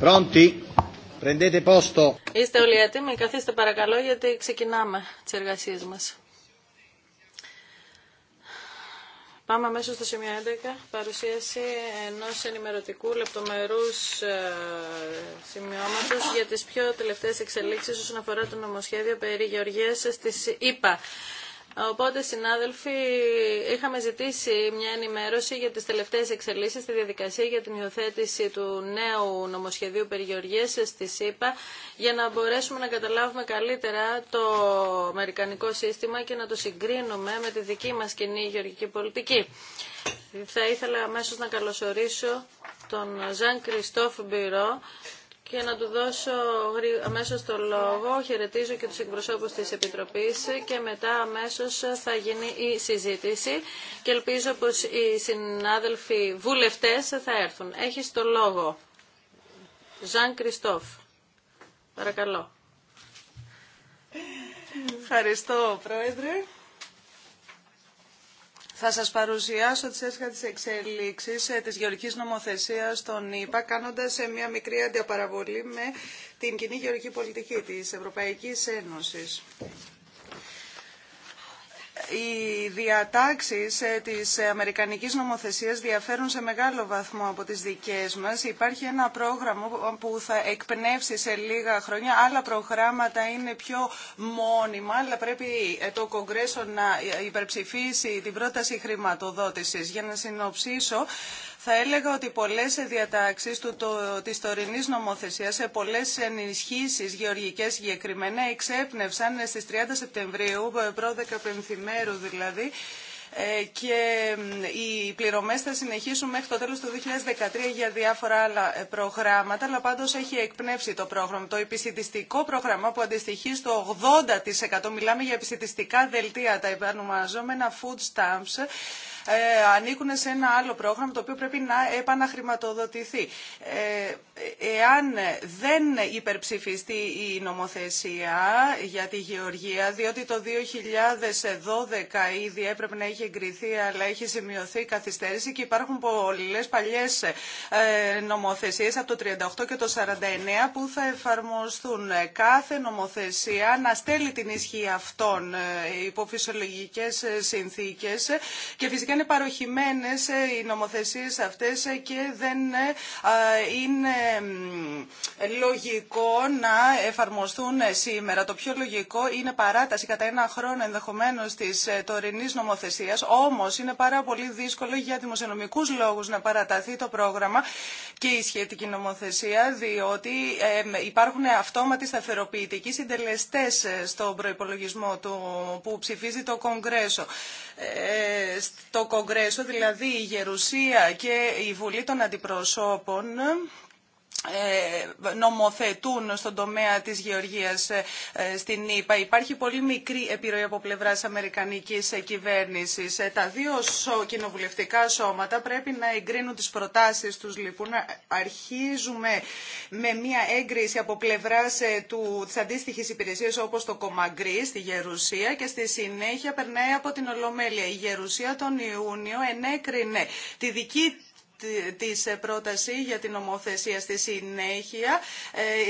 Pronti? Prendete posto. Είστε όλοι έτοιμοι. Καθίστε παρακαλώ γιατί ξεκινάμε τις εργασίες μας. Πάμε αμέσως στο σημείο 11. Παρουσίαση ενός ενημερωτικού λεπτομερούς ε, σημειώματος για τις πιο τελευταίες εξελίξεις όσον αφορά το νομοσχέδιο περί Γεωργίας στις ΗΠΑ. Οπότε, συνάδελφοι, είχαμε ζητήσει μια ενημέρωση για τις τελευταίες εξελίξεις στη διαδικασία για την υιοθέτηση του νέου νομοσχεδίου περιγεωργίας στη ΣΥΠΑ για να μπορέσουμε να καταλάβουμε καλύτερα το αμερικανικό σύστημα και να το συγκρίνουμε με τη δική μας κοινή γεωργική πολιτική. Θα ήθελα αμέσως να καλωσορίσω τον Ζαν Κριστόφ Μπυρό, και να του δώσω αμέσως το λόγο. Χαιρετίζω και τους εκπροσώπους της Επιτροπής και μετά αμέσως θα γίνει η συζήτηση και ελπίζω πως οι συνάδελφοι βουλευτές θα έρθουν. Έχεις το λόγο. Ζαν Κριστόφ. Παρακαλώ. Ευχαριστώ, Πρόεδρε. Θα σας παρουσιάσω τις έσχατες εξελίξεις ε, της γεωργικής νομοθεσίας των ΗΠΑ, κάνοντας ε, μια μικρή αντιπαραβολή με την κοινή γεωργική πολιτική της Ευρωπαϊκής Ένωσης. Οι διατάξεις ε, της Αμερικανικής νομοθεσίας διαφέρουν σε μεγάλο βαθμό από τις δικές μας. Υπάρχει ένα πρόγραμμα που θα εκπνεύσει σε λίγα χρόνια. Άλλα προγράμματα είναι πιο μόνιμα, αλλά πρέπει ε, το Κογκρέσο να ε, υπερψηφίσει την πρόταση χρηματοδότησης. Για να συνοψίσω, θα έλεγα ότι πολλές διατάξεις του, το, της τωρινής νομοθεσίας, σε πολλές ενισχύσεις γεωργικές συγκεκριμένα, εξέπνευσαν στις 30 Σεπτεμβρίου, ε, πρόδεκα πενθυμέρου δηλαδή, ε, και οι πληρωμές θα συνεχίσουν μέχρι το τέλος του 2013 για διάφορα άλλα ε, προγράμματα, αλλά πάντως έχει εκπνεύσει το πρόγραμμα. Το επιστητιστικό πρόγραμμα που αντιστοιχεί στο 80% μιλάμε για επιστητιστικά δελτία, τα επανομαζόμενα food stamps, ε, ανήκουν σε ένα άλλο πρόγραμμα το οποίο πρέπει να επαναχρηματοδοτηθεί. Ε, εάν δεν υπερψηφιστεί η νομοθεσία για τη γεωργία, διότι το 2012 ήδη έπρεπε να έχει εγκριθεί αλλά έχει σημειωθεί καθυστέρηση και υπάρχουν πολλές παλιές ε, νομοθεσίες από το 38 και το 49 που θα εφαρμοστούν. Κάθε νομοθεσία να στέλνει την ισχύ αυτών υπό φυσιολογικές συνθήκες και φυσικά είναι παροχημένες ε, οι νομοθεσίες αυτές ε, και δεν ε, είναι λογικό να εφαρμοστούν σήμερα. Το πιο λογικό είναι παράταση κατά ένα χρόνο ενδεχομένως τη τωρινή νομοθεσία. Όμω είναι πάρα πολύ δύσκολο για δημοσιονομικού λόγου να παραταθεί το πρόγραμμα και η σχετική νομοθεσία, διότι υπάρχουν αυτόματοι σταθεροποιητικοί συντελεστέ στον προπολογισμό του που ψηφίζει το Κογκρέσο. Στο το Κογκρέσο, δηλαδή η Γερουσία και η Βουλή των Αντιπροσώπων, ε, νομοθετούν στον τομέα της γεωργίας ε, ε, στην ΗΠΑ. Υπάρχει πολύ μικρή επιρροή από πλευράς αμερικανικής κυβέρνησης. Τα δύο κοινοβουλευτικά σώματα πρέπει να εγκρίνουν τις προτάσεις τους. Λοιπόν, αρχίζουμε με μια έγκριση από πλευράς του, της αντίστοιχης υπηρεσίας όπως το Κομαγκρί στη Γερουσία και στη συνέχεια περνάει από την Ολομέλεια. Η Γερουσία τον Ιούνιο ενέκρινε τη δική της ε, πρόταση για την νομοθεσία στη συνέχεια.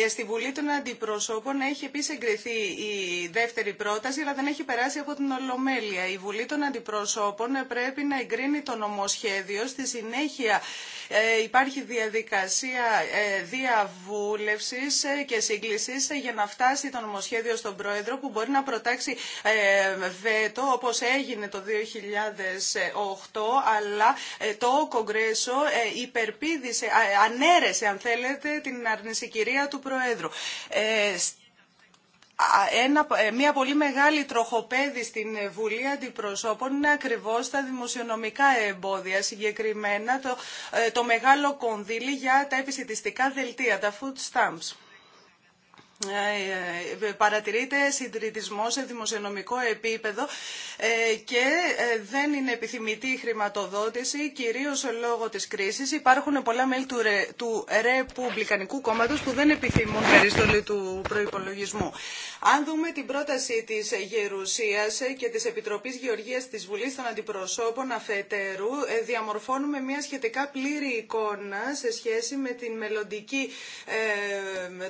Ε, στη Βουλή των Αντιπροσώπων έχει επίσης εγκριθεί η δεύτερη πρόταση, αλλά δεν έχει περάσει από την Ολομέλεια. Η Βουλή των Αντιπροσώπων ε, πρέπει να εγκρίνει το νομοσχέδιο. Στη συνέχεια υπάρχει διαδικασία διαβούλευσης και σύγκλησης για να φτάσει το νομοσχέδιο στον Πρόεδρο που μπορεί να προτάξει βέτο όπως έγινε το 2008 αλλά το Κογκρέσο ε, υπερπίδησε, ε, ανέρεσε αν θέλετε την αρνησικυρία του Προέδρου. Ε, ένα, μια πολύ μεγάλη τροχοπέδη στην Βουλή Αντιπροσώπων είναι ακριβώς τα δημοσιονομικά εμπόδια, συγκεκριμένα το, το μεγάλο κονδύλι για τα επισητιστικά δελτία, τα food stamps. Ε, ε, παρατηρείται συντηρητισμό σε δημοσιονομικό επίπεδο ε, και δεν είναι επιθυμητή η χρηματοδότηση, κυρίως λόγω της κρίσης. Υπάρχουν πολλά μέλη του, Ρεπουμπλικανικού Κόμματος που δεν επιθυμούν περιστολή του προϋπολογισμού. Αν δούμε την πρόταση της Γερουσίας και της Επιτροπής Γεωργίας της Βουλής των Αντιπροσώπων Αφετέρου, διαμορφώνουμε μια σχετικά πλήρη εικόνα σε σχέση με την μελλοντική,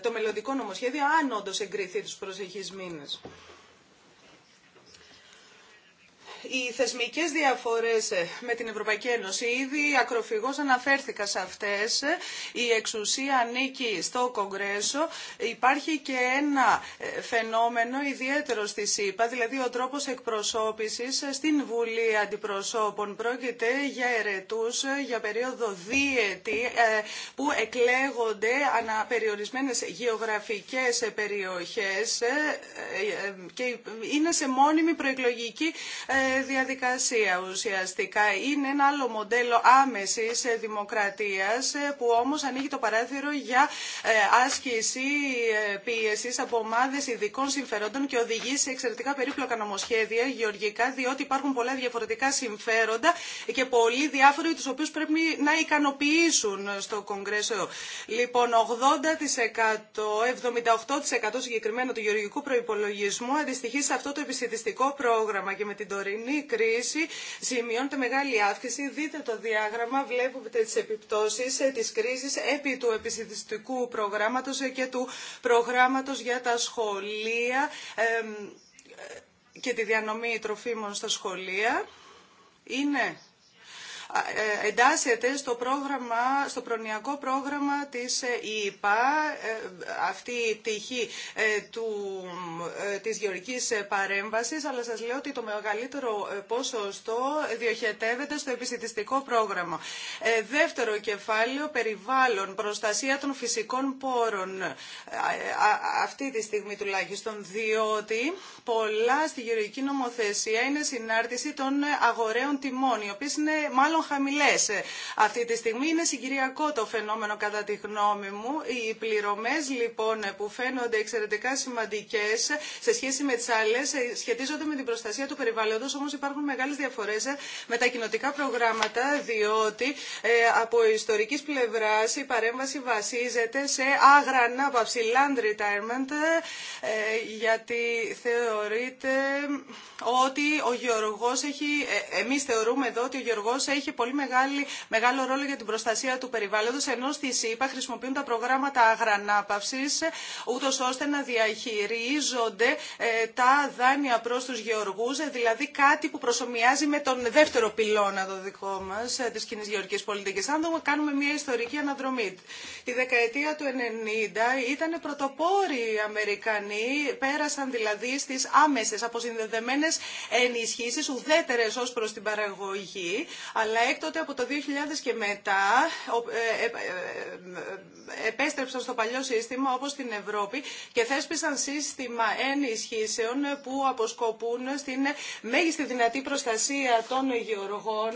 το μελλοντικό νομοσχέδιο αν όντω εγκριθεί τους προσεχείς οι θεσμικές διαφορές ε, με την Ευρωπαϊκή Ένωση, ήδη ακροφυγώς αναφέρθηκα σε αυτές, η εξουσία ανήκει στο Κογκρέσο, υπάρχει και ένα ε, φαινόμενο ιδιαίτερο στη ΣΥΠΑ, δηλαδή ο τρόπος εκπροσώπησης ε, στην Βουλή Αντιπροσώπων. Πρόκειται για ερετούς, για περίοδο δίαιτη, που εκλέγονται αναπεριορισμένες γεωγραφικές περιοχές και είναι σε μόνιμη προεκλογική διαδικασία ουσιαστικά. Είναι ένα άλλο μοντέλο άμεσης δημοκρατίας ε, που όμως ανοίγει το παράθυρο για ε, άσκηση ε, πίεσης από ομάδες ειδικών συμφερόντων και οδηγεί σε εξαιρετικά περίπλοκα νομοσχέδια γεωργικά διότι υπάρχουν πολλά διαφορετικά συμφέροντα και πολλοί διάφοροι τους οποίους πρέπει να ικανοποιήσουν στο Κογκρέσο. Λοιπόν, 80%, 78% συγκεκριμένα του γεωργικού προϋπολογισμού αντιστοιχεί σε αυτό το επιστημιστικό πρόγραμμα και με την τωρινή σημερινή κρίση σημειώνεται μεγάλη αύξηση. Δείτε το διάγραμμα, βλέπετε τις επιπτώσεις ε, της κρίσης επί του επιστημιστικού προγράμματος ε, και του προγράμματος για τα σχολεία ε, και τη διανομή τροφίμων στα σχολεία. Είναι εντάσσεται στο, πρόγραμμα, στο προνοιακό πρόγραμμα της ΕΙΠΑ, ε, αυτή η πτυχή ε, του, ε, της γεωργικής παρέμβασης, αλλά σας λέω ότι το μεγαλύτερο ποσοστό διοχετεύεται στο επιστημιστικό πρόγραμμα. Δεύτερο κεφάλαιο, περιβάλλον, προστασία των φυσικών πόρων, αυτή τη στιγμή τουλάχιστον, διότι πολλά στη γεωργική νομοθεσία είναι συνάρτηση των αγοραίων τιμών, οι οποίες είναι μάλλον πλέον ε, Αυτή τη στιγμή είναι συγκυριακό το φαινόμενο κατά τη γνώμη μου. Οι πληρωμέ λοιπόν που φαίνονται εξαιρετικά σημαντικέ σε σχέση με τι άλλε ε, σχετίζονται με την προστασία του περιβαλλοντό. όμως υπάρχουν μεγάλες διαφορές ε, με τα κοινοτικά προγράμματα, διότι από ιστορικής πλευράς η παρέμβαση βασίζεται σε άγρανα από retirement, γιατί θεωρείται ότι ο Γιώργο έχει, ε, εμείς θεωρούμε εδώ ότι ο Γεωργός έχει έχει πολύ μεγάλη, μεγάλο ρόλο για την προστασία του περιβάλλοντος, ενώ στη ΣΥΠΑ χρησιμοποιούν τα προγράμματα αγρανάπαυσης, ούτως ώστε να διαχειρίζονται ε, τα δάνεια προς τους γεωργούς, ε, δηλαδή κάτι που προσωμιάζει με τον δεύτερο πυλώνα το δικό μας ε, της κοινή γεωργικής πολιτικής. Αν δούμε, κάνουμε μια ιστορική αναδρομή. Τη δεκαετία του 90 ήταν πρωτοπόροι οι Αμερικανοί, πέρασαν δηλαδή στις άμεσες αποσυνδεδεμένες ενισχύσεις, ουδέτερες ως προς την παραγωγή, αλλά έκτοτε από το 2000 και μετά ε, ε, ε, επέστρεψαν στο παλιό σύστημα όπως στην Ευρώπη και θέσπισαν σύστημα ενισχύσεων που αποσκοπούν στην μέγιστη δυνατή προστασία των γεωργών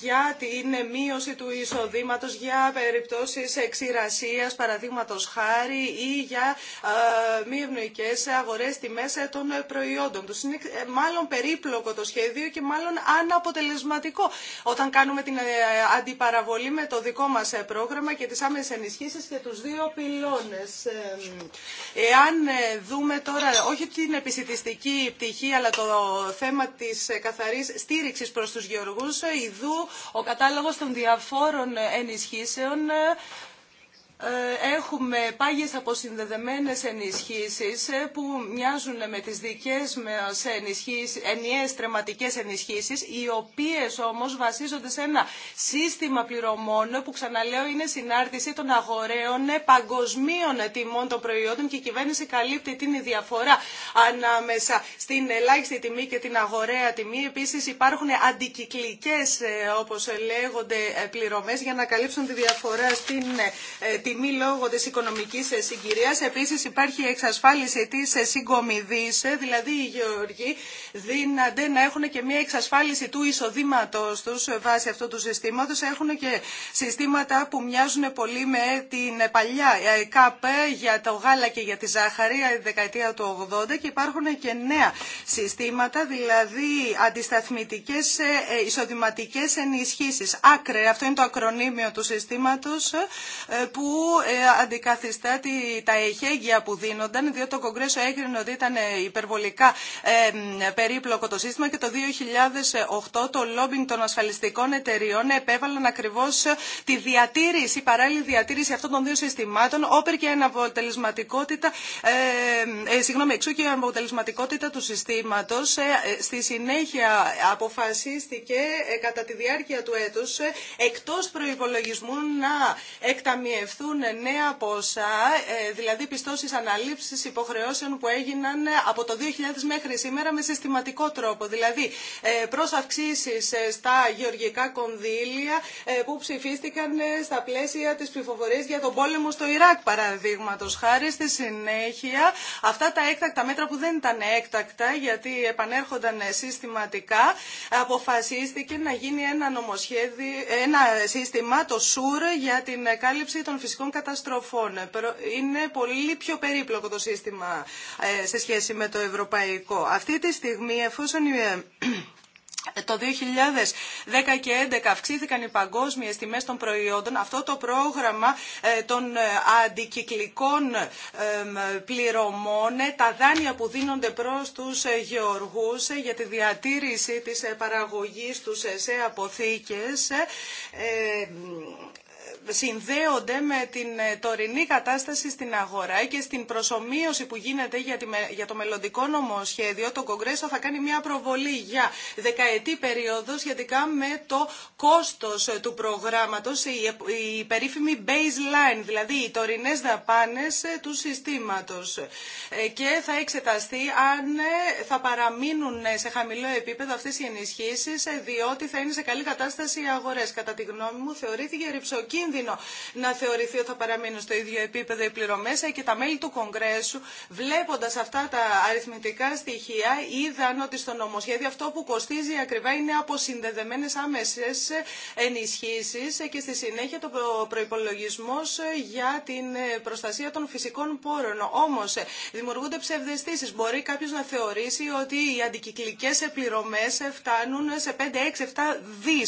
για την μείωση του εισοδήματος, για περιπτώσεις εξηρασίας παραδείγματος χάρη ή για μη ευνοϊκές αγορές μέσα των προϊόντων Του. Είναι μάλλον περίπλοκο το σχέδιο και μάλλον αναποτελεσματικό όταν κάνουμε την ε, αντιπαραβολή με το δικό μας ε, πρόγραμμα και τις άμεσες ενισχύσεις και τους δύο πυλώνες. Εάν ε, δούμε τώρα όχι την επισητιστική πτυχή αλλά το θέμα της καθαρής στήριξης προς τους γεωργούς, ιδού ο κατάλογος των διαφόρων ενισχύσεων ε, έχουμε πάγιες αποσυνδεδεμένες ενισχύσεις ε, που μοιάζουν με τις δικές μας ενισχύσεις, ενιαίες τρεματικές ενισχύσεις, οι οποίες όμως βασίζονται σε ένα σύστημα πληρωμών που ξαναλέω είναι συνάρτηση των αγοραίων παγκοσμίων τιμών των προϊόντων και η κυβέρνηση καλύπτει την διαφορά ανάμεσα στην ελάχιστη τιμή και την αγοραία τιμή. Επίσης υπάρχουν αντικυκλικές ε, όπως λέγονται πληρωμές για να καλύψουν τη διαφορά στην τιμή λόγω της οικονομικής συγκυρίας. Επίσης υπάρχει εξασφάλιση της συγκομιδής, δηλαδή οι γεωργοί δίνανται να έχουν και μια εξασφάλιση του εισοδήματος τους βάσει αυτού του συστήματος. Έχουν και συστήματα που μοιάζουν πολύ με την παλιά ε, ΚΑΠ για το γάλα και για τη ζάχαρη, η ε, δεκαετία του 80 και υπάρχουν και νέα συστήματα, δηλαδή αντισταθμητικές ε, εισοδηματικές ενισχύσεις. Άκρε, αυτό είναι το ακρονίμιο του συστήματος που που ε, αντικαθιστά τα εχέγγυα που δίνονταν, διότι το Κογκρέσο έκρινε ότι ήταν ε, υπερβολικά ε, περίπλοκο το σύστημα και το 2008 το λόμπινγκ των ασφαλιστικών εταιριών επέβαλαν ακριβώ τη διατήρηση, παράλληλη διατήρηση αυτών των δύο συστημάτων, όπερ και αναποτελεσματικότητα, ε, συγγνώμη, εξού και η αναποτελεσματικότητα του συστήματο. στη συνέχεια αποφασίστηκε κατά τη διάρκεια του έτου, εκτό προπολογισμού, να εκταμιευθούν ληφθούν νέα ποσά, ε, δηλαδή πιστώσεις αναλήψεις υποχρεώσεων που έγιναν από το 2000 μέχρι σήμερα με συστηματικό τρόπο. Δηλαδή ε, προς αυξήσεις ε, στα γεωργικά κονδύλια που ψηφίστηκαν στα πλαίσια της ψηφοφορίας για τον πόλεμο στο Ιράκ παραδείγματος. Χάρη στη συνέχεια αυτά τα έκτακτα μέτρα που δεν ήταν έκτακτα γιατί επανέρχονταν συστηματικά αποφασίστηκε να γίνει ένα νομοσχέδιο, ένα σύστημα, το ΣΟΥΡ, για την κάλυψη των φυσικών φυσικών καταστροφών. Ε, είναι πολύ πιο περίπλοκο το σύστημα ε, σε σχέση με το ευρωπαϊκό. Αυτή τη στιγμή, εφόσον ε, το 2010 και 2011 αυξήθηκαν οι παγκόσμιε τιμέ των προϊόντων. Αυτό το πρόγραμμα των αντικυκλικών πληρωμών, τα δάνεια που δίνονται προς τους γεωργού για τη διατήρηση της παραγωγή τους σε αποθήκε συνδέονται με την ε, τωρινή κατάσταση στην αγορά και στην προσωμείωση που γίνεται για το μελλοντικό νομοσχέδιο. Το Κογκρέσο θα κάνει μια προβολή για δεκαετή περίοδο σχετικά με το κόστος ε, του προγράμματος, ε, η περίφημη baseline, δηλαδή οι τωρινέ δαπάνες του συστήματος. Και θα εξεταστεί αν θα παραμείνουν σε χαμηλό επίπεδο αυτές οι ενισχύσεις, διότι θα είναι σε καλή κατάσταση οι αγορές. Κατά τη γνώμη μου θεωρήθηκε κίνδυνο να θεωρηθεί ότι θα παραμείνουν στο ίδιο επίπεδο οι πληρωμέ ε, και τα μέλη του Κογκρέσου, βλέποντα αυτά τα αριθμητικά στοιχεία, είδαν ότι στο νομοσχέδιο αυτό που κοστίζει ακριβά είναι αποσυνδεδεμένε άμεσε ενισχύσει ε, και στη συνέχεια το προπολογισμό για την ε, προστασία των φυσικών πόρων. Όμω, δημιουργούνται ψευδεστήσει. Μπορεί κάποιο να θεωρήσει ότι οι αντικυκλικέ πληρωμέ φτάνουν σε 5, 6, 7 δι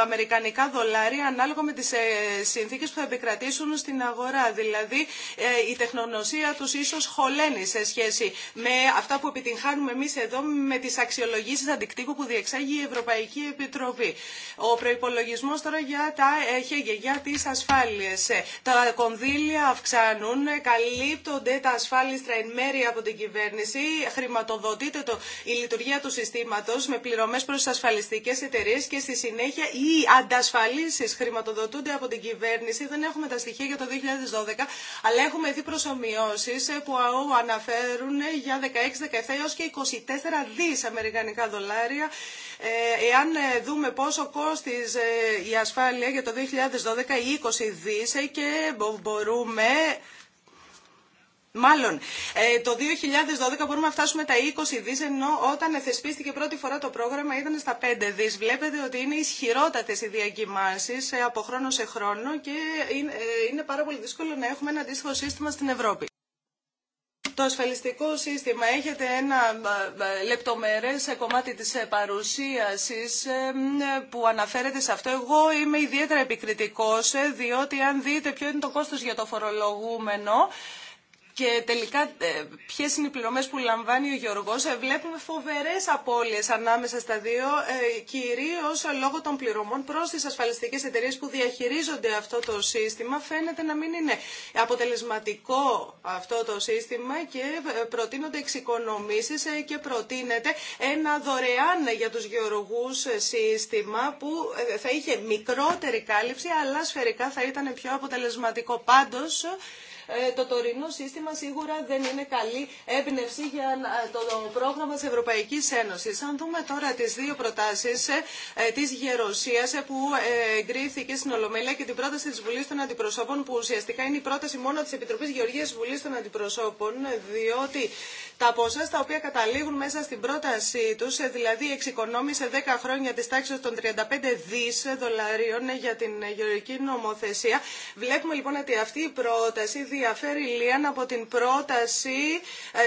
αμερικανικά δολάρια ανάλογα με τις ε, συνθήκες που θα επικρατήσουν στην αγορά. Δηλαδή ε, η τεχνογνωσία τους ίσως χωλαίνει σε σχέση με αυτά που επιτυγχάνουμε εμείς εδώ με τις αξιολογήσεις αντικτύπου που διεξάγει η Ευρωπαϊκή Επιτροπή. Ο προπολογισμό τώρα για τα ε, χέγγε, για τις ασφάλειες. Τα κονδύλια αυξάνουν, καλύπτονται τα ασφάλιστρα εν μέρη από την κυβέρνηση, χρηματοδοτείται το, η λειτουργία του συστήματος με πληρωμές προς τι ασφαλιστικές εταιρείε και στη συνέχεια οι αντασφαλίσεις χρηματοδοτούνται από την κυβέρνηση. Δεν έχουμε τα στοιχεία για το 2012, αλλά έχουμε δει προσωμιώσει ε, που αναφέρουν για 16, 17 έω και 24 δι αμερικανικά δολάρια. Ε, εάν ε, δούμε πόσο κόστιζε η ασφάλεια για το 2012, 20 δις και μπορούμε Μάλλον, ε, το 2012 μπορούμε να φτάσουμε τα 20 δις, ενώ όταν θεσπίστηκε πρώτη φορά το πρόγραμμα ήταν στα 5 δις. Βλέπετε ότι είναι ισχυρότατες οι διακοιμάνσεις ε, από χρόνο σε χρόνο και ε, είναι πάρα πολύ δύσκολο να έχουμε ένα αντίστοιχο σύστημα στην Ευρώπη. Το ασφαλιστικό σύστημα έχετε ένα λεπτομερές κομμάτι της παρουσίασης που αναφέρεται σε αυτό. Εγώ είμαι ιδιαίτερα επικριτικός, διότι αν δείτε ποιο είναι το κόστος για το φορολογούμενο, και τελικά ε, ποιε είναι οι πληρωμές που λαμβάνει ο Γεωργός. Ε, βλέπουμε φοβερές απώλειες ανάμεσα στα δύο, ε, κυρίως λόγω των πληρωμών προ τι ασφαλιστικέ εταιρείε που διαχειρίζονται αυτό το σύστημα. Φαίνεται να μην είναι αποτελεσματικό αυτό το σύστημα και προτείνονται εξοικονομήσεις και προτείνεται ένα δωρεάν για του γεωργού σύστημα που θα είχε μικρότερη κάλυψη αλλά σφαιρικά θα ήταν πιο αποτελεσματικό. Πάντως, ε, το τωρινό σύστημα σίγουρα δεν είναι καλή έμπνευση για το πρόγραμμα της Ευρωπαϊκής Ένωσης. Αν δούμε τώρα τις δύο προτάσεις ε, ε, της Γεροσίας που εγκρίθηκε στην Ολομέλεια και την πρόταση της Βουλής των Αντιπροσώπων που ουσιαστικά είναι η πρόταση μόνο της Επιτροπής Γεωργίας Βουλής των Αντιπροσώπων διότι τα ποσά στα οποία καταλήγουν μέσα στην πρότασή τους, ε, δηλαδή εξοικονόμησε 10 χρόνια της τάξης των 35 δις δολαρίων ε, για την ε, γεωργική νομοθεσία. Βλέπουμε λοιπόν ότι αυτή η πρόταση διαφέρει λίαν από την πρόταση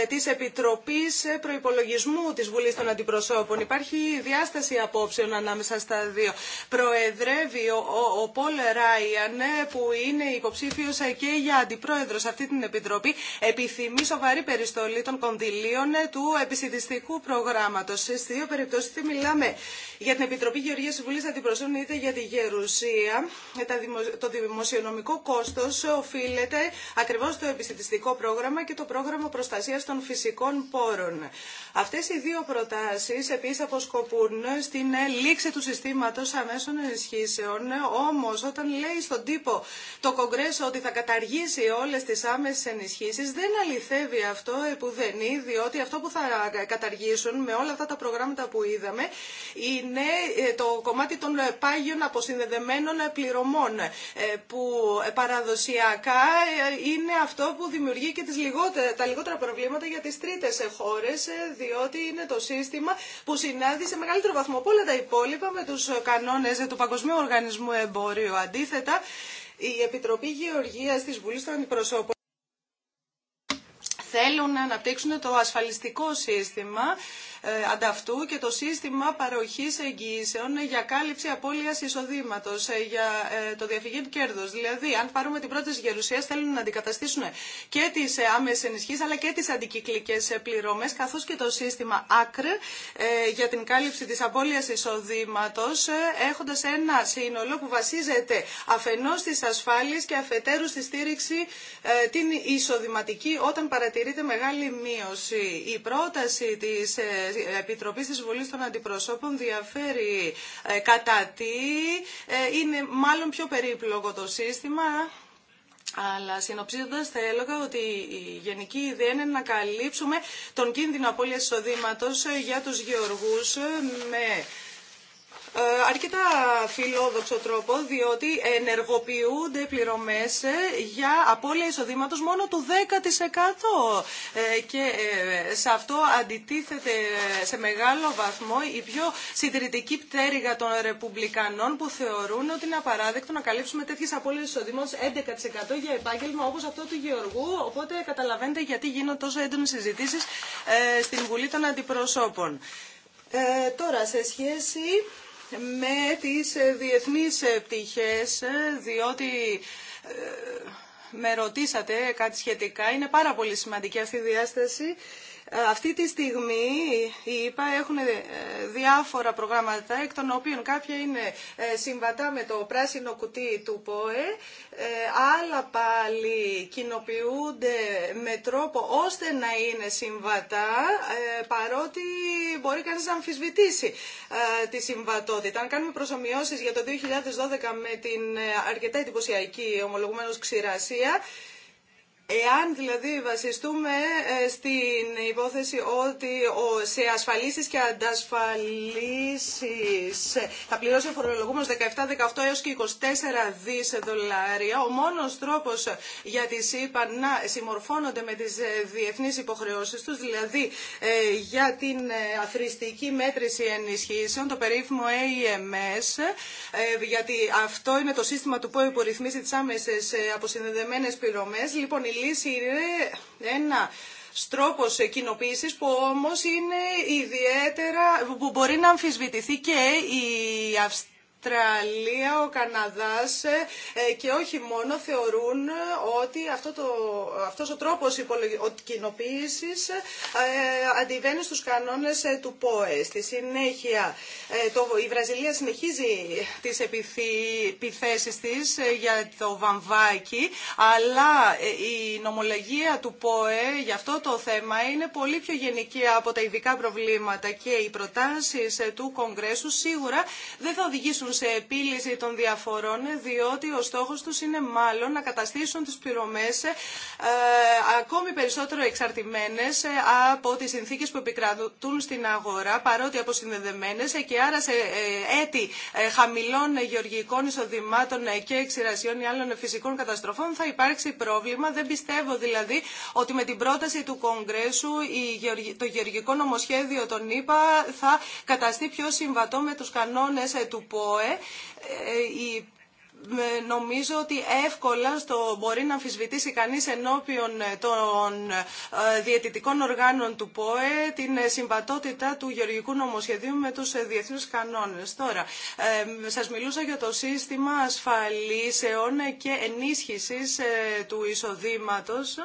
της Επιτροπής Προϋπολογισμού της Βουλής των Αντιπροσώπων. Υπάρχει διάσταση απόψεων ανάμεσα στα δύο. Προεδρεύει ο, ο, Πολ Ράιαν που είναι υποψήφιος και για αντιπρόεδρο αυτή την Επιτροπή επιθυμεί σοβαρή περιστολή των ε, του επιστημιστικού προγράμματο. Σε δύο περιπτώσει, είτε μιλάμε για την Επιτροπή Γεωργίας Συμβουλή Αντιπροσώπων είτε για τη Γερουσία. Ε, το δημοσιονομικό κόστο οφείλεται ακριβώ στο επιστημιστικό πρόγραμμα και το πρόγραμμα προστασία των φυσικών πόρων. Αυτέ οι δύο προτάσει επίση αποσκοπούν στην ε, λήξη του συστήματο αμέσων ενισχύσεων. όμω, όταν λέει στον τύπο το Κογκρέσο ότι θα καταργήσει όλε τι άμεσε ενισχύσει, δεν αληθεύει αυτό επουδενή διότι αυτό που θα ε, καταργήσουν με όλα αυτά τα προγράμματα που είδαμε είναι ε, το κομμάτι των ε, πάγιων αποσυνδεδεμένων πληρωμών, που παραδοσιακά είναι αυτό που δημιουργεί και τις λιγότερα, τα λιγότερα προβλήματα για τις τρίτες χώρες, διότι είναι το σύστημα που συνάδει σε μεγαλύτερο βαθμό από όλα τα υπόλοιπα με τους κανόνες του Παγκοσμίου Οργανισμού Εμπόριου. Αντίθετα, η Επιτροπή Γεωργίας της Βουλής των Αντιπροσώπων θέλουν να αναπτύξουν το ασφαλιστικό σύστημα ε, ανταυτού και το σύστημα παροχής εγγυήσεων για κάλυψη απώλειας εισοδήματος, ε, για ε, το διαφυγήν κέρδος. Δηλαδή, αν πάρουμε την πρόταση γερουσία, θέλουν να αντικαταστήσουν και τις άμεσες ενισχύσει αλλά και τις αντικυκλικές πληρώμες, καθώς και το σύστημα ΑΚΡ για την κάλυψη της απώλειας εισοδήματος, έχοντας ένα σύνολο που βασίζεται αφενός στις ασφάλειες και αφετέρου στη στήριξη την εισοδηματική όταν παρατηρείται μεγάλη μείωση. Η πρόταση της Δηλαδή, Επιτροπής της Βουλής των Αντιπροσώπων διαφέρει ε, κατά τι. Ε, είναι μάλλον πιο περίπλοκο το σύστημα. Αλλά συνοψίζοντα, θα έλεγα ότι η γενική ιδέα είναι να καλύψουμε τον κίνδυνο απώλειας εισοδήματο ε, για του γεωργού με ε, αρκετά φιλόδοξο τρόπο, διότι ενεργοποιούνται πληρωμέ ε, για απώλεια εισοδήματο μόνο του 10% ε, και σε αυτό αντιτίθεται σε μεγάλο βαθμό η πιο συντηρητική πτέρυγα των ρεπουμπλικανών που θεωρούν ότι είναι απαράδεκτο να καλύψουμε τέτοιε απώλειες εισοδήματο 11% για επάγγελμα όπως αυτό του Γεωργού, οπότε καταλαβαίνετε γιατί γίνονται τόσο έντονες συζητήσεις στην Βουλή των Αντιπροσώπων. τώρα, σε σχέση με τις ε, διεθνείς ε, πτυχές, ε, διότι με ρωτήσατε κάτι σχετικά. Είναι πάρα πολύ σημαντική αυτή η διάσταση ε, αυτή τη στιγμή οι ΙΠΑ έχουν ε, διάφορα προγράμματα, εκ των οποίων κάποια είναι ε, συμβατά με το πράσινο κουτί του ΠΟΕ, άλλα πάλι κοινοποιούνται με τρόπο ώστε να είναι συμβατά, παρότι μπορεί κανείς να αμφισβητήσει τη συμβατότητα. Αν κάνουμε προσωμιώσεις για το 2012 με την αρκετά εντυπωσιακή ομολογουμένως ξηρασία, Εάν δηλαδή βασιστούμε ε, στην υπόθεση ότι σε ασφαλίσεις και αντασφαλίσεις ε, θα πληρώσει ο φορολογούμενος 17, 18 έως και 24 δις δολάρια, ο μόνος τρόπος για τις ΕΥΠΑ να συμμορφώνονται με τις ε, διεθνείς υποχρεώσεις τους, δηλαδή για την αθρηστική μέτρηση ενισχύσεων, το περίφημο AMS, γιατί αυτό είναι το σύστημα του που ρυθμίζει τις άμεσες αποσυνδεδεμένες πληρωμές. Λοιπόν, είναι ένα τρόπος κοινοποίηση που όμως είναι ιδιαίτερα, που μπορεί να αμφισβητηθεί και η αυστηρή Αυστραλία, ο Καναδάς ε, ε, και όχι μόνο θεωρούν ότι αυτό το, αυτός ο τρόπος κοινοποίησης ε, αντιβαίνει στους κανόνες του ΠΟΕ. Στη συνέχεια το, η Βραζιλία συνεχίζει τις επιθέσεις της για το βαμβάκι αλλά η νομολογία του ΠΟΕ για αυτό το θέμα είναι πολύ πιο γενική από τα ειδικά προβλήματα και οι προτάσεις του Κογκρέσου σίγουρα δεν θα οδηγήσουν σε επίλυση των διαφορών, διότι ο στόχος τους είναι μάλλον να καταστήσουν τις πληρωμές ε, ακόμη περισσότερο εξαρτημένες ε, από τις συνθήκες που επικρατούν στην αγορά, παρότι αποσυνδεδεμένες ε, και άρα σε έτη χαμηλών γεωργικών εισοδημάτων και εξηρασιών ή άλλων φυσικών καταστροφών θα υπάρξει πρόβλημα. Δεν πιστεύω δηλαδή ότι με την πρόταση του Κογκρέσου το γεωργικό νομοσχέδιο των ΗΠΑ θα καταστεί πιο συμβατό με τους κανόνες του ΠΟΕ ε, ε, ε, νομίζω ότι εύκολα στο μπορεί να αμφισβητήσει κανείς ενώπιον των διαιτητικών οργάνων του ΠΟΕ την συμβατότητα του γεωργικού νομοσχεδίου με τους διεθνούς κανόνες. Τώρα, σας μιλούσα για το σύστημα ασφαλίσεων και ενίσχυσης του εισοδήματος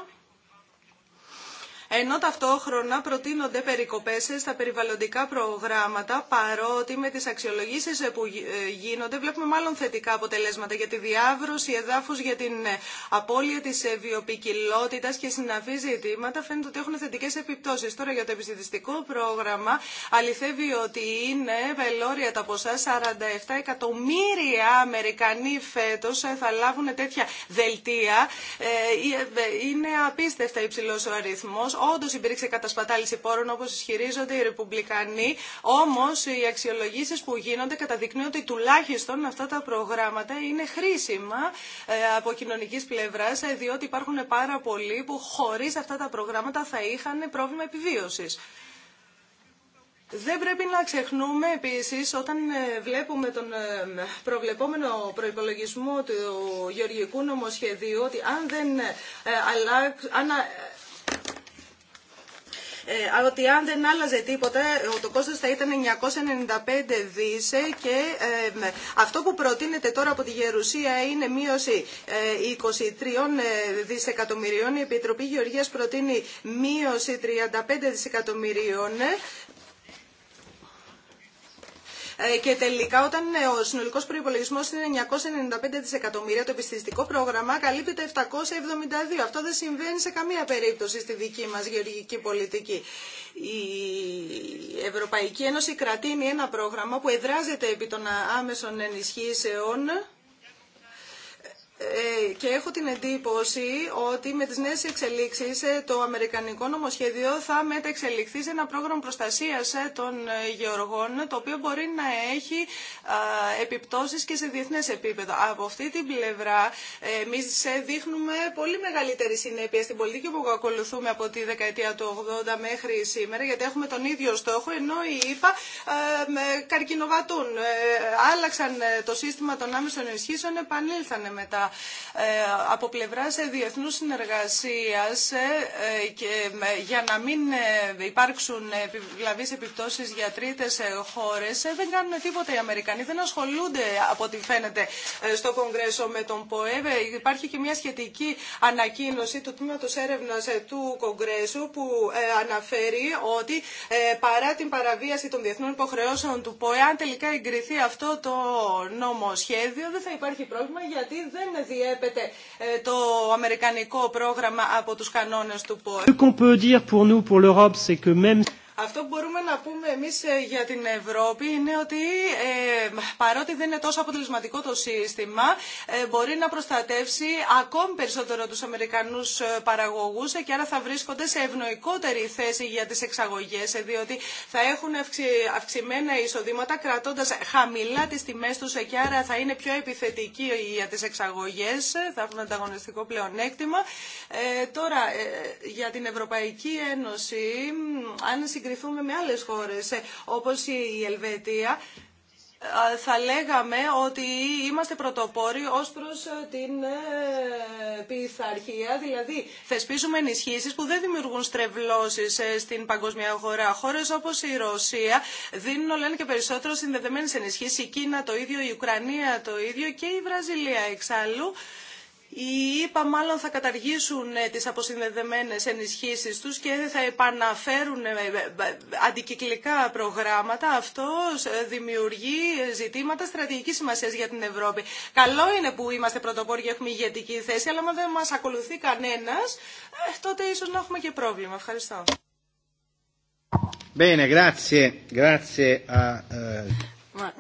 ενώ ταυτόχρονα προτείνονται περικοπές στα περιβαλλοντικά προγράμματα παρότι με τις αξιολογήσεις ε, που ε, γίνονται βλέπουμε μάλλον θετικά αποτελέσματα για τη διάβρωση εδάφους, για την ε, απώλεια της βιοπικιλότητας και συναφή ζητήματα φαίνεται ότι έχουν θετικές επιπτώσεις. Τώρα για το επιστημιστικό πρόγραμμα αληθεύει ότι είναι βελόρια τα ποσά 47 εκατομμύρια Αμερικανοί φέτος θα λάβουν τέτοια δελτία. Είναι απίστευτα υψηλός ο αριθμός. Όντω υπήρξε κατασπατάληση πόρων όπω ισχυρίζονται οι Ρεπουμπλικανοί. Όμω οι αξιολογήσει που γίνονται καταδεικνύουν ότι τουλάχιστον αυτά τα προγράμματα είναι χρήσιμα ε, από κοινωνική πλευρά, ε, διότι υπάρχουν πάρα πολλοί που χωρί αυτά τα προγράμματα θα είχαν πρόβλημα επιβίωση. Δεν πρέπει να ξεχνούμε επίσης όταν ε, βλέπουμε τον προβλεπόμενο προϋπολογισμό του γεωργικού νομοσχεδίου ότι αν δεν, αν ε, ότι αν δεν άλλαζε τίποτα, ε, το κόστος θα ήταν 995 δις ε, και αυτό που προτείνεται τώρα από τη Γερουσία είναι μείωση 23 δισεκατομμυρίων. Η Επιτροπή Γεωργίας προτείνει μείωση 35 δισεκατομμυρίων ε, και τελικά όταν ε, ο συνολικός προϋπολογισμός είναι 995 δισεκατομμύρια, το επιστημιστικό πρόγραμμα καλύπτεται 772. Αυτό δεν συμβαίνει σε καμία περίπτωση στη δική μας γεωργική πολιτική. Η Ευρωπαϊκή Ένωση κρατείνει ένα πρόγραμμα που εδράζεται επί των άμεσων ενισχύσεων ε, και έχω την εντύπωση ότι με τις νέες εξελίξεις ε, το αμερικανικό νομοσχέδιο θα μεταεξελιχθεί σε ένα πρόγραμμα προστασίας ε, των γεωργών το οποίο μπορεί να έχει επιπτώσεις και σε διεθνές επίπεδο. Από αυτή την πλευρά εμείς δείχνουμε πολύ μεγαλύτερη συνέπεια στην πολιτική που ακολουθούμε από τη δεκαετία του 80 μέχρι σήμερα γιατί έχουμε τον ίδιο στόχο ενώ οι ΙΠΑ καρκινοβατούν. Άλλαξαν το σύστημα των άμεσων ενισχύσεων, επανήλθανε μετά ε, από πλευράς ε, διεθνούς συνεργασίας ε, και για να μην υπάρξουν επιβλαβείς επιπτώσεις για τρίτες χώρες δεν κάνουν τίποτα οι Αμερικανοί. Δεν ασχολούνται από ό,τι φαίνεται στο Κογκρέσο με τον ΠΟΕΒ. Υπάρχει και μια σχετική ανακοίνωση του Τμήματος Έρευνας του Κογκρέσου που αναφέρει ότι παρά την παραβίαση των διεθνών υποχρεώσεων του ΠΟΕ αν τελικά εγκριθεί αυτό το νομοσχέδιο δεν θα υπάρχει πρόβλημα γιατί δεν διέπεται ε, το αμερικανικό πρόγραμμα από τους κανόνες του ΠΟΕ. Αυτό που μπορούμε να πούμε εμείς ε, για την Ευρώπη είναι ότι ε, παρότι δεν είναι τόσο αποτελεσματικό το σύστημα, ε, μπορεί να προστατεύσει ακόμη περισσότερο τους Αμερικανούς παραγωγούς και άρα θα βρίσκονται σε ευνοϊκότερη θέση για τις εξαγωγές, διότι θα έχουν αυξημένα εισοδήματα κρατώντας χαμηλά τις τιμές τους και άρα θα είναι πιο επιθετικοί για τις εξαγωγές, θα έχουν ανταγωνιστικό πλεονέκτημα. τώρα, για την Ευρωπαϊκή Ένωση, αν συγκριθούμε με άλλες χώρες ε, όπως η Ελβετία ε, θα λέγαμε ότι είμαστε πρωτοπόροι ως προς ε, την πειθαρχία, δηλαδή θεσπίζουμε ενισχύσεις που δεν δημιουργούν στρεβλώσεις στην παγκοσμία αγορά. Χώρες όπως η Ρωσία δίνουν όλο και περισσότερο συνδεδεμένες ενισχύσεις, η Κίνα το ίδιο, η Ουκρανία το ίδιο και η Βραζιλία εξάλλου. Οι ήπα, μάλλον θα καταργήσουν ε, τις αποσυνδεδεμένες ενισχύσεις τους και θα επαναφέρουν ε, ε, αντικυκλικά προγράμματα. Αυτό δημιουργεί ζητήματα στρατηγικής σημασίας για την Ευρώπη. Καλό είναι που είμαστε πρωτοπόροι και έχουμε ηγετική θέση, αλλά αν δεν μας ακολουθεί κανένας, τότε ίσως να έχουμε και πρόβλημα. Ευχαριστώ. Bene, grazie. Grazie a...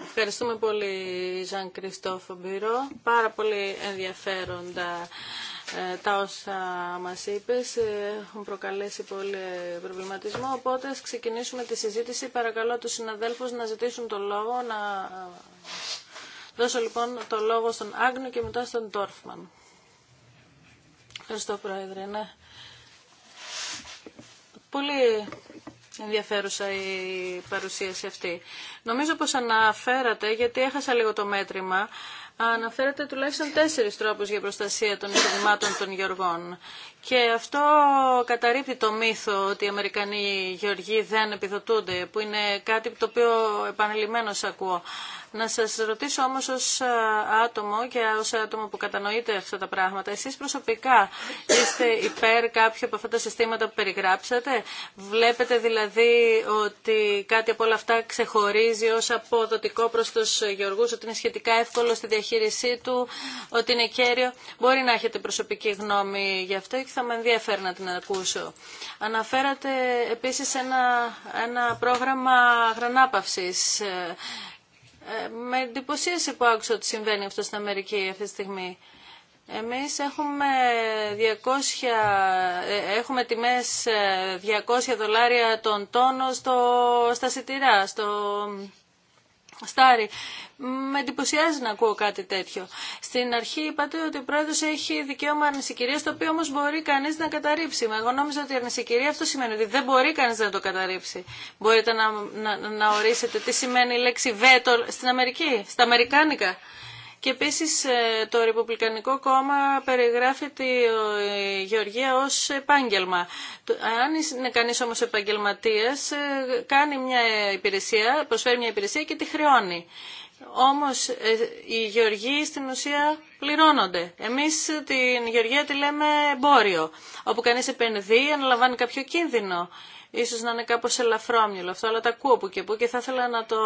Ευχαριστούμε πολύ, Ζαν Κριστόφ Μπυρό. Πάρα πολύ ενδιαφέροντα ε, τα όσα μας είπες ε, έχουν προκαλέσει πολύ προβληματισμό οπότε ας ξεκινήσουμε τη συζήτηση παρακαλώ τους συναδέλφους να ζητήσουν το λόγο να ε, δώσω λοιπόν το λόγο στον Άγνου και μετά στον Τόρφμαν Ευχαριστώ Πρόεδρε ναι. Πολύ ενδιαφέρουσα η παρουσίαση αυτή. Νομίζω πως αναφέρατε, γιατί έχασα λίγο το μέτρημα, αναφέρατε τουλάχιστον τέσσερις τρόπους για προστασία των εισοδημάτων των γεωργών. Και αυτό καταρρύπτει το μύθο ότι οι Αμερικανοί γεωργοί δεν επιδοτούνται, που είναι κάτι το οποίο επανελειμμένως ακούω. Να σας ρωτήσω όμως ως ε, άτομο και ως άτομο που κατανοείτε αυτά τα πράγματα, εσείς προσωπικά είστε υπέρ κάποιου από αυτά τα συστήματα που περιγράψατε. Βλέπετε δηλαδή ότι κάτι από όλα αυτά ξεχωρίζει ως αποδοτικό προς τους γεωργούς, ότι είναι σχετικά εύκολο στη διαχείρισή του, ότι είναι κέριο. Μπορεί να έχετε προσωπική γνώμη γι' αυτό θα με ενδιαφέρει να την ακούσω. Αναφέρατε επίσης ένα, ένα πρόγραμμα ε, ε, Με εντυπωσίαση που άκουσα ότι συμβαίνει αυτό στην Αμερική αυτή τη στιγμή. Εμείς έχουμε, 200, ε, έχουμε τιμές 200 ε, δολάρια τον τόνο στο, στα σιτηρά, στο, Στάρι, με εντυπωσιάζει να ακούω κάτι τέτοιο. Στην αρχή είπατε ότι ο πρόεδρο έχει δικαίωμα αρνησικυρία, το οποίο όμω μπορεί κανεί να καταρρύψει. Εγώ νόμιζα ότι η αρνησικυρία αυτό σημαίνει ότι δεν μπορεί κανεί να το καταρρύψει. Μπορείτε να, να, να ορίσετε τι σημαίνει η λέξη βέτο στην Αμερική, στα Αμερικάνικα. Και επίση ε, το Ρεπουμπλικανικό Κόμμα περιγράφει τη Γεωργία ω επάγγελμα. Αν είναι κανείς όμως επαγγελματία, ε, κάνει μια υπηρεσία, προσφέρει μια υπηρεσία και τη χρεώνει. Όμως ε, οι γεωργοί στην ουσία πληρώνονται. Εμείς την γεωργία τη λέμε εμπόριο, όπου κανείς επενδύει, αναλαμβάνει κάποιο κίνδυνο. Ίσως να είναι κάπως ελαφρόμυλο αυτό, αλλά τα ακούω που και που και θα ήθελα να το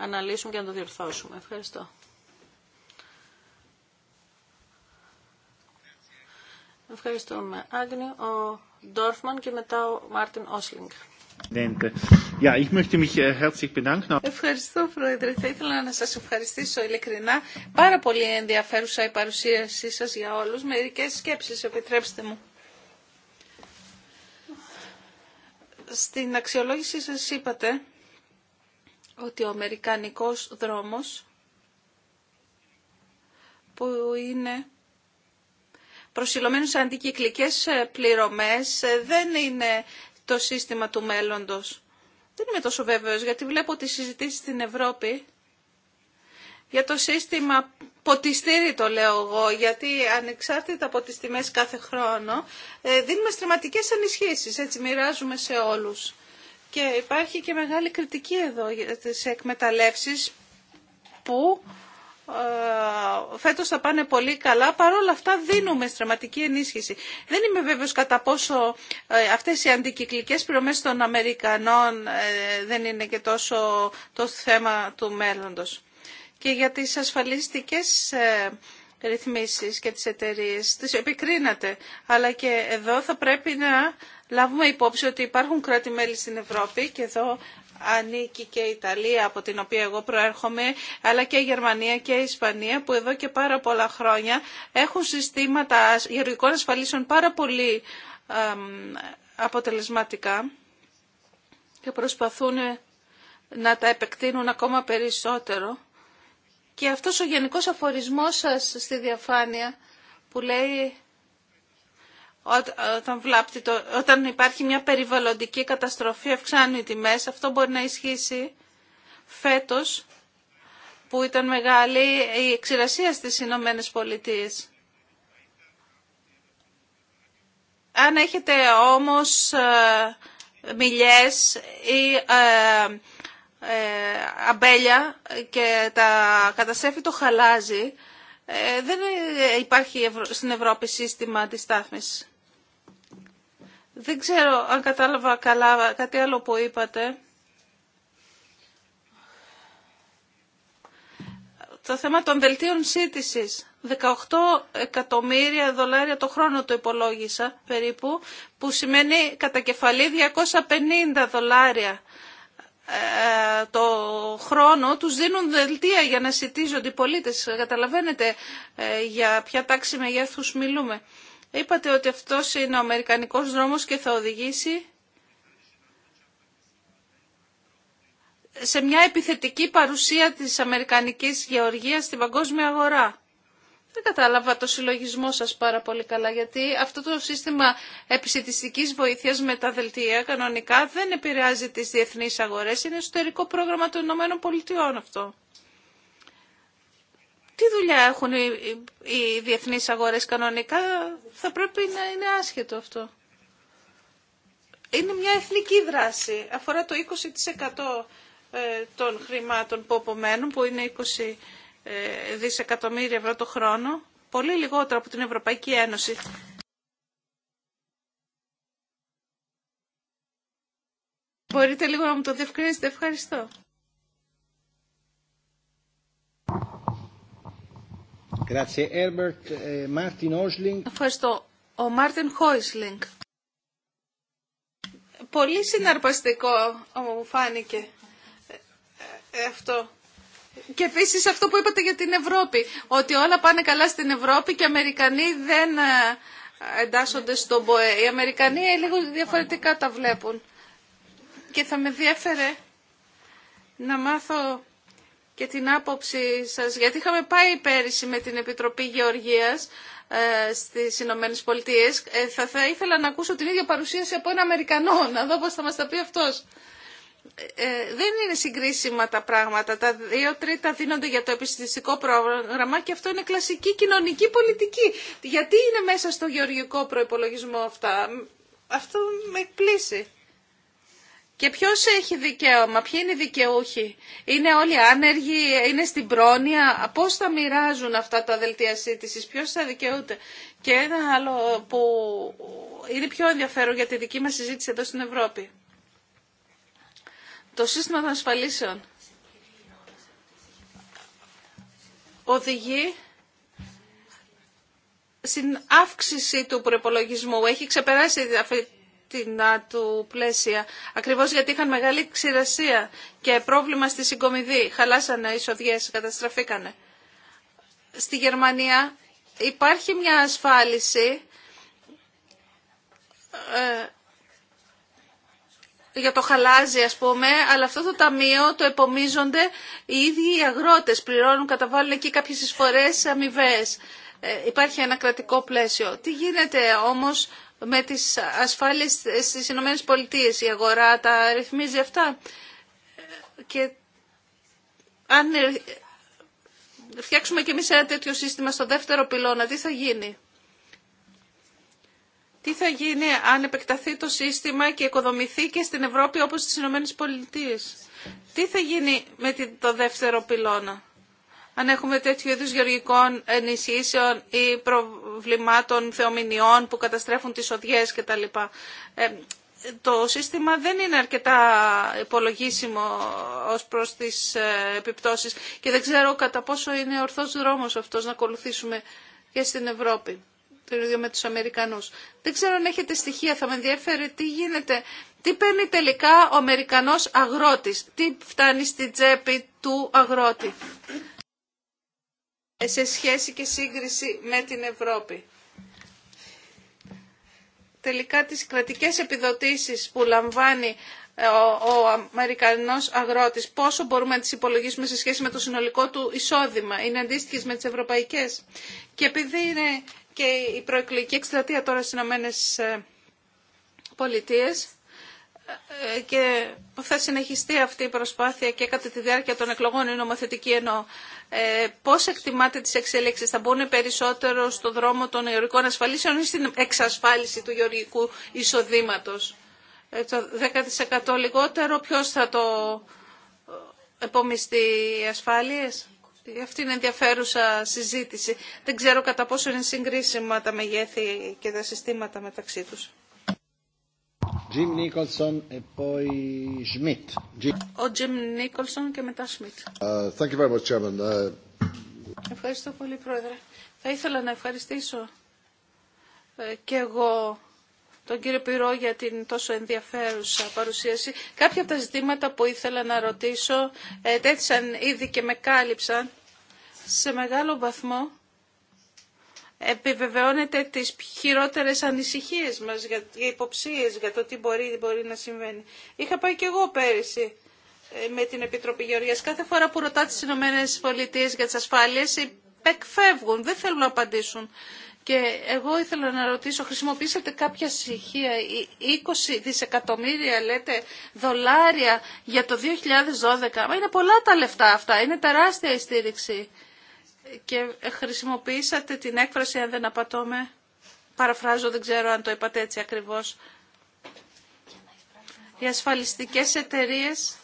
αναλύσουμε και να το διορθώσουμε. Ευχαριστώ. Ευχαριστούμε. αγνή ο Ντόρφμαν και μετά ο Μάρτιν Όσλινγκ. Äh, Ευχαριστώ, Πρόεδρε. Θα ήθελα να σας ευχαριστήσω ειλικρινά. Πάρα πολύ ενδιαφέρουσα η παρουσίασή σας για όλους. Μερικές σκέψεις, επιτρέψτε μου. Στην αξιολόγηση σας είπατε ότι ο Αμερικανικός δρόμος που είναι προσιλωμένους σε αντικυκλικές ε, πληρωμές ε, δεν είναι το σύστημα του μέλλοντος. Δεν είμαι τόσο βέβαιος γιατί βλέπω τις συζητήσεις στην Ευρώπη για το σύστημα ποτιστήρι το λέω εγώ, γιατί ανεξάρτητα από τις τιμές κάθε χρόνο ε, δίνουμε στρεματικές ενισχύσεις, έτσι μοιράζουμε σε όλους. Και υπάρχει και μεγάλη κριτική εδώ για τις εκμεταλλεύσεις που ε, φέτος θα πάνε πολύ καλά, παρόλα αυτά δίνουμε στραματική ενίσχυση. Δεν είμαι βέβαιος κατά πόσο ε, αυτές οι αντικυκλικές πληρωμές των Αμερικανών ε, δεν είναι και τόσο το θέμα του μέλλοντος. Και για τις ασφαλιστικές ρυθμίσεις και τις εταιρείες, τις επικρίνατε, αλλά και εδώ θα πρέπει να λάβουμε υπόψη ότι υπάρχουν κράτη-μέλη στην Ευρώπη και εδώ ανήκει και η Ιταλία από την οποία εγώ προέρχομαι, αλλά και η Γερμανία και η Ισπανία που εδώ και πάρα πολλά χρόνια έχουν συστήματα γεωργικών ασφαλίσεων πάρα πολύ αποτελεσματικά και προσπαθούν να τα επεκτείνουν ακόμα περισσότερο. Και αυτός ο γενικός αφορισμός σας στη διαφάνεια που λέει όταν, βλάπτει όταν υπάρχει μια περιβαλλοντική καταστροφή, αυξάνουν οι τιμές. Αυτό μπορεί να ισχύσει φέτος που ήταν μεγάλη η εξηρασία στις Ηνωμένε Πολιτείε. Αν έχετε όμως ε, ή ε, ε, αμπέλια και τα καταστρέφει το χαλάζει, ε, δεν ε, υπάρχει στην Ευρώπη σύστημα αντιστάθμισης. Δεν ξέρω αν κατάλαβα καλά κάτι άλλο που είπατε. Το θέμα των δελτίων σύντησης. 18 εκατομμύρια δολάρια το χρόνο το υπολόγισα περίπου, που σημαίνει κατά κεφαλή 250 δολάρια ε, το χρόνο τους δίνουν δελτία για να σητίζονται οι πολίτες. Καταλαβαίνετε ε, για ποια τάξη μεγέθους μιλούμε. Είπατε ότι αυτός είναι ο Αμερικανικός δρόμος και θα οδηγήσει σε μια επιθετική παρουσία της Αμερικανικής Γεωργίας στην παγκόσμια αγορά. Δεν κατάλαβα το συλλογισμό σας πάρα πολύ καλά, γιατί αυτό το σύστημα επισητιστικής βοήθειας με τα δελτία κανονικά δεν επηρεάζει τις διεθνείς αγορές, είναι εσωτερικό πρόγραμμα των ΗΠΑ. αυτό. Τι δουλειά έχουν οι, οι διεθνείς αγορές κανονικά, θα πρέπει να είναι άσχετο αυτό. Είναι μια εθνική δράση, αφορά το 20% ε, των χρημάτων που απομένουν, που είναι 20 ε, δισεκατομμύρια ευρώ το χρόνο, πολύ λιγότερο από την Ευρωπαϊκή Ένωση. Μπορείτε λίγο να μου το διευκρινίσετε. Ευχαριστώ. Eh, Ευχαριστώ. Ο Μάρτιν Χόισλινγκ. Πολύ συναρπαστικό μου φάνηκε ε, ε, αυτό. Και επίση αυτό που είπατε για την Ευρώπη, ότι όλα πάνε καλά στην Ευρώπη και οι Αμερικανοί δεν ε, εντάσσονται στον ΠΟΕ. Οι Αμερικανοί λίγο διαφορετικά τα βλέπουν. Και θα με διέφερε να μάθω και την άποψη σας, γιατί είχαμε πάει πέρυσι με την Επιτροπή Γεωργίας ε, στις Ηνωμένες Πολιτείες. Ε, θα, ήθελα να ακούσω την ίδια παρουσίαση από ένα Αμερικανό, να δω πώς θα μας τα πει αυτός. Ε, δεν είναι συγκρίσιμα τα πράγματα. Τα δύο τρίτα δίνονται για το επιστημιστικό πρόγραμμα και αυτό είναι κλασική κοινωνική πολιτική. Γιατί είναι μέσα στο γεωργικό προϋπολογισμό αυτά. Αυτό με εκπλήσει. Και ποιος έχει δικαίωμα, ποιοι είναι οι δικαιούχοι. Είναι όλοι άνεργοι, είναι στην πρόνοια. Πώ θα μοιράζουν αυτά τα δελτία σύντηση, ποιος θα δικαιούται. Και ένα άλλο που είναι πιο ενδιαφέρον για τη δική μα συζήτηση εδώ στην Ευρώπη. Το σύστημα των ασφαλίσεων οδηγεί στην αύξηση του προπολογισμού. Έχει ξεπεράσει την του πλαίσια. Ακριβώς γιατί είχαν μεγάλη ξηρασία και πρόβλημα στη συγκομιδή. Χαλάσανε οι σοδιές, καταστραφήκανε. Στη Γερμανία υπάρχει μια ασφάλιση ε, για το χαλάζι ας πούμε, αλλά αυτό το ταμείο το επομίζονται οι ίδιοι οι αγρότες, πληρώνουν, καταβάλουν εκεί κάποιες εισφορές αμοιβέ. Ε, υπάρχει ένα κρατικό πλαίσιο. Τι γίνεται όμως με τις ασφάλειες στις Ηνωμένες Πολιτείες. Η αγορά τα ρυθμίζει αυτά. Και αν φτιάξουμε κι εμείς ένα τέτοιο σύστημα στο δεύτερο πυλώνα, τι θα γίνει. Τι θα γίνει αν επεκταθεί το σύστημα και οικοδομηθεί και στην Ευρώπη όπως στις Ηνωμένες Πολιτείες. Τι θα γίνει με το δεύτερο πυλώνα αν έχουμε τέτοιου είδους γεωργικών ενισχύσεων ή προ βλημάτων θεομηνιών που καταστρέφουν τις οδιές κτλ. Ε, το σύστημα δεν είναι αρκετά υπολογίσιμο ως προς τις ε, επιπτώσεις και δεν ξέρω κατά πόσο είναι ορθός δρόμος αυτός να ακολουθήσουμε και στην Ευρώπη. Το ίδιο με τους Αμερικανούς. Δεν ξέρω αν έχετε στοιχεία, θα με ενδιαφέρει τι γίνεται. Τι παίρνει τελικά ο Αμερικανός αγρότης, τι φτάνει στη τσέπη του αγρότη. Ε, σε σχέση και σύγκριση με την Ευρώπη. Τελικά τις κρατικές επιδοτήσεις που λαμβάνει ε, ο, ο Αμερικανός αγρότης, πόσο μπορούμε να τις υπολογίσουμε σε σχέση με το συνολικό του εισόδημα, είναι αντίστοιχες με τις ευρωπαϊκές. Και επειδή είναι και η προεκλογική εκστρατεία τώρα στις Ηνωμένες ε, Πολιτείες, ε, και θα συνεχιστεί αυτή η προσπάθεια και κατά τη διάρκεια των εκλογών η νομοθετική εννοώ. Ε, πώς εκτιμάτε τις εξελίξεις, θα μπουν περισσότερο στο δρόμο των γεωργικών ασφαλίσεων ή στην εξασφάλιση του γεωργικού εισοδήματος. Ε, το 10% λιγότερο, ποιος θα το ε, επομιστεί οι ασφάλειες. Αυτή είναι ενδιαφέρουσα συζήτηση. Δεν ξέρω κατά πόσο είναι συγκρίσιμα τα μεγέθη και τα συστήματα μεταξύ τους. Jim Nicholson e Ο Jim Nicholson και μετά Schmidt. Ε, thank you very much, Chairman. Ε, Ευχαριστώ πολύ, Πρόεδρε. Θα ήθελα να ευχαριστήσω ε, και εγώ τον κύριο Πυρό για την τόσο ενδιαφέρουσα παρουσίαση. Κάποια από τα ζητήματα που ήθελα να ρωτήσω ε, ήδη και με κάλυψαν σε μεγάλο βαθμό επιβεβαιώνεται τις χειρότερες ανησυχίες μας για, για υποψίες για το τι μπορεί, μπορεί να συμβαίνει. Είχα πάει και εγώ πέρυσι ε, με την Επιτροπή Γεωργίας. Κάθε φορά που ρωτά τις Ηνωμένες Πολιτείες για τις ασφάλειες, εκφεύγουν, δεν θέλουν να απαντήσουν. Και εγώ ήθελα να ρωτήσω, χρησιμοποίησατε κάποια στοιχεία, 20 δισεκατομμύρια λέτε δολάρια για το 2012. Μα είναι πολλά τα λεφτά αυτά, είναι τεράστια η στήριξη και χρησιμοποιήσατε την έκφραση, αν δεν απατώμε, παραφράζω, δεν ξέρω αν το είπατε έτσι ακριβώς, οι ασφαλιστικές εταιρείες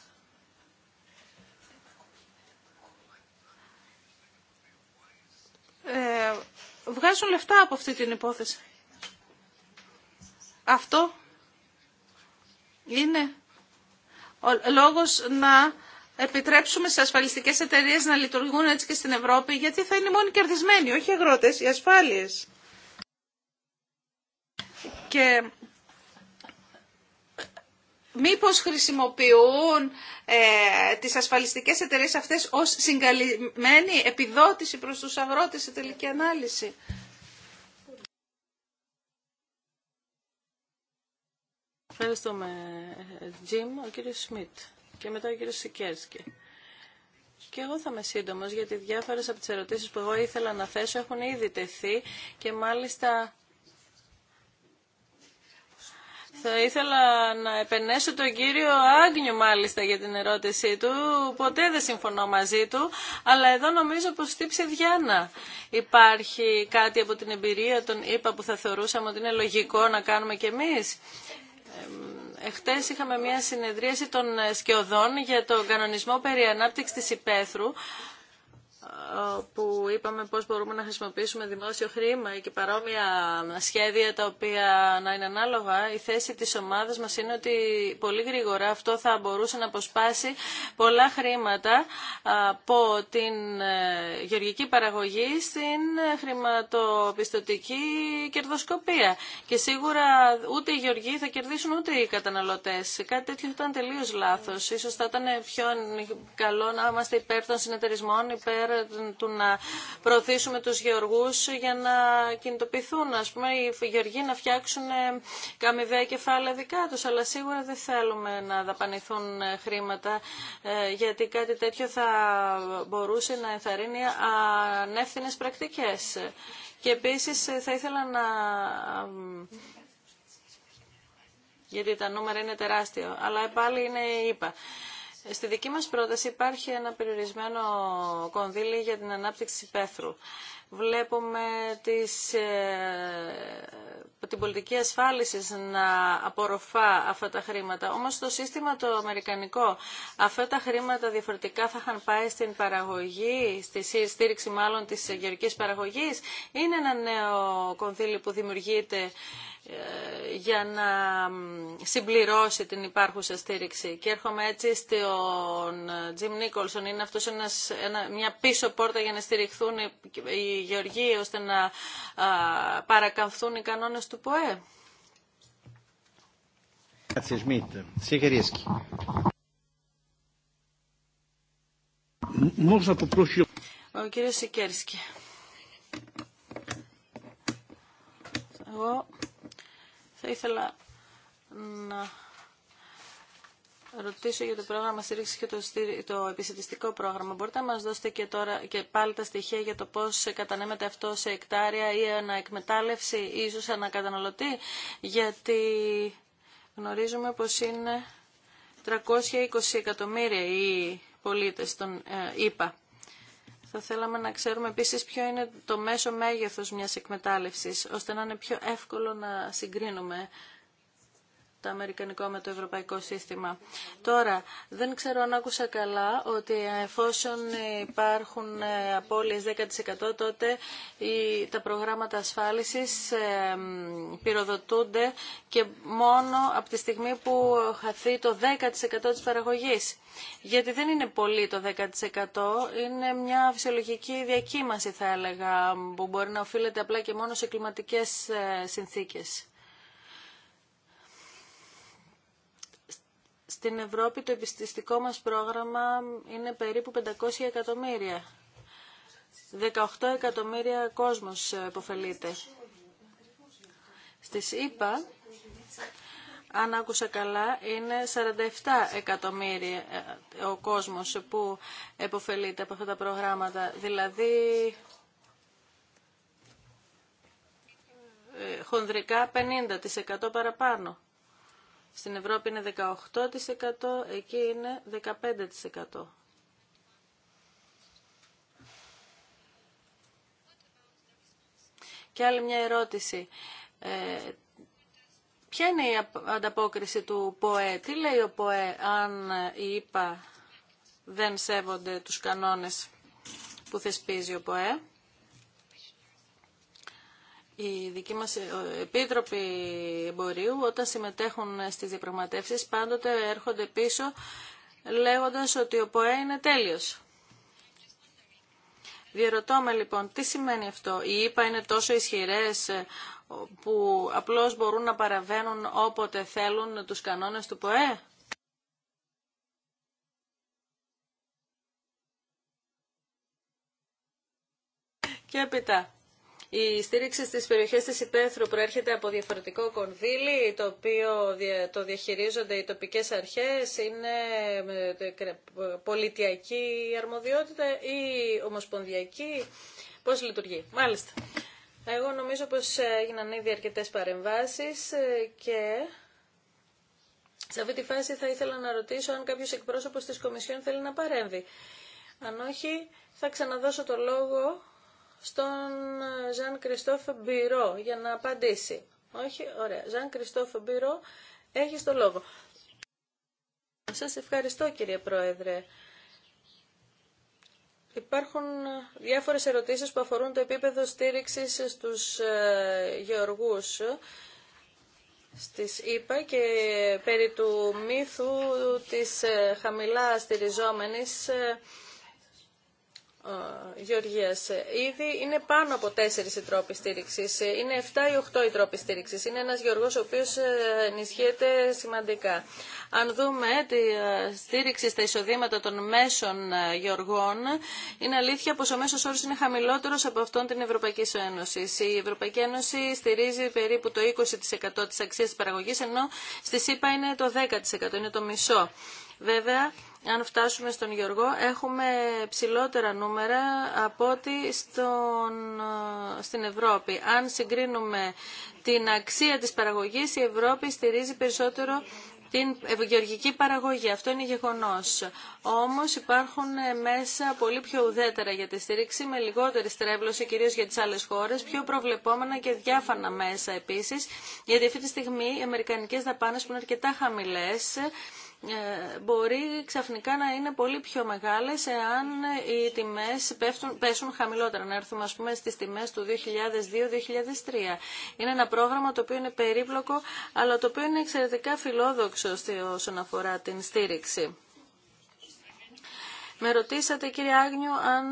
ε, βγάζουν λεφτά από αυτή την υπόθεση. Αυτό είναι ο λόγος να επιτρέψουμε σε ασφαλιστικές εταιρείες να λειτουργούν έτσι και στην Ευρώπη, γιατί θα είναι μόνοι κερδισμένοι, όχι οι αγρότες, οι ασφάλειες. Και μήπως χρησιμοποιούν ε, τις ασφαλιστικές εταιρείες αυτές ως συγκαλυμμένη επιδότηση προς τους αγρότες σε τελική ανάλυση. Ευχαριστούμε, Τζιμ, Ο κύριος Σμιτ. Και μετά ο Κύριο Σικέρσκι. Και εγώ θα είμαι σύντομο γιατί διάφορες από τι ερωτήσει που εγώ ήθελα να θέσω έχουν ήδη τεθεί και μάλιστα θα ήθελα να επενέσω τον κύριο Άγνιου μάλιστα για την ερώτησή του. Ποτέ δεν συμφωνώ μαζί του, αλλά εδώ νομίζω πως στύψε διάνα. Υπάρχει κάτι από την εμπειρία των ΙΠΑ που θα θεωρούσαμε ότι είναι λογικό να κάνουμε κι εμείς. Εχθές είχαμε μια συνεδρίαση των ε, σκιωδών για τον κανονισμό περί ανάπτυξης της υπαίθρου που είπαμε πώς μπορούμε να χρησιμοποιήσουμε δημόσιο χρήμα και παρόμοια σχέδια τα οποία να είναι ανάλογα, η θέση της ομάδας μας είναι ότι πολύ γρήγορα αυτό θα μπορούσε να αποσπάσει πολλά χρήματα από την ε, γεωργική παραγωγή στην χρηματοπιστωτική κερδοσκοπία. Και σίγουρα ούτε οι γεωργοί θα κερδίσουν ούτε οι καταναλωτές. Κάτι τέτοιο ήταν τελείως λάθος. Ίσως θα ήταν πιο καλό να είμαστε υπέρ των συνεταιρισμών, του να προωθήσουμε τους γεωργούς για να κινητοποιηθούν, ας πούμε, οι γεωργοί να φτιάξουν ε, καμιβαία κεφάλαια δικά τους, αλλά σίγουρα δεν θέλουμε να δαπανηθούν ε, χρήματα, ε, γιατί κάτι τέτοιο θα μπορούσε να ενθαρρύνει ανεύθυνες πρακτικές. Και επίσης θα ήθελα να γιατί τα νούμερα είναι τεράστια. Αλλά πάλι είναι η Στη δική μας πρόταση υπάρχει ένα περιορισμένο κονδύλι για την ανάπτυξη πέθρου. Βλέπουμε τις, ε, την πολιτική ασφάλισης να απορροφά αυτά τα χρήματα. Όμως το σύστημα το αμερικανικό, αυτά τα χρήματα διαφορετικά θα είχαν πάει στην παραγωγή, στη στήριξη μάλλον της γεωργικής παραγωγής. Είναι ένα νέο κονδύλι που δημιουργείται για να συμπληρώσει την υπάρχουσα στήριξη. Και έρχομαι έτσι στον Τζιμ Νίκολσον. Είναι αυτός μια πίσω πόρτα για να στηριχθούν οι γεωργοί ώστε να α, παρακαμφθούν οι κανόνες του ΠΟΕ. Ο κύριος Σικέρσκι. Εγώ θα ήθελα να ρωτήσω για το πρόγραμμα στήριξη και το, το πρόγραμμα. Μπορείτε να μας δώσετε και, τώρα, και πάλι τα στοιχεία για το πώς κατανέμεται αυτό σε εκτάρια ή αναεκμετάλλευση ή ίσως ανακαταναλωτή, γιατί γνωρίζουμε πως είναι 320 εκατομμύρια οι πολίτες των Ε, θα θέλαμε να ξέρουμε επίσης ποιο είναι το μέσο μέγεθος μιας εκμετάλλευσης, ώστε να είναι πιο εύκολο να συγκρίνουμε το αμερικανικό με το ευρωπαϊκό σύστημα. Τώρα, δεν ξέρω αν άκουσα καλά ότι εφόσον υπάρχουν ε, απώλειες 10% τότε οι, τα προγράμματα ασφάλισης ε, πυροδοτούνται και μόνο από τη στιγμή που χαθεί το 10% της παραγωγής. Γιατί δεν είναι πολύ το 10%, είναι μια φυσιολογική διακύμαση θα έλεγα που μπορεί να οφείλεται απλά και μόνο σε κλιματικές ε, συνθήκες. Στην Ευρώπη το επιστηστικό μας πρόγραμμα είναι περίπου 500 εκατομμύρια. 18 εκατομμύρια κόσμος υποφελείται. Στις ΗΠΑ, αν άκουσα καλά, είναι 47 εκατομμύρια ε, ο κόσμος που υποφελείται από αυτά τα προγράμματα. Δηλαδή, ε, χονδρικά 50% παραπάνω. Στην Ευρώπη είναι 18%, εκεί είναι 15%. Και άλλη μια ερώτηση. Ε, ποια είναι η ανταπόκριση του ΠΟΕ, τι λέει ο ΠΟΕ αν ε, οι ΙΠΑ δεν σέβονται τους κανόνες που θεσπίζει ο ΠΟΕ οι δικοί μας ε, επίτροποι εμπορίου όταν συμμετέχουν στις διαπραγματεύσεις πάντοτε έρχονται πίσω λέγοντας ότι ο ΠΟΕ είναι τέλειος. Διερωτώμε λοιπόν τι σημαίνει αυτό. Οι ΙΠΑ είναι τόσο ισχυρές ε, που απλώς μπορούν να παραβαίνουν όποτε θέλουν τους κανόνες του ΠΟΕ. Και έπειτα, η στήριξη στις περιοχές της Υπέθρου προέρχεται από διαφορετικό κονδύλι, το οποίο το διαχειρίζονται οι τοπικές αρχές, είναι ε, πολιτιακή αρμοδιότητα ή ομοσπονδιακή. Πώς λειτουργεί. Μάλιστα. Εγώ νομίζω πως έγιναν ήδη αρκετές παρεμβάσεις ε, και... Σε αυτή τη φάση θα ήθελα να ρωτήσω αν κάποιος εκπρόσωπος της Κομισιόν θέλει να παρέμβει. Αν όχι, θα ξαναδώσω το λόγο στον Ζαν Κριστόφ Μπυρό για να απαντήσει. Όχι, ωραία. Ζαν Κριστόφ Μπυρό έχει το λόγο. Σας ευχαριστώ κύριε Πρόεδρε. Υπάρχουν ε, διάφορες ερωτήσεις που αφορούν το επίπεδο στήριξης στους ε, γεωργούς ε, στις ΕΙΠΑ και περί του μύθου της χαμηλά στηριζόμενης ε, Γεωργίας. Ε, ήδη είναι πάνω από τέσσερι οι τρόποι στήριξη, ε, Είναι 7 ή 8 οι τρόποι στήριξη. Είναι ένα γεωργό ο οποίο ενισχύεται σημαντικά. Αν δούμε τη στήριξη στα εισοδήματα των μέσων γεωργών, είναι αλήθεια πω ο μέσο όρο είναι χαμηλότερο από αυτόν την Ευρωπαϊκή Ένωση. Η Ευρωπαϊκή Ένωση στηρίζει περίπου το 20% τη αξία τη παραγωγή, ενώ στη ΣΥΠΑ είναι το 10%, είναι το μισό. Βέβαια, αν φτάσουμε στον Γιώργο, έχουμε ψηλότερα νούμερα από ό,τι στον, ε, στην Ευρώπη. Αν συγκρίνουμε την αξία της παραγωγής, η Ευρώπη στηρίζει περισσότερο την ευγεωργική παραγωγή. Αυτό είναι γεγονός. Όμως υπάρχουν ε, μέσα πολύ πιο ουδέτερα για τη στήριξη, με λιγότερη στρέβλωση κυρίως για τις άλλες χώρες, πιο προβλεπόμενα και διάφανα μέσα επίσης, γιατί αυτή τη στιγμή οι αμερικανικές δαπάνες που είναι αρκετά χαμηλές, ε, μπορεί ξαφνικά να είναι πολύ πιο μεγάλες εάν οι τιμές πέφτουν, πέσουν χαμηλότερα, να έρθουμε ας πούμε στις τιμές του 2002-2003. Είναι ένα πρόγραμμα το οποίο είναι περίπλοκο, αλλά το οποίο είναι εξαιρετικά φιλόδοξο όσον αφορά την στήριξη. Με ρωτήσατε κύριε Άγνιου αν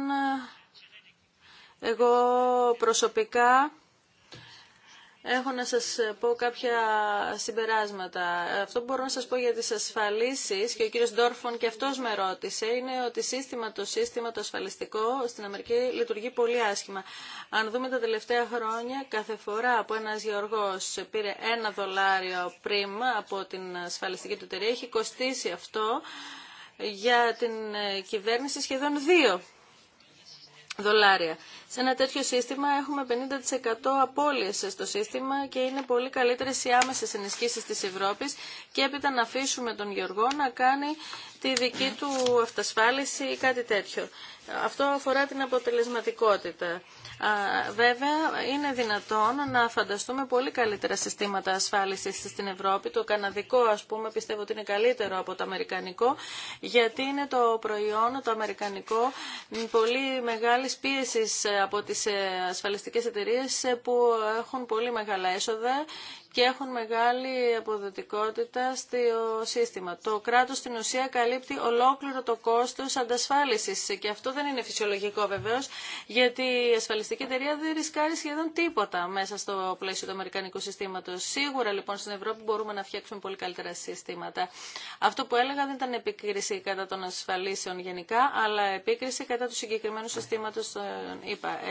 εγώ προσωπικά έχω να σας πω κάποια συμπεράσματα. Αυτό που μπορώ να σας πω για τις ασφαλίσεις και ο κύριος Ντόρφον και αυτός με ρώτησε είναι ότι σύστημα, το σύστημα το ασφαλιστικό στην Αμερική λειτουργεί πολύ άσχημα. Αν δούμε τα τελευταία χρόνια κάθε φορά που ένας γεωργός πήρε ένα δολάριο πρίμα από την ασφαλιστική του εταιρεία έχει κοστίσει αυτό για την κυβέρνηση σχεδόν δύο δολάρια. Σε ένα τέτοιο σύστημα έχουμε 50% απώλειες στο σύστημα και είναι πολύ καλύτερες οι άμεσες ενισχύσεις της Ευρώπης και έπειτα να αφήσουμε τον Γεωργό να κάνει τη δική του αυτασφάλιση ή κάτι τέτοιο. Αυτό αφορά την αποτελεσματικότητα. Βέβαια, είναι δυνατόν να φανταστούμε πολύ καλύτερα συστήματα ασφάλισης στην Ευρώπη. Το καναδικό, ας πούμε, πιστεύω ότι είναι καλύτερο από το αμερικανικό, γιατί είναι το προϊόν, το αμερικανικό, πολύ μεγάλης πίεσης από τις ε, ασφαλιστικές εταιρείες ε, που έχουν πολύ μεγάλα έσοδα και έχουν μεγάλη αποδοτικότητα στο σύστημα. Το κράτος στην ουσία καλύπτει ολόκληρο το κόστος αντασφάλισης και αυτό δεν είναι φυσιολογικό βεβαίως γιατί η ασφαλιστική εταιρεία δεν ρισκάρει σχεδόν τίποτα μέσα στο πλαίσιο του Αμερικανικού συστήματος. Σίγουρα λοιπόν στην Ευρώπη μπορούμε να φτιάξουμε πολύ καλύτερα συστήματα. Αυτό που έλεγα δεν ήταν επίκριση κατά των ασφαλίσεων γενικά, αλλά επίκριση κατά του συγκεκριμένου συστήματος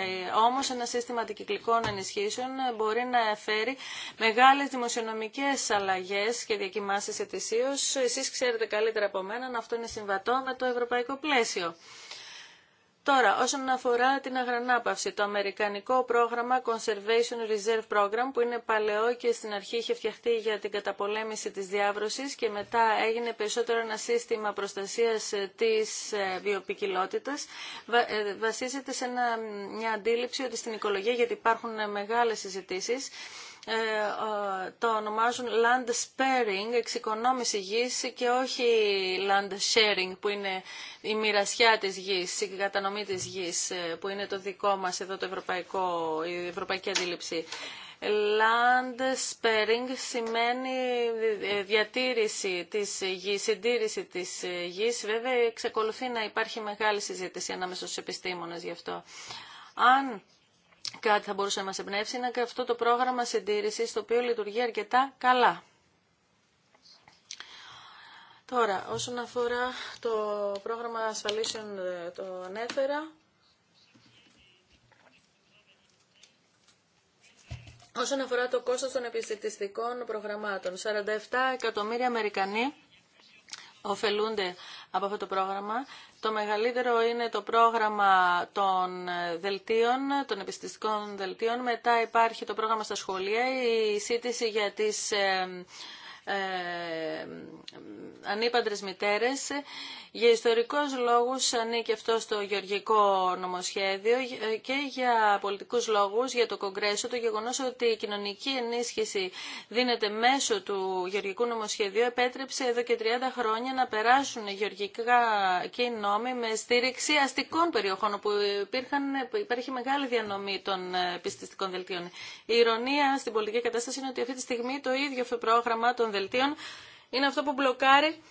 Ε, όμως ένα σύστημα αντικυκλικών ενισχύσεων μπορεί να φέρει μεγάλη άλλες δημοσιονομικές αλλαγές και διακοιμάσεις ετησίως. Εσείς ξέρετε καλύτερα από μένα να αυτό είναι συμβατό με το ευρωπαϊκό πλαίσιο. Τώρα, όσον αφορά την αγρανάπαυση, το αμερικανικό πρόγραμμα Conservation Reserve Program, που είναι παλαιό και στην αρχή είχε φτιαχτεί για την καταπολέμηση της διάβρωσης και μετά έγινε περισσότερο ένα σύστημα προστασίας ε, της ε, βιοπικιλότητας, ε, βασίζεται σε μια αντίληψη ότι στην οικολογία, γιατί υπάρχουν μεγάλες συζητήσει. Ε, το ονομάζουν land sparing, εξοικονόμηση γης και όχι land sharing που είναι η μοιρασιά της γης, η κατανομή της γης ε, που είναι το δικό μας εδώ το ευρωπαϊκό, η ευρωπαϊκή αντίληψη. Land sparing σημαίνει ε, διατήρηση της γης, συντήρηση της γης. Βέβαια, εξακολουθεί να υπάρχει μεγάλη συζήτηση ανάμεσα στους επιστήμονες γι' αυτό. Αν κάτι θα μπορούσε να μας εμπνεύσει είναι και αυτό το πρόγραμμα συντήρησης το οποίο λειτουργεί αρκετά καλά. Τώρα, όσον αφορά το πρόγραμμα ασφαλίσεων ε, το ανέφερα. Όσον αφορά το κόστος των επιστημιστικών προγραμμάτων, 47 εκατομμύρια Αμερικανοί ωφελούνται από αυτό το πρόγραμμα. Το μεγαλύτερο είναι το πρόγραμμα των δελτίων, των επιστηστικών δελτίων. Μετά υπάρχει το πρόγραμμα στα σχολεία, η σύντηση για τις ε, ε, ανήπαντρες μητέρες. Για ιστορικούς λόγους ανήκει αυτό στο γεωργικό νομοσχέδιο ε, και για πολιτικούς λόγους, για το Κογκρέσο, το γεγονός ότι η κοινωνική ενίσχυση δίνεται μέσω του γεωργικού νομοσχεδίου επέτρεψε εδώ και 30 χρόνια να περάσουν γεωργικά και οι νόμοι με στήριξη αστικών περιοχών όπου υπήρχαν, υπάρχει μεγάλη διανομή των ε, πιστιστικών δελτίων. Η ηρωνία στην πολιτική κατάσταση είναι ότι αυτή τη στιγμή το ίδιο πρόγραμμα των είναι αυτό που μπλοκάρει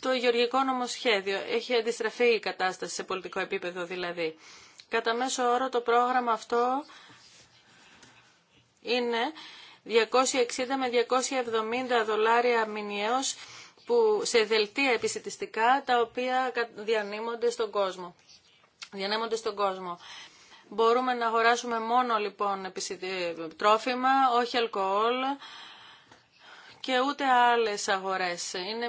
το γεωργικό νομοσχέδιο. Έχει αντιστραφεί η κατάσταση σε πολιτικό επίπεδο δηλαδή. Κατά μέσο όρο το πρόγραμμα αυτό είναι 260 με 270 δολάρια μηνιαίως που σε δελτία επισητιστικά τα οποία διανύμονται στον κόσμο. Διανέμονται στον κόσμο. Μπορούμε να αγοράσουμε μόνο λοιπόν τρόφιμα, όχι αλκοόλ, και ούτε άλλες αγορές. Είναι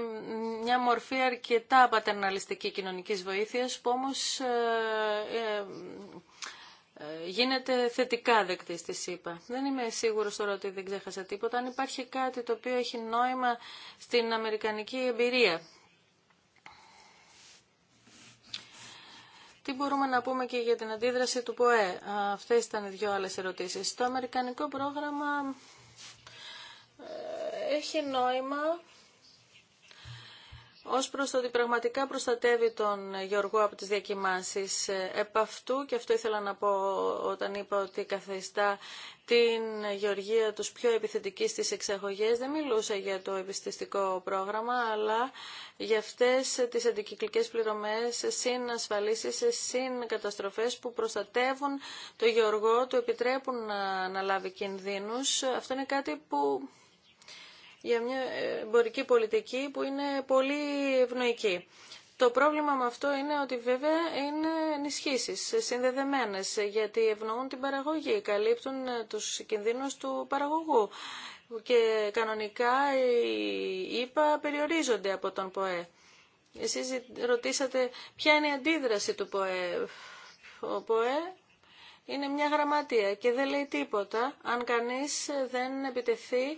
μια μορφή αρκετά πατερναλιστική κοινωνικής βοήθειας που όμως ε, ε, ε, γίνεται θετικά δεκτή στη ΣΥΠΑ. Δεν είμαι σίγουρος τώρα ότι δεν ξέχασα τίποτα. Αν υπάρχει κάτι το οποίο έχει νόημα στην αμερικανική εμπειρία. Τι μπορούμε να πούμε και για την αντίδραση του ΠΟΕ. Αυτές ήταν οι δυο άλλες ερωτήσεις. Το αμερικανικό πρόγραμμα έχει νόημα ως προς το ότι πραγματικά προστατεύει τον Γεωργό από τις διακοιμάνσεις. Επ' αυτού, και αυτό ήθελα να πω όταν είπα ότι καθιστά την Γεωργία τους πιο επιθετική στις εξαγωγές, δεν μιλούσα για το επιστηστικό πρόγραμμα, αλλά για αυτές τις αντικυκλικές πληρωμές, συν ασφαλίσεις, συν καταστροφές που προστατεύουν το Γεωργό, του επιτρέπουν να λάβει κινδύνους. Αυτό είναι κάτι που για μια εμπορική πολιτική που είναι πολύ ευνοϊκή. Το πρόβλημα με αυτό είναι ότι βέβαια είναι ενισχύσει συνδεδεμένε, γιατί ευνοούν την παραγωγή, καλύπτουν ε, του κινδύνου του παραγωγού. Και κανονικά οι ΙΠΑ περιορίζονται από τον ΠΟΕ. Εσείς ρωτήσατε ποια είναι η αντίδραση του ΠΟΕ. Ο ΠΟΕ είναι μια γραμματεία και δεν λέει τίποτα αν κανείς δεν επιτεθεί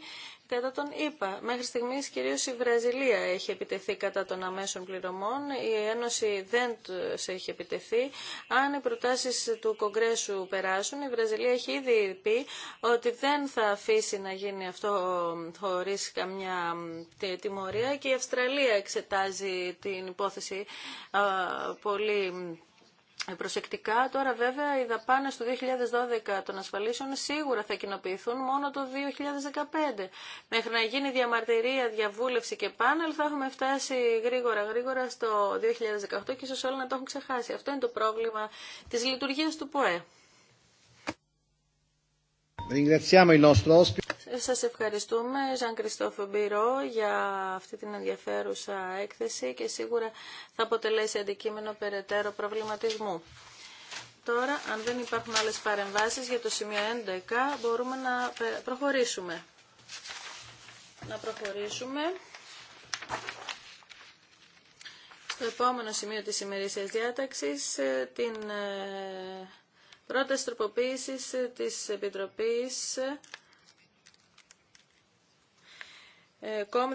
κατά τον είπα, Μέχρι στιγμής κυρίως η Βραζιλία έχει επιτεθεί κατά των αμέσων πληρωμών, η Ένωση δεν σε έχει επιτεθεί. Αν οι προτάσεις του Κογκρέσου περάσουν, η Βραζιλία έχει ήδη πει ότι δεν θα αφήσει να γίνει αυτό χωρίς καμιά τιμωρία και η Αυστραλία εξετάζει την υπόθεση πολύ ε, προσεκτικά τώρα βέβαια οι δαπάνες του 2012 των ασφαλίσεων σίγουρα θα κοινοποιηθούν μόνο το 2015. Μέχρι να γίνει διαμαρτυρία, διαβούλευση και πάνελ θα έχουμε φτάσει γρήγορα γρήγορα στο 2018 και ίσως όλοι να το έχουν ξεχάσει. Αυτό είναι το πρόβλημα της λειτουργίας του ΠΟΕ. Σας ευχαριστούμε, Ζαν Κριστόφ Μπυρό, για αυτή την ενδιαφέρουσα έκθεση και σίγουρα θα αποτελέσει αντικείμενο περαιτέρω προβληματισμού. Τώρα, αν δεν υπάρχουν άλλες παρεμβάσεις για το σημείο 11, μπορούμε να προχωρήσουμε. Να προχωρήσουμε στο επόμενο σημείο της ημερήσιας διάταξης, ε, την ε, πρόταση τροποποίησης ε, της Επιτροπής ε, ε, ΚΟΜ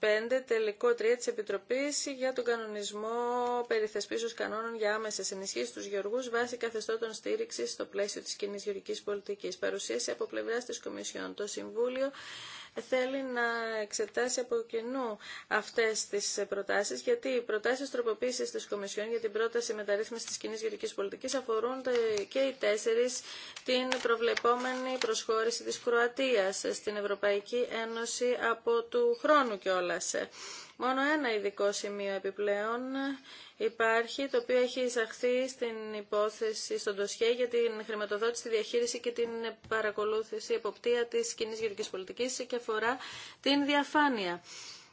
2011-625, τελικό 3 της Επιτροπής για τον κανονισμό περιθεσπίσεως κανόνων για άμεσες ενισχύσεις στους γεωργούς βάσει καθεστώτων στήριξης στο πλαίσιο της κοινή γεωργικής πολιτικής. Παρουσίαση από πλευράς της Κομισιόν. Το Συμβούλιο θέλει να εξετάσει από κοινού αυτές τις προτάσεις, γιατί οι προτάσεις τροποποίησης της Κομισιόν για την πρόταση μεταρρύθμισης της κοινή γεωργικής πολιτικής αφορούν και οι τέσσερις την προβλεπόμενη προσχώρηση της Κροατίας στην Ευρωπαϊκή Ένωση από του χρόνου σε. Μόνο ένα ειδικό σημείο επιπλέον υπάρχει, το οποίο έχει εισαχθεί στην υπόθεση, στον τοσχέ για την χρηματοδότηση, τη διαχείριση και την παρακολούθηση, εποπτεία της κοινή γεωργικής πολιτικής και αφορά την διαφάνεια.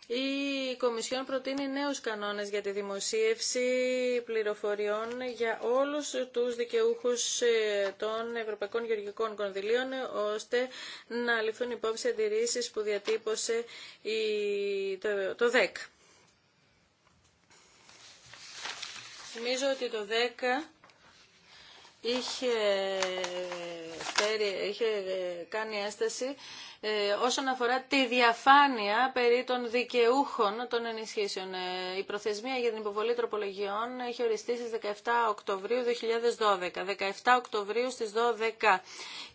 Η Κομισιόν προτείνει νέους κανόνες για τη δημοσίευση πληροφοριών για όλους τους δικαιούχους ε, των Ευρωπαϊκών Γεωργικών Κονδυλίων, ώστε να ληφθούν υπόψη αντιρρήσεις που διατύπωσε το ΔΕΚ. Θυμίζω ότι το 10 είχε, φέρει, είχε ε, κάνει έσταση ε, όσον αφορά τη διαφάνεια περί των δικαιούχων των ενισχύσεων. Ε, η προθεσμία για την υποβολή τροπολογιών έχει οριστεί στις 17 Οκτωβρίου 2012, 17 Οκτωβρίου στις 12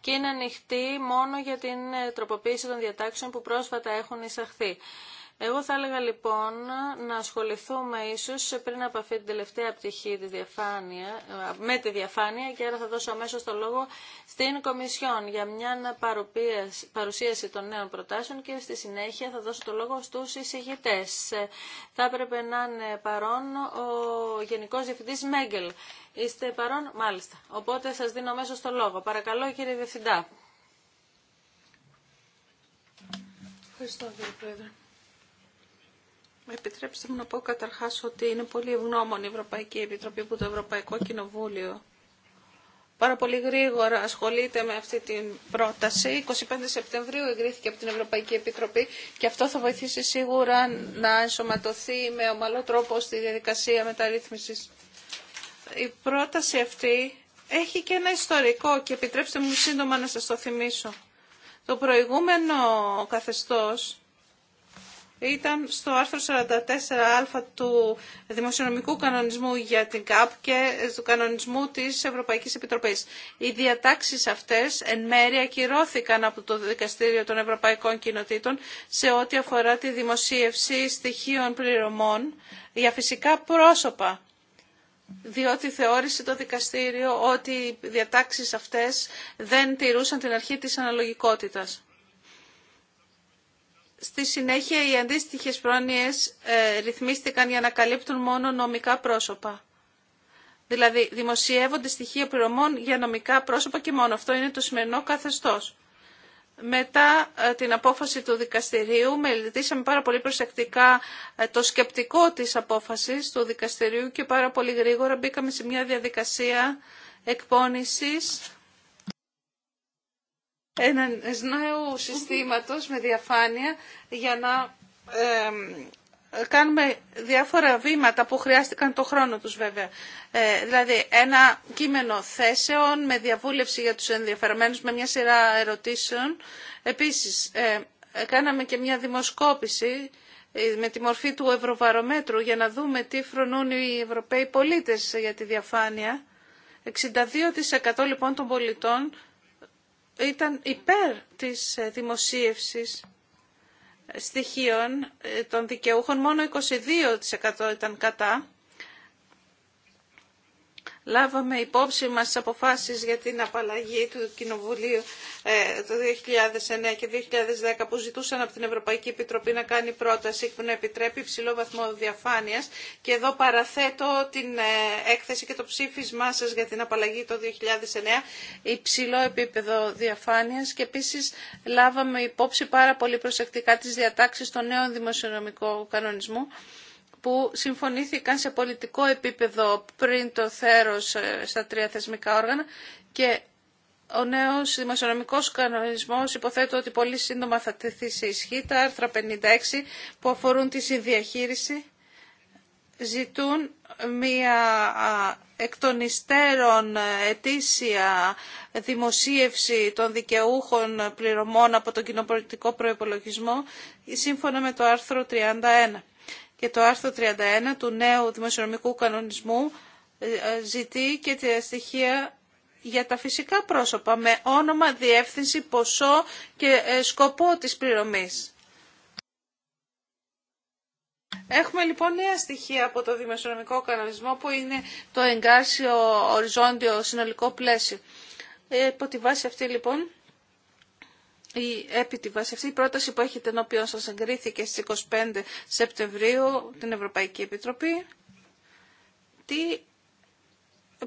και είναι ανοιχτή μόνο για την τροποποίηση των διατάξεων που πρόσφατα έχουν εισαχθεί. Εγώ θα έλεγα λοιπόν να ασχοληθούμε ίσως πριν από αυτή την τελευταία πτυχή διαφάνεια, με τη διαφάνεια και άρα θα δώσω αμέσως το λόγο στην Κομισιόν για μια παρουσίαση των νέων προτάσεων και στη συνέχεια θα δώσω το λόγο στους εισηγητές. Θα έπρεπε να είναι παρόν ο Γενικός Διευθυντής Μέγκελ. Είστε παρόν, μάλιστα. Οπότε σας δίνω αμέσως το λόγο. Παρακαλώ κύριε Διευθυντά. Ευχαριστώ κύριε Πρόεδρε. Επιτρέψτε μου να πω καταρχάς ότι είναι πολύ ευγνώμων η Ευρωπαϊκή Επιτροπή που το Ευρωπαϊκό Κοινοβούλιο πάρα πολύ γρήγορα ασχολείται με αυτή την πρόταση. 25 Σεπτεμβρίου εγκρίθηκε από την Ευρωπαϊκή Επιτροπή και αυτό θα βοηθήσει σίγουρα να ενσωματωθεί με ομαλό τρόπο στη διαδικασία μεταρρύθμισης. Η πρόταση αυτή έχει και ένα ιστορικό και επιτρέψτε μου σύντομα να σας το θυμίσω. Το προηγούμενο καθεστώς ήταν στο άρθρο 44α του Δημοσιονομικού Κανονισμού για την ΚΑΠ και του Κανονισμού της Ευρωπαϊκής Επιτροπής. Οι διατάξεις αυτές εν μέρει ακυρώθηκαν από το Δικαστήριο των Ευρωπαϊκών Κοινοτήτων σε ό,τι αφορά τη δημοσίευση στοιχείων πληρωμών για φυσικά πρόσωπα διότι θεώρησε το δικαστήριο ότι οι διατάξεις αυτές δεν τηρούσαν την αρχή της αναλογικότητας. Στη συνέχεια οι αντίστοιχε πρόνοιες ε, ρυθμίστηκαν για να καλύπτουν μόνο νομικά πρόσωπα. Δηλαδή δημοσιεύονται στοιχεία πληρωμών για νομικά πρόσωπα και μόνο αυτό είναι το σημερινό καθεστώς. Μετά ε, την απόφαση του δικαστηρίου μελετήσαμε πάρα πολύ προσεκτικά ε, το σκεπτικό της απόφασης του δικαστηρίου και πάρα πολύ γρήγορα μπήκαμε σε μια διαδικασία εκπόνησης ένα νέου συστήματος με διαφάνεια για να κάνουμε διάφορα βήματα που χρειάστηκαν το χρόνο τους βέβαια. Ε, δηλαδή ένα κείμενο θέσεων με διαβούλευση για τους ενδιαφερμένους με μια σειρά ερωτήσεων. Επίσης ε, κάναμε και μια δημοσκόπηση ε, με τη μορφή του Ευρωβαρομέτρου για να δούμε τι φρονούν οι Ευρωπαίοι πολίτες για τη διαφάνεια. 62% λοιπόν των πολιτών ήταν υπέρ της ε, δημοσίευσης ε, στοιχείων ε, των δικαιούχων, μόνο 22% ήταν κατά λάβαμε υπόψη μας τις αποφάσεις για την απαλλαγή του Κοινοβουλίου ε, το 2009 και 2010 που ζητούσαν από την Ευρωπαϊκή Επιτροπή να κάνει πρόταση που να επιτρέπει υψηλό βαθμό διαφάνειας και εδώ παραθέτω την ε, έκθεση και το ψήφισμά σας για την απαλλαγή το 2009 υψηλό επίπεδο διαφάνειας και επίσης λάβαμε υπόψη πάρα πολύ προσεκτικά τις διατάξεις των νέων δημοσιονομικών κανονισμού που συμφωνήθηκαν σε πολιτικό επίπεδο πριν το θέρος ε, στα τρία θεσμικά όργανα και ο νέος δημοσιονομικός κανονισμός υποθέτω ότι πολύ σύντομα θα τεθεί σε ισχύ. Τα άρθρα 56 που αφορούν τη συνδιαχείριση ζητούν μία εκ των υστέρων ε, ετήσια δημοσίευση των δικαιούχων πληρωμών από τον κοινοπολιτικό προϋπολογισμό σύμφωνα με το άρθρο 31 και το άρθρο 31 του νέου δημοσιονομικού κανονισμού ε, ε, ζητεί και τη στοιχεία για τα φυσικά πρόσωπα με όνομα, διεύθυνση, ποσό και ε, σκοπό της πληρωμής. Έχουμε λοιπόν νέα στοιχεία από το δημοσιονομικό κανονισμό που είναι το εγκάρσιο οριζόντιο συνολικό πλαίσιο. Ε, τη βάση αυτή λοιπόν η, επί βάση αυτή η πρόταση που έχετε ενώπιον σας εγκρίθηκε στις 25 Σεπτεμβρίου την Ευρωπαϊκή Επιτροπή. Τι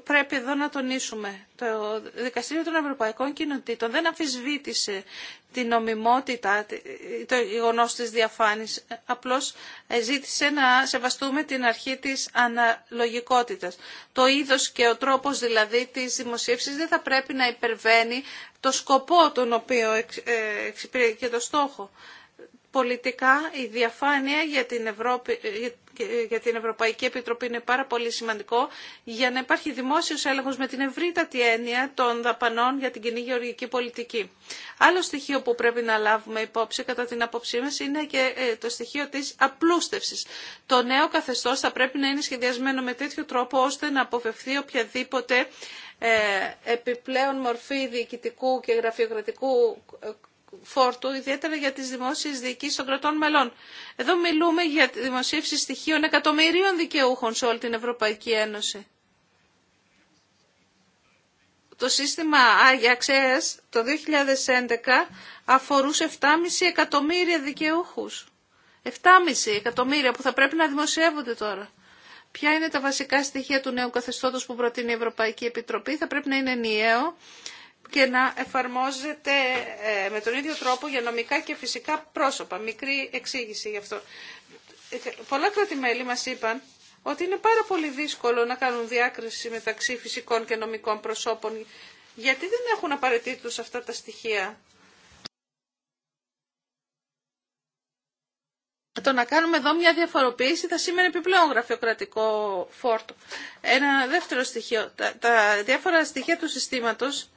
πρέπει εδώ να τονίσουμε. Το Δικαστήριο των Ευρωπαϊκών Κοινοτήτων δεν αμφισβήτησε την νομιμότητα, το γεγονό τη διαφάνεια. Απλώ ε, ζήτησε να σεβαστούμε την αρχή τη αναλογικότητα. Το είδο και ο τρόπο δηλαδή τη δημοσίευση δεν θα πρέπει να υπερβαίνει το σκοπό τον οποίο ε, εξυπηρετεί και το στόχο πολιτικά η διαφάνεια για την, Ευρώπη, για την Ευρωπαϊκή Επιτροπή είναι πάρα πολύ σημαντικό για να υπάρχει δημόσιος έλεγχος με την ευρύτατη έννοια των δαπανών για την κοινή γεωργική πολιτική. Άλλο στοιχείο που πρέπει να λάβουμε υπόψη κατά την άποψή μας είναι και ε, το στοιχείο της απλούστευσης. Το νέο καθεστώς θα πρέπει να είναι σχεδιασμένο με τέτοιο τρόπο ώστε να αποφευθεί οποιαδήποτε ε, επιπλέον μορφή διοικητικού και γραφειοκρατικού ε, φόρτου, ιδιαίτερα για τις δημόσιες διοικήσεις των κρατών μελών. Εδώ μιλούμε για τη δημοσίευση στοιχείων εκατομμυρίων δικαιούχων σε όλη την Ευρωπαϊκή Ένωση. Το σύστημα Άγιαξέας το 2011 αφορούσε 7,5 εκατομμύρια δικαιούχους. 7,5 εκατομμύρια που θα πρέπει να δημοσιεύονται τώρα. Ποια είναι τα βασικά στοιχεία του νέου καθεστώτος που προτείνει η Ευρωπαϊκή Επιτροπή. Θα πρέπει να είναι ενιαίο, και να εφαρμόζεται ε, με τον ίδιο τρόπο για νομικά και φυσικά πρόσωπα. Μικρή εξήγηση γι' αυτό. Πολλά κράτη-μέλη μας είπαν ότι είναι πάρα πολύ δύσκολο να κάνουν διάκριση μεταξύ φυσικών και νομικών προσώπων γιατί δεν έχουν τους αυτά τα στοιχεία. Το να κάνουμε εδώ μια διαφοροποίηση θα σήμαινε επιπλέον γραφειοκρατικό φόρτο. Ένα δεύτερο στοιχείο. Τα, τα διάφορα στοιχεία του συστήματος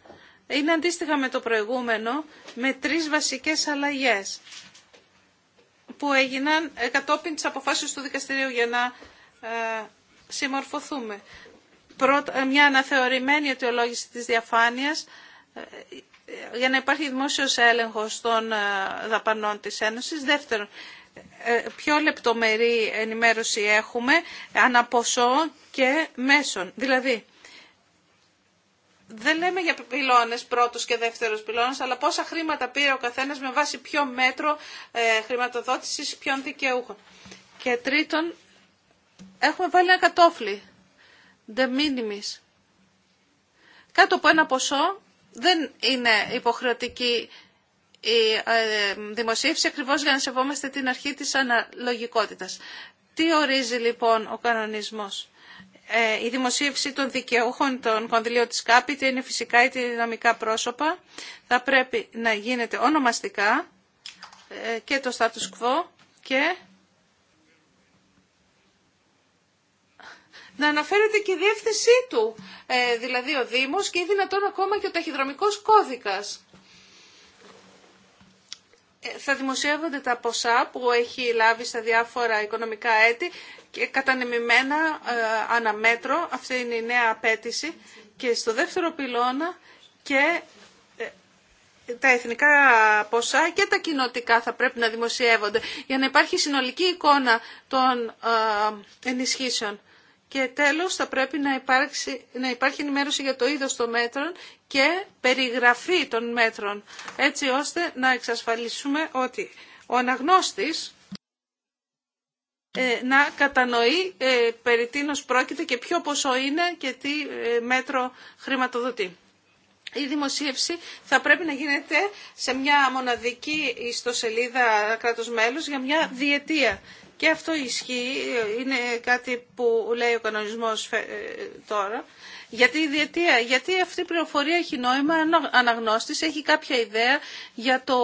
είναι αντίστοιχα με το προηγούμενο με τρεις βασικές αλλαγές που έγιναν κατόπιν της αποφάσεως του δικαστηρίου για να ε, συμμορφωθούμε. Πρώτα, ε, μια αναθεωρημένη αιτιολόγηση της διαφάνειας ε, για να υπάρχει δημόσιος έλεγχος των ε, δαπανών της Ένωσης. Δεύτερον, πιο λεπτομερή ενημέρωση έχουμε αναποσό και μέσων Δηλαδή, δεν λέμε για πυλώνε πρώτο και δεύτερος πυλώνα, αλλά πόσα χρήματα πήρε ο καθένα με βάση ποιο μέτρο ε, χρηματοδότησης ποιον δικαιούχων. Και τρίτον, έχουμε βάλει ένα κατόφλι, the minimis. Κάτω από ένα ποσό δεν είναι υποχρεωτική η ε, δημοσίευση ακριβώς για να σεβόμαστε την αρχή της αναλογικότητας. Τι ορίζει λοιπόν ο κανονισμός. Ε, η δημοσίευση των δικαιούχων των κονδυλίων της ΚΑΠΗ, είναι φυσικά είτε δυναμικά πρόσωπα, θα πρέπει να γίνεται ονομαστικά ε, και το status quo και να αναφέρεται και η διεύθυνσή του, ε, δηλαδή ο Δήμος και ή δυνατόν ακόμα και ο ταχυδρομικός κώδικας. Θα δημοσιεύονται τα ποσά που έχει λάβει στα διάφορα οικονομικά έτη και κατανεμημένα ε, αναμέτρο, αυτή είναι η νέα απέτηση, και στο δεύτερο πυλώνα και ε, τα εθνικά ποσά και τα κοινοτικά θα πρέπει να δημοσιεύονται για να υπάρχει συνολική εικόνα των ε, ενισχύσεων. Και τέλος θα πρέπει να, υπάρξει, να υπάρχει ενημέρωση για το είδος των μέτρων και περιγραφή των μέτρων, έτσι ώστε να εξασφαλίσουμε ότι ο αναγνώστης ε, να κατανοεί ε, περί τίνος πρόκειται και ποιο ποσό είναι και τι ε, μέτρο χρηματοδοτεί. Η δημοσίευση θα πρέπει να γίνεται σε μια μοναδική ιστοσελίδα κράτος μέλους για μια διετία. Και αυτό ισχύει, είναι κάτι που λέει ο κανονισμός τώρα. Γιατί η γιατί αυτή η πληροφορία έχει νόημα, αναγνώστης έχει κάποια ιδέα για το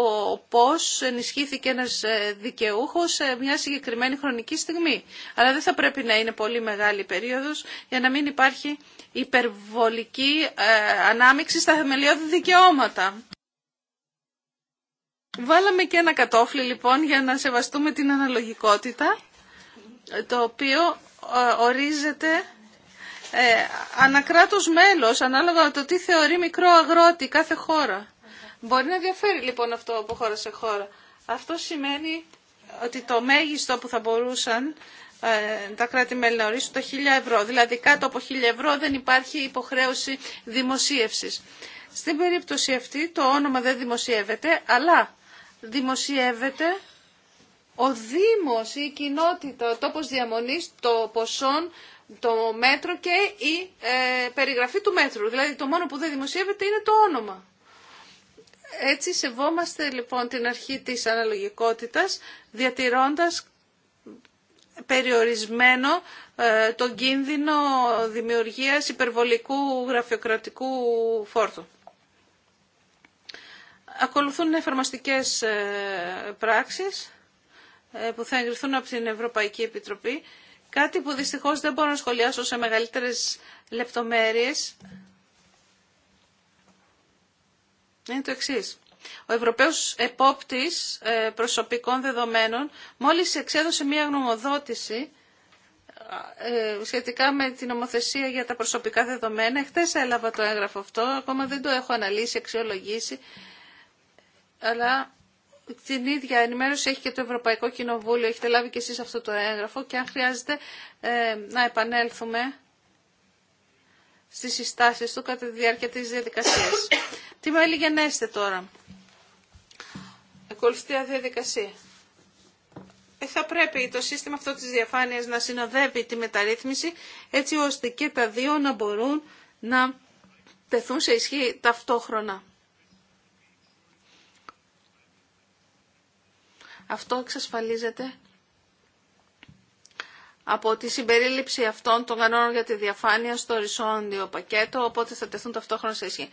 πώς ενισχύθηκε ένας ε, δικαιούχος σε μια συγκεκριμένη χρονική στιγμή. Αλλά δεν θα πρέπει να είναι πολύ μεγάλη περίοδος για να μην υπάρχει υπερβολική ε, ανάμειξη στα θεμελιώδη δικαιώματα. Βάλαμε και ένα κατόφλι λοιπόν για να σεβαστούμε την αναλογικότητα, το οποίο ε, ορίζεται ε, ανακράτος μέλος, ανάλογα με το τι θεωρεί μικρό αγρότη κάθε χώρα. Μπορεί να διαφέρει λοιπόν αυτό από χώρα σε χώρα. Αυτό σημαίνει ότι το μέγιστο που θα μπορούσαν ε, τα κράτη-μέλη να ορίσουν το 1.000 ευρώ. Δηλαδή κάτω από 1.000 ευρώ δεν υπάρχει υποχρέωση δημοσίευσης. Στην περίπτωση αυτή το όνομα δεν δημοσιεύεται, αλλά δημοσιεύεται ο Δήμος ή η κοινότητα, ο τόπος διαμονής, το ποσόν το μέτρο και η ε, περιγραφή του μέτρου. Δηλαδή το μόνο που δεν δημοσιεύεται είναι το όνομα. Έτσι σεβόμαστε λοιπόν την αρχή της αναλογικότητας διατηρώντας περιορισμένο ε, τον κίνδυνο δημιουργίας υπερβολικού γραφειοκρατικού φόρτου. Ακολουθούν εφαρμοστικές ε, πράξεις ε, που θα εγκριθούν από την Ευρωπαϊκή Επιτροπή Κάτι που δυστυχώς δεν μπορώ να σχολιάσω σε μεγαλύτερες λεπτομέρειες είναι το εξής. Ο Ευρωπαίος Επόπτης ε, Προσωπικών Δεδομένων μόλις εξέδωσε μία γνωμοδότηση ε, σχετικά με την νομοθεσία για τα προσωπικά δεδομένα. Χθες έλαβα το έγγραφο αυτό, ακόμα δεν το έχω αναλύσει, αξιολογήσει, αλλά την ίδια ενημέρωση έχει και το Ευρωπαϊκό Κοινοβούλιο, έχετε λάβει και εσείς αυτό το έγγραφο και αν χρειάζεται ε, να επανέλθουμε στις συστάσεις του κατά τη διάρκεια της διαδικασίας. Τι με είστε τώρα. Ακολουθεί διαδικασία. Ε, θα πρέπει το σύστημα αυτό της διαφάνειας να συνοδεύει τη μεταρρύθμιση έτσι ώστε και τα δύο να μπορούν να τεθούν σε ισχύ ταυτόχρονα. Αυτό εξασφαλίζεται από τη συμπερίληψη αυτών των κανόνων για τη διαφάνεια στο οριζόντιο πακέτο, οπότε θα τεθούν ταυτόχρονα σε ισχύ.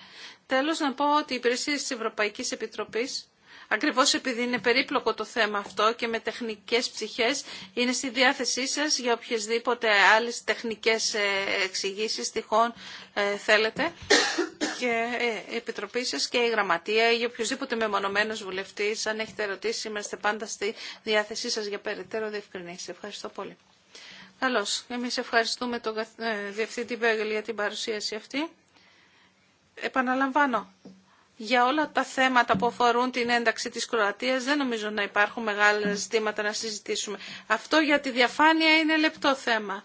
Τέλος, να πω ότι οι υπηρεσίε τη Ευρωπαϊκής Επιτροπής, ακριβώ επειδή είναι περίπλοκο το θέμα αυτό και με τεχνικές ψυχές, είναι στη διάθεσή σας για οποιασδήποτε άλλε τεχνικέ ε, εξηγήσει τυχόν ε, θέλετε και η ε, Επιτροπή σα και η Γραμματεία ή οποιοδήποτε μεμονωμένο βουλευτής αν έχετε ερωτήσει, είμαστε πάντα στη διάθεσή σα για περαιτέρω διευκρινήσει. Ευχαριστώ πολύ. Καλώ. Εμεί ευχαριστούμε τον ε, Διευθύντη Βέγγελ για την παρουσίαση αυτή. Επαναλαμβάνω, για όλα τα θέματα που αφορούν την ένταξη της Κροατίας δεν νομίζω να υπάρχουν μεγάλα ζητήματα να συζητήσουμε. Αυτό για τη διαφάνεια είναι λεπτό θέμα.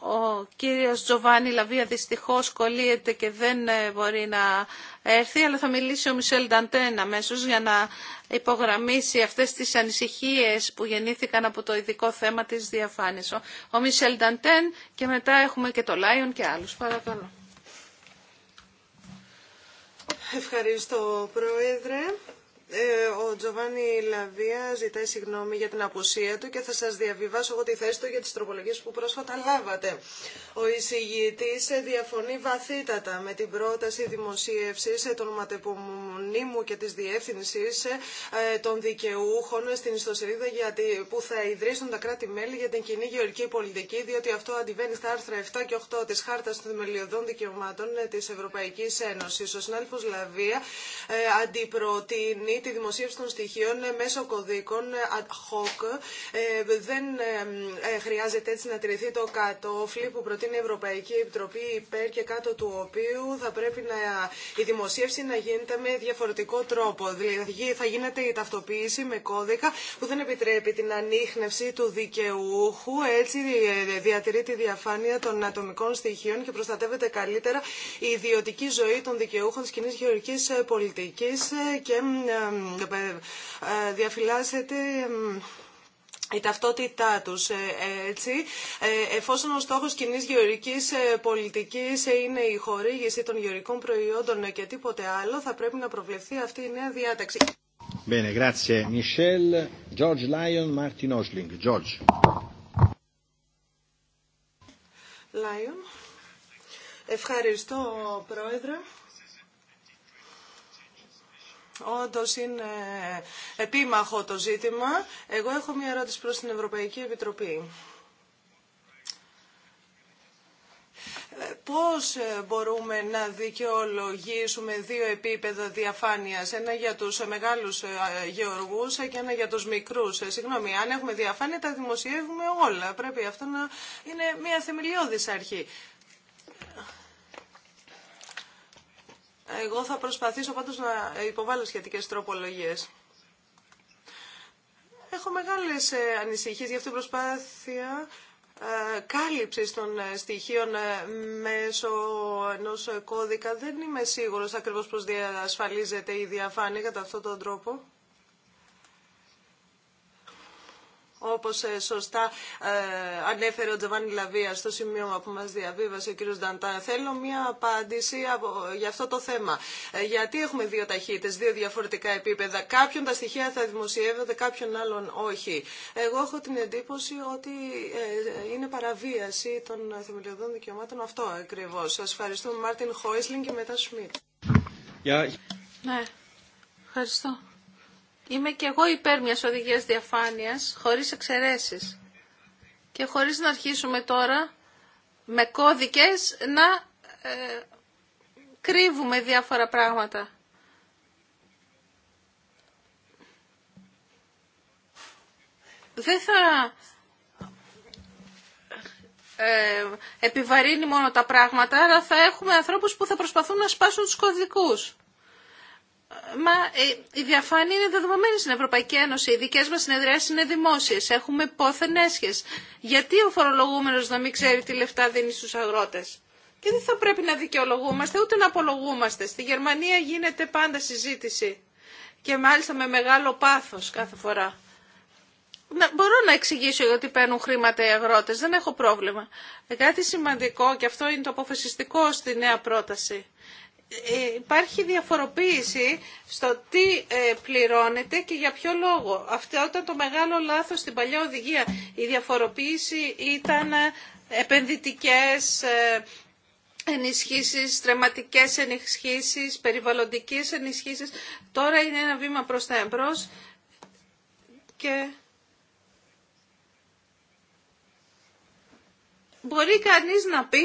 Ο κύριος Τζοβάνι Λαβία δυστυχώς κολλείεται και δεν ε, μπορεί να έρθει, αλλά θα μιλήσει ο Μισελ Νταντέν αμέσω για να υπογραμμίσει αυτές τις ανησυχίες που γεννήθηκαν από το ειδικό θέμα της διαφάνειας. Ο Μισελ Νταντέν και μετά έχουμε και το Λάιον και άλλους. Παρακαλώ. Ευχαριστώ, Πρόεδρε. Ε, ο Τζοβάνι Λαβία ζητάει συγγνώμη για την απουσία του και θα σας διαβιβάσω εγώ τη θέση του για τις τροπολογίες που πρόσφατα λάβατε. Ο εισηγητής διαφωνεί βαθύτατα με την πρόταση δημοσίευσης των ματεπομονίμου και της διεύθυνσης ε, των δικαιούχων στην ιστοσελίδα που θα ιδρύσουν τα κράτη-μέλη για την κοινή γεωργική πολιτική, διότι αυτό αντιβαίνει στα άρθρα 7 και 8 της Χάρτας των Θεμελιωδών Δικαιωμάτων τη Ευρωπαϊκή Ένωση. Ο συνάδελφος Λαβία ε, αντιπροτείνει τη δημοσίευση των στοιχείων ε, μέσω κωδίκων ε, ad hoc. Ε, δεν χρειάζεται έτσι να τηρηθεί το κατόφλι που προτείνει η Ευρωπαϊκή Επιτροπή υπέρ και κάτω του οποίου θα πρέπει η δημοσίευση να γίνεται με διαφορετικό τρόπο. Δηλαδή θα γίνεται η ταυτοποίηση με κώδικα που δεν επιτρέπει την ανείχνευση του δικαιούχου. Έτσι διατηρεί τη διαφάνεια των ατομικών στοιχείων και προστατεύεται καλύτερα η ιδιωτική ζωή των δικαιούχων της κοινή γεωργικής πολιτικής και ε, διαφυλάσσεται η ταυτότητά τους. Ε, έτσι, ε, εφόσον ο στόχος κοινή γεωρικής πολιτικής είναι η χορήγηση των γεωρικών προϊόντων και τίποτε άλλο, θα πρέπει να προβλεφθεί αυτή η νέα διάταξη. Bene, grazie Michel, George Lyon, Martin Osling. George. Lyon. Ευχαριστώ, Πρόεδρε. Όντω είναι επίμαχο το ζήτημα. Εγώ έχω μια ερώτηση προς την Ευρωπαϊκή Επιτροπή. Ε, πώς ε, μπορούμε να δικαιολογήσουμε δύο επίπεδα διαφάνειας, ένα για τους μεγάλους ε, γεωργούς και ένα για τους μικρούς. Συγγνώμη, αν έχουμε διαφάνεια τα δημοσιεύουμε όλα. Πρέπει αυτό να είναι μια θεμελιώδης αρχή. Εγώ θα προσπαθήσω πάντως να υποβάλω σχετικές τροπολογίες. Έχω μεγάλες ε, ανησυχίες για αυτή την προσπάθεια ε, κάλυψης των ε, στοιχείων μέσω ενός κώδικα. Δεν είμαι σίγουρος ακριβώς πώς διασφαλίζεται η διαφάνεια κατά αυτόν τον τρόπο. Όπω ε, σωστά ε, ανέφερε ο Τζοβάνι Λαβία στο σημείο που μας διαβίβασε ο κ. Νταντά. Θέλω μία απάντηση για αυτό το θέμα. Ε, γιατί έχουμε δύο ταχύτητες, δύο διαφορετικά επίπεδα. Κάποιον τα στοιχεία θα δημοσιεύονται, κάποιον άλλον όχι. Εγώ έχω την εντύπωση ότι είναι παραβίαση των θεμελιωδών δικαιωμάτων αυτό ακριβώ. Σα ευχαριστούμε Μάρτιν Χόισλινγκ και μετά Σμιτ. Yeah. Ναι, ευχαριστώ. Είμαι και εγώ υπέρ μιας οδηγίας διαφάνειας, χωρίς εξαιρέσεις. Και χωρίς να αρχίσουμε τώρα με κώδικες να ε, κρύβουμε διάφορα πράγματα. Δεν θα ε, επιβαρύνει μόνο τα πράγματα, αλλά θα έχουμε ανθρώπους που θα προσπαθούν να σπάσουν τους κωδικούς. Μα ε, η διαφάνεια είναι δεδομένη στην Ευρωπαϊκή Ένωση. Οι δικέ μα συνεδριάσει είναι δημόσιε. Έχουμε πόθεν έσχε. Γιατί ο φορολογούμενο να μην ξέρει τι λεφτά δίνει στου αγρότε. Και δεν θα πρέπει να δικαιολογούμαστε ούτε να απολογούμαστε. Στη Γερμανία γίνεται πάντα συζήτηση. Και μάλιστα με μεγάλο πάθο κάθε φορά. μπορώ να εξηγήσω γιατί παίρνουν χρήματα οι αγρότε. Δεν έχω πρόβλημα. Ε, κάτι σημαντικό και αυτό είναι το αποφασιστικό στη νέα πρόταση ε, υπάρχει διαφοροποίηση στο τι ε, πληρώνεται και για ποιο λόγο. Αυτό ήταν το μεγάλο λάθος στην παλιά οδηγία. Η διαφοροποίηση ήταν ε, επενδυτικές ενισχύσεις, τρεματικές ενισχύσεις, περιβαλλοντικές ενισχύσεις. Τώρα είναι ένα βήμα προς τα εμπρός και Μπορεί κανείς να πει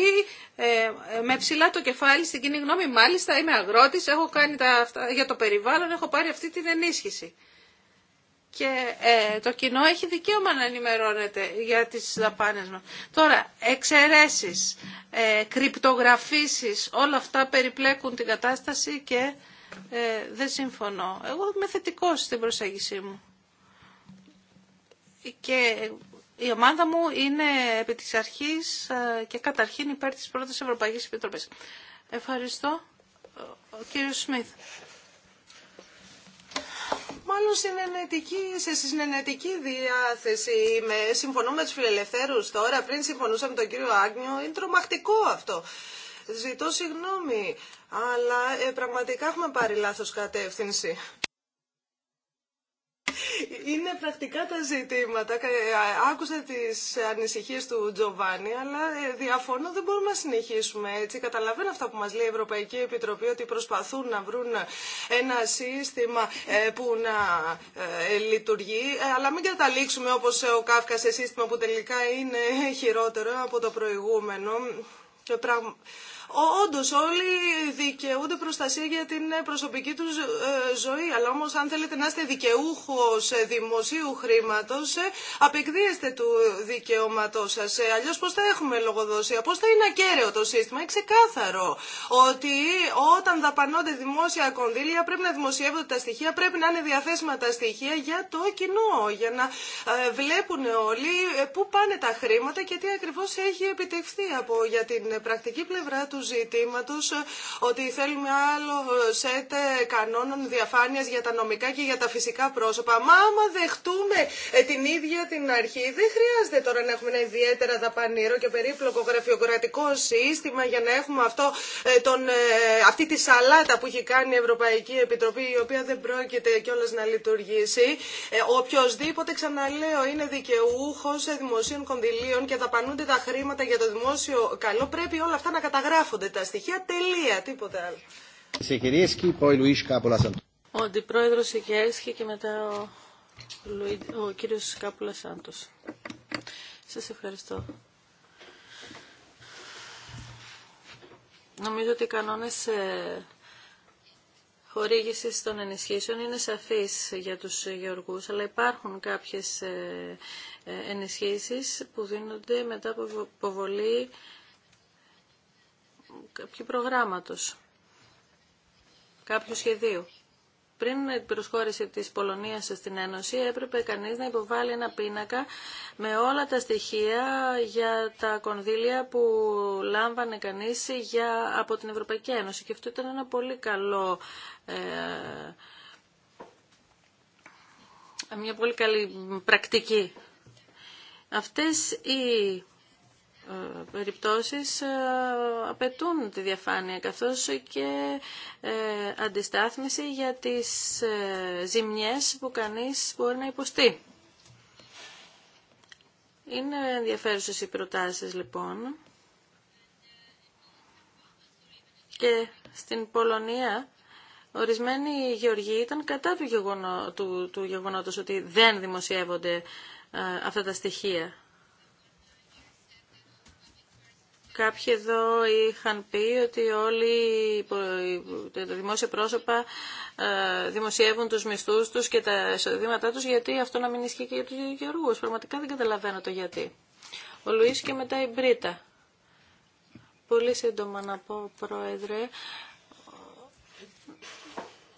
ε, ε, με ψηλά το κεφάλι στην κοινή γνώμη, μάλιστα είμαι αγρότης, έχω κάνει τα, αυτά, για το περιβάλλον, έχω πάρει αυτή την ενίσχυση. Και ε, το κοινό έχει δικαίωμα να ενημερώνεται για τις δαπάνες μας. Τώρα, εξαιρέσεις, ε, κρυπτογραφήσεις, όλα αυτά περιπλέκουν την κατάσταση και ε, δεν συμφωνώ. Εγώ είμαι θετικός στην προσέγγιση μου. Και η ομάδα μου είναι επί της αρχής ε, και καταρχήν υπέρ της πρώτης Ευρωπαϊκής Επιτροπής. Ευχαριστώ. Ε, ο κύριος Σμιθ. Μάλλον συνενετική, σε συνενετική διάθεση με Συμφωνώ με τους φιλελευθέρους τώρα. Πριν συμφωνούσαμε με τον κύριο Άγνιο. Είναι τρομακτικό αυτό. Ζητώ συγγνώμη, αλλά ε, πραγματικά έχουμε πάρει λάθος κατεύθυνση. Είναι πρακτικά τα ζητήματα. Άκουσα τις ανησυχίες του Τζοβάνι, αλλά ε, διαφωνώ, δεν μπορούμε να συνεχίσουμε έτσι. Καταλαβαίνω αυτά που μας λέει η Ευρωπαϊκή Επιτροπή, ότι προσπαθούν να βρουν ένα σύστημα ε, που να ε, λειτουργεί, αλλά μην καταλήξουμε όπως ο Κάφκα σε σύστημα που τελικά είναι χειρότερο από το προηγούμενο. Όντω όλοι δικαιούνται προστασία για την ε, προσωπική του ε, ζωή. Αλλά όμω αν θέλετε να είστε δικαιούχο ε, δημοσίου χρήματο, απεκδίεστε του δικαιώματό σα. Αλλιώ πώ θα έχουμε λογοδοσία, πώ θα είναι ακέραιο το σύστημα. Είναι ξεκάθαρο ότι όταν δαπανώνται δημόσια κονδύλια πρέπει να δημοσιεύονται τα στοιχεία, πρέπει να είναι διαθέσιμα τα στοιχεία για το κοινό. Για να βλέπουν όλοι πού πάνε τα χρήματα και τι ακριβώ έχει επιτευχθεί από για την πρακτική πλευρά του Ζητήματο, ε, ότι θέλουμε άλλο ε, σετ ε, κανόνων διαφάνεια για τα νομικά και για τα φυσικά πρόσωπα. Μα άμα δεχτούμε την ίδια την αρχή, δεν χρειάζεται τώρα να έχουμε ένα ιδιαίτερα δαπανήρο και περίπλοκο γραφειοκρατικό σύστημα για να έχουμε αυτό, τον, αυτή τη σαλάτα που έχει κάνει η Ευρωπαϊκή Επιτροπή, η οποία δεν πρόκειται κιόλα να λειτουργήσει. Οποιοδήποτε, ξαναλέω, είναι δικαιούχο δημοσίων κονδυλίων και δαπανούνται τα χρήματα για το δημόσιο καλό, πρέπει όλα αυτά να καταγράφουν γράφονται τα στοιχεία, τελεία, τίποτα άλλο. Ο αντιπρόεδρος Σεκέρισχη και μετά ο, ο κύριος Κάπουλα Λασάντος. Σας ευχαριστώ. Νομίζω ότι οι κανόνες ε, χορήγησης των ενισχύσεων είναι σαφείς για τους γεωργούς, αλλά υπάρχουν κάποιες ε, ε, ενισχύσεις που δίνονται μετά από υποβολή κάποιου προγράμματος, κάποιου σχεδίου. Πριν την προσχώρηση της Πολωνίας στην Ένωση έπρεπε κανείς να υποβάλει ένα πίνακα με όλα τα στοιχεία για τα κονδύλια που λάμβανε κανείς για, από την Ευρωπαϊκή Ένωση. Και αυτό ήταν ένα πολύ καλό ε, μια πολύ καλή πρακτική. Αυτές οι ε, περιπτώσεις ε, απαιτούν τη διαφάνεια καθώς και ε, αντιστάθμιση για τις ζημιές που κανείς μπορεί να υποστεί. Είναι ενδιαφέρουσες οι προτάσεις λοιπόν και στην Πολωνία ορισμένοι γεωργοί ήταν κατά του, γεγονό, του γεγονότος ότι δεν δημοσιεύονται αυτά τα στοιχεία. Κάποιοι εδώ είχαν πει ότι όλοι τα δημόσια πρόσωπα ε, δημοσιεύουν τους μισθούς τους και τα εισοδήματά τους γιατί αυτό να μην ισχύει και για τους γεωργούς. Πραγματικά δεν καταλαβαίνω το γιατί. Ο Λουίς και μετά η Μπρίτα. Πολύ σύντομα να πω, Πρόεδρε,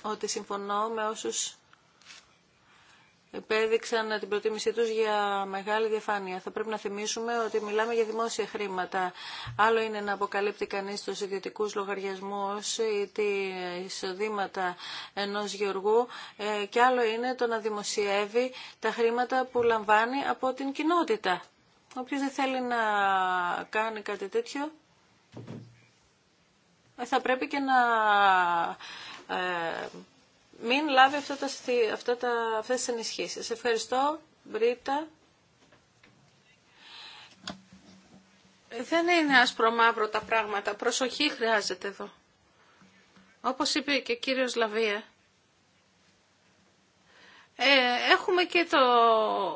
ότι συμφωνώ με όσους υπέδειξαν την προτίμησή τους για μεγάλη διαφάνεια. Θα πρέπει να θυμίσουμε ότι μιλάμε για δημόσια χρήματα. Άλλο είναι να αποκαλύπτει κανείς τους ιδιωτικούς λογαριασμούς ή τη εισοδήματα ενός γεωργού ε, και άλλο είναι το να δημοσιεύει τα χρήματα που λαμβάνει από την κοινότητα. Όποιος δεν θέλει να κάνει κάτι τέτοιο, ε, θα πρέπει και να ε, μην λάβει αυτά τα, αυτά τα, αυτές τις ενισχύσεις. Ευχαριστώ, Μπρίτα. Δεν είναι άσπρο μαύρο τα πράγματα. Προσοχή χρειάζεται εδώ. Όπως είπε και ο κύριος Λαβία. Ε, έχουμε και το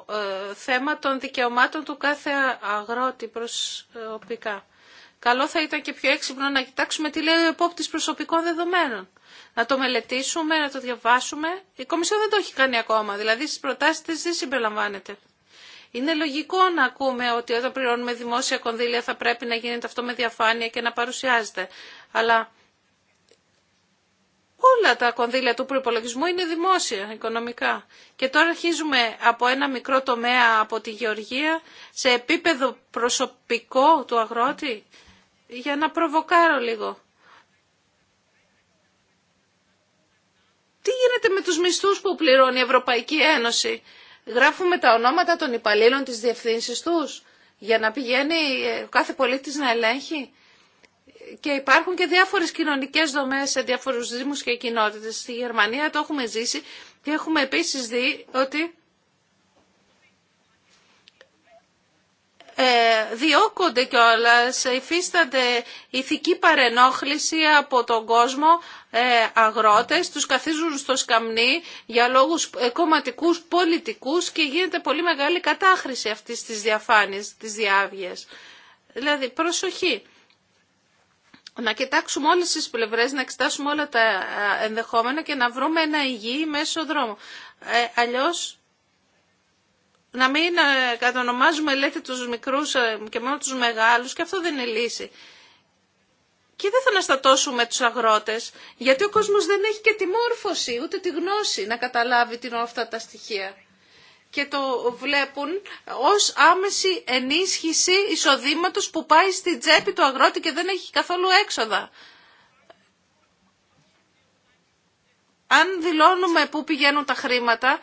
ε, θέμα των δικαιωμάτων του κάθε αγρότη προσωπικά. Καλό θα ήταν και πιο έξυπνο να κοιτάξουμε τι λέει ο επόπτης προσωπικών δεδομένων. Να το μελετήσουμε, να το διαβάσουμε. Η Κομισιόν δεν το έχει κάνει ακόμα, δηλαδή στις προτάσεις της δεν συμπεριλαμβάνεται. Είναι λογικό να ακούμε ότι όταν πληρώνουμε δημόσια κονδύλια θα πρέπει να γίνεται αυτό με διαφάνεια και να παρουσιάζεται. Αλλά όλα τα κονδύλια του προπολογισμού είναι δημόσια οικονομικά. Και τώρα αρχίζουμε από ένα μικρό τομέα από τη γεωργία σε επίπεδο προσωπικό του αγρότη για να προβοκάρω λίγο. Τι γίνεται με τους μισθούς που πληρώνει η Ευρωπαϊκή Ένωση. Γράφουμε τα ονόματα των υπαλλήλων της διευθύνσης τους για να πηγαίνει ε, κάθε πολίτης να ελέγχει. Και υπάρχουν και διάφορες κοινωνικές δομές σε διάφορους δήμους και κοινότητες. Στη Γερμανία το έχουμε ζήσει και έχουμε επίσης δει ότι Ε, διώκονται κιόλας, υφίστανται ηθική παρενόχληση από τον κόσμο, ε, αγρότες, τους καθίζουν στο σκαμνί για λόγους ε, κομματικούς, πολιτικούς και γίνεται πολύ μεγάλη κατάχρηση αυτής της διαφάνειας, της διάβγειας. Δηλαδή, προσοχή. Να κοιτάξουμε όλες τις πλευρές, να εξετάσουμε όλα τα ενδεχόμενα και να βρούμε ένα υγιή μέσο δρόμο. Ε, να μην ε, κατονομάζουμε λέτε τους μικρούς ε, και μόνο τους μεγάλους και αυτό δεν είναι λύση. Και δεν θα αναστατώσουμε τους αγρότες, γιατί ο κόσμος δεν έχει και τη μόρφωση, ούτε τη γνώση να καταλάβει την αυτά τα στοιχεία. Και το βλέπουν ως άμεση ενίσχυση εισοδήματος που πάει στη τσέπη του αγρότη και δεν έχει καθόλου έξοδα. Αν δηλώνουμε πού πηγαίνουν τα χρήματα,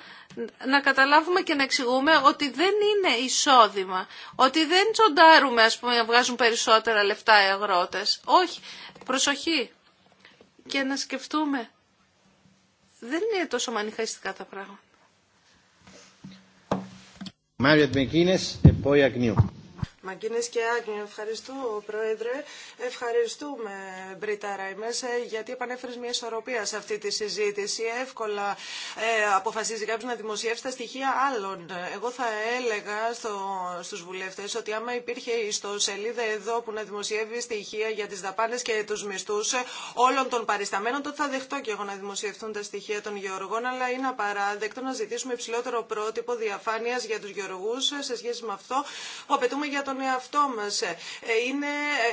να καταλάβουμε και να εξηγούμε ότι δεν είναι εισόδημα, ότι δεν τσοντάρουμε ας πούμε να βγάζουν περισσότερα λεφτά οι αγρότες. Όχι, προσοχή και να σκεφτούμε. Δεν είναι τόσο μανιχαϊστικά τα πράγματα και ευχαριστώ Πρόεδρε. Ευχαριστούμε Μπρίτα Ραϊμέ, ε, γιατί επανέφερε μια ισορροπία σε αυτή τη συζήτηση. Εύκολα ε, αποφασίζει κάποιο να δημοσιεύσει τα στοιχεία άλλων. Εγώ θα έλεγα στο, στους βουλευτές ότι άμα υπήρχε ιστοσελίδα εδώ που να δημοσιεύει στοιχεία για τι δαπάνε και του μισθού ε, όλων των παρισταμένων, τότε θα δεχτώ και εγώ να δημοσιευτούν τα στοιχεία των γεωργών, αλλά είναι απαράδεκτο να ζητήσουμε υψηλότερο πρότυπο διαφάνεια για του Γεωργού σε σχέση με αυτό που απαιτούμε για τον τον εαυτό μας. Ε, είναι,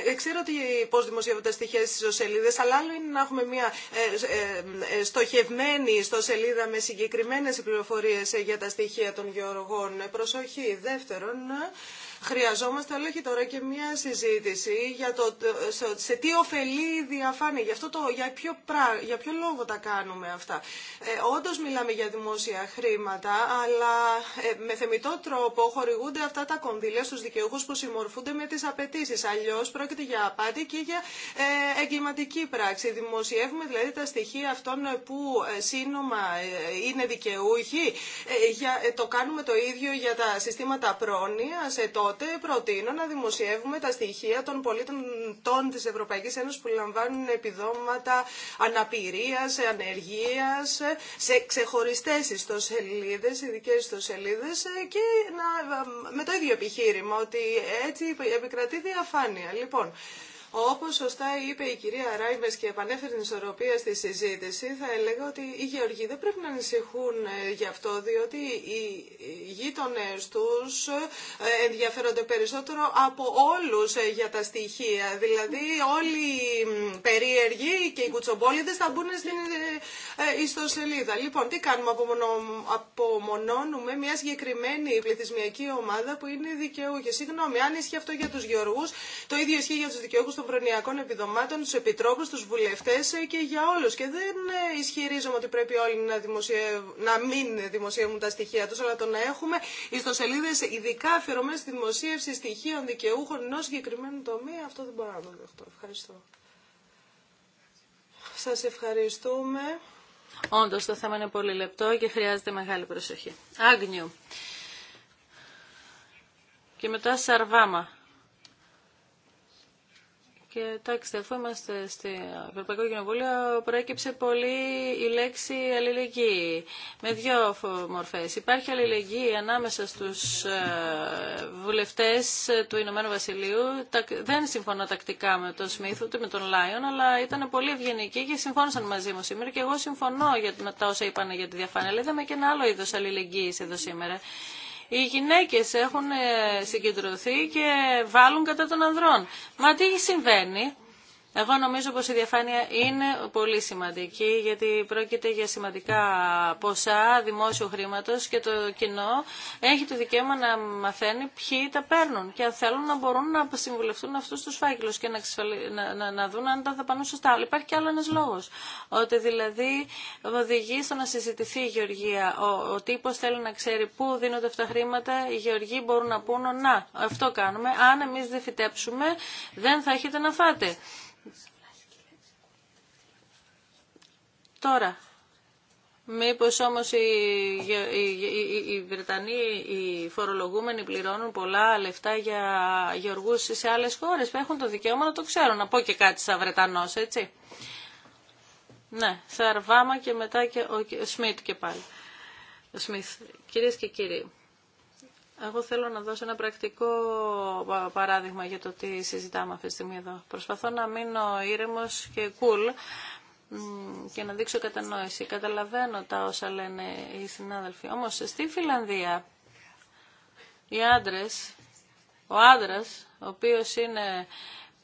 ε, ξέρω ότι πώς δημοσιεύονται στοιχεία στι οσέλιδες, αλλά άλλο είναι να έχουμε μια ε, στοχευμένη ιστοσελίδα με συγκεκριμένες πληροφορίες για τα στοιχεία των γεωργών. Προσοχή. Δεύτερον, Χρειαζόμαστε όλο και τώρα και μια συζήτηση για το σε τι ωφελεί η διαφάνεια, για, αυτό για, ποιο, για ποιο λόγο τα κάνουμε αυτά. Ε, Όντω μιλάμε για δημόσια χρήματα, αλλά ε, με θεμητό τρόπο χορηγούνται αυτά τα κονδύλια στους δικαιούχου που συμμορφούνται με τις απαιτήσει. Αλλιώ πρόκειται για απάτη και για ε, εγκληματική πράξη. Δημοσιεύουμε δηλαδή τα στοιχεία αυτών που ε, σύνομα είναι δικαιούχοι. για, το κάνουμε το ίδιο για τα συστήματα πρόνοια, ε, Οπότε προτείνω να δημοσιεύουμε τα στοιχεία των πολίτων των της Ευρωπαϊκής Ένωσης που λαμβάνουν επιδόματα αναπηρίας, ανεργίας, σε ξεχωριστές ιστοσελίδες, ειδικές ιστοσελίδες και να, με το ίδιο επιχείρημα ότι έτσι επικρατεί διαφάνεια. Λοιπόν, Όπω σωστά είπε η κυρία Ράιμπε και επανέφερε την ισορροπία στη συζήτηση, θα έλεγα ότι οι γεωργοί δεν πρέπει να ανησυχούν ε, γι' αυτό, διότι οι γείτονε του ε, ενδιαφέρονται περισσότερο από όλου ε, για τα στοιχεία. Δηλαδή όλοι οι περίεργοι και οι κουτσομπόλοιδε θα μπουν στην ιστοσελίδα. Λοιπόν, τι κάνουμε, απομονώνουμε μια συγκεκριμένη πληθυσμιακή ομάδα που είναι δικαιούχη. Συγγνώμη, αν ισχύει αυτό για του Γεωργού, το ίδιο ισχύει για του δικαιούχου των προνοιακών επιδομάτων στους επιτρόπους, στους βουλευτές ε, και για όλους. Και δεν ε, ισχυρίζομαι ότι πρέπει όλοι να, να μην δημοσιεύουν τα στοιχεία τους, αλλά το να έχουμε ιστοσελίδες ειδικά αφιερωμένες στη δημοσίευση στοιχείων δικαιούχων ενό συγκεκριμένου τομεί. αυτό δεν μπορώ να το δεχτώ. Ευχαριστώ. Σας ευχαριστούμε. Όντως το θέμα είναι πολύ λεπτό και χρειάζεται μεγάλη προσοχή. Άγνιου. Και μετά Σαρβάμα. Και εντάξει, αφού είμαστε στο Ευρωπαϊκό Κοινοβούλιο, προέκυψε πολύ η λέξη αλληλεγγύη με δύο μορφέ. Υπάρχει αλληλεγγύη ανάμεσα στους ε, βουλευτέ του Ηνωμένου Βασιλείου. Δεν συμφωνώ τακτικά με τον Σμίθ ούτε με τον Λάιον, αλλά ήταν πολύ ευγενικοί και συμφώνησαν μαζί μου σήμερα και εγώ συμφωνώ με τα όσα είπαν για τη διαφάνεια. είδαμε και ένα άλλο είδο αλληλεγγύη εδώ σήμερα οι γυναίκες έχουν ε, συγκεντρωθεί και βάλουν κατά των ανδρών. Μα τι συμβαίνει. Εγώ νομίζω πως η διαφάνεια είναι πολύ σημαντική γιατί πρόκειται για σημαντικά ποσά δημόσιου χρήματος και το κοινό έχει το δικαίωμα να μαθαίνει ποιοι τα παίρνουν και αν θέλουν να μπορούν να συμβουλευτούν αυτούς τους φάκελου και να, να, να, να δουν αν τα δαπανούν σωστά. Αλλά υπάρχει κι άλλο ένας λόγος, ότι δηλαδή οδηγεί στο να συζητηθεί η γεωργία. Ο, ο τύπος θέλει να ξέρει πού δίνονται αυτά τα χρήματα, οι γεωργοί μπορούν να πούνε να αυτό κάνουμε, αν εμείς δεν φυτέψουμε δεν θα έχετε να φάτε. Τώρα, μήπως όμως οι, οι, οι, οι Βρετανοί, οι φορολογούμενοι πληρώνουν πολλά λεφτά για γεωργούς σε άλλες χώρες που έχουν το δικαίωμα να το ξέρουν. Να πω και κάτι σαν Βρετανός, έτσι. Ναι, Σαρβάμα και μετά και ο Σμιτ και πάλι. Ο Σμιθ. Κυρίες και κύριοι, εγώ θέλω να δώσω ένα πρακτικό παράδειγμα για το τι συζητάμε αυτή τη στιγμή εδώ. Προσπαθώ να μείνω ήρεμος και cool και να δείξω κατανόηση. Καταλαβαίνω τα όσα λένε οι συνάδελφοι. Όμως στη Φιλανδία οι άντρες, ο άντρας, ο οποίος είναι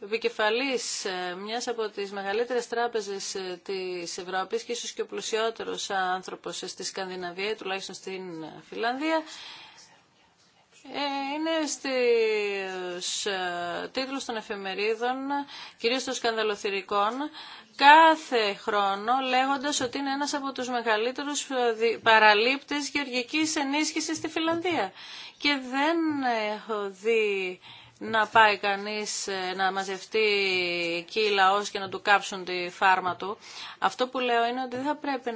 επικεφαλής ε, μιας από τις μεγαλύτερες τράπεζες ε, της Ευρώπης και ίσως και ο πλουσιότερος άνθρωπος ε, στη Σκανδιναβία τουλάχιστον στην Φιλανδία, ε, είναι στους ε, τίτλους των εφημερίδων, κυρίως των σκανδαλοθυρικών, κάθε χρόνο λέγοντας ότι είναι ένας από τους μεγαλύτερους ε, παραλήπτες γεωργικής ενίσχυσης στη Φιλανδία. Και δεν έχω δει να πάει κανείς ε, να μαζευτεί εκεί λαός και να του κάψουν τη φάρμα του. Αυτό που λέω είναι ότι δεν θα πρέπει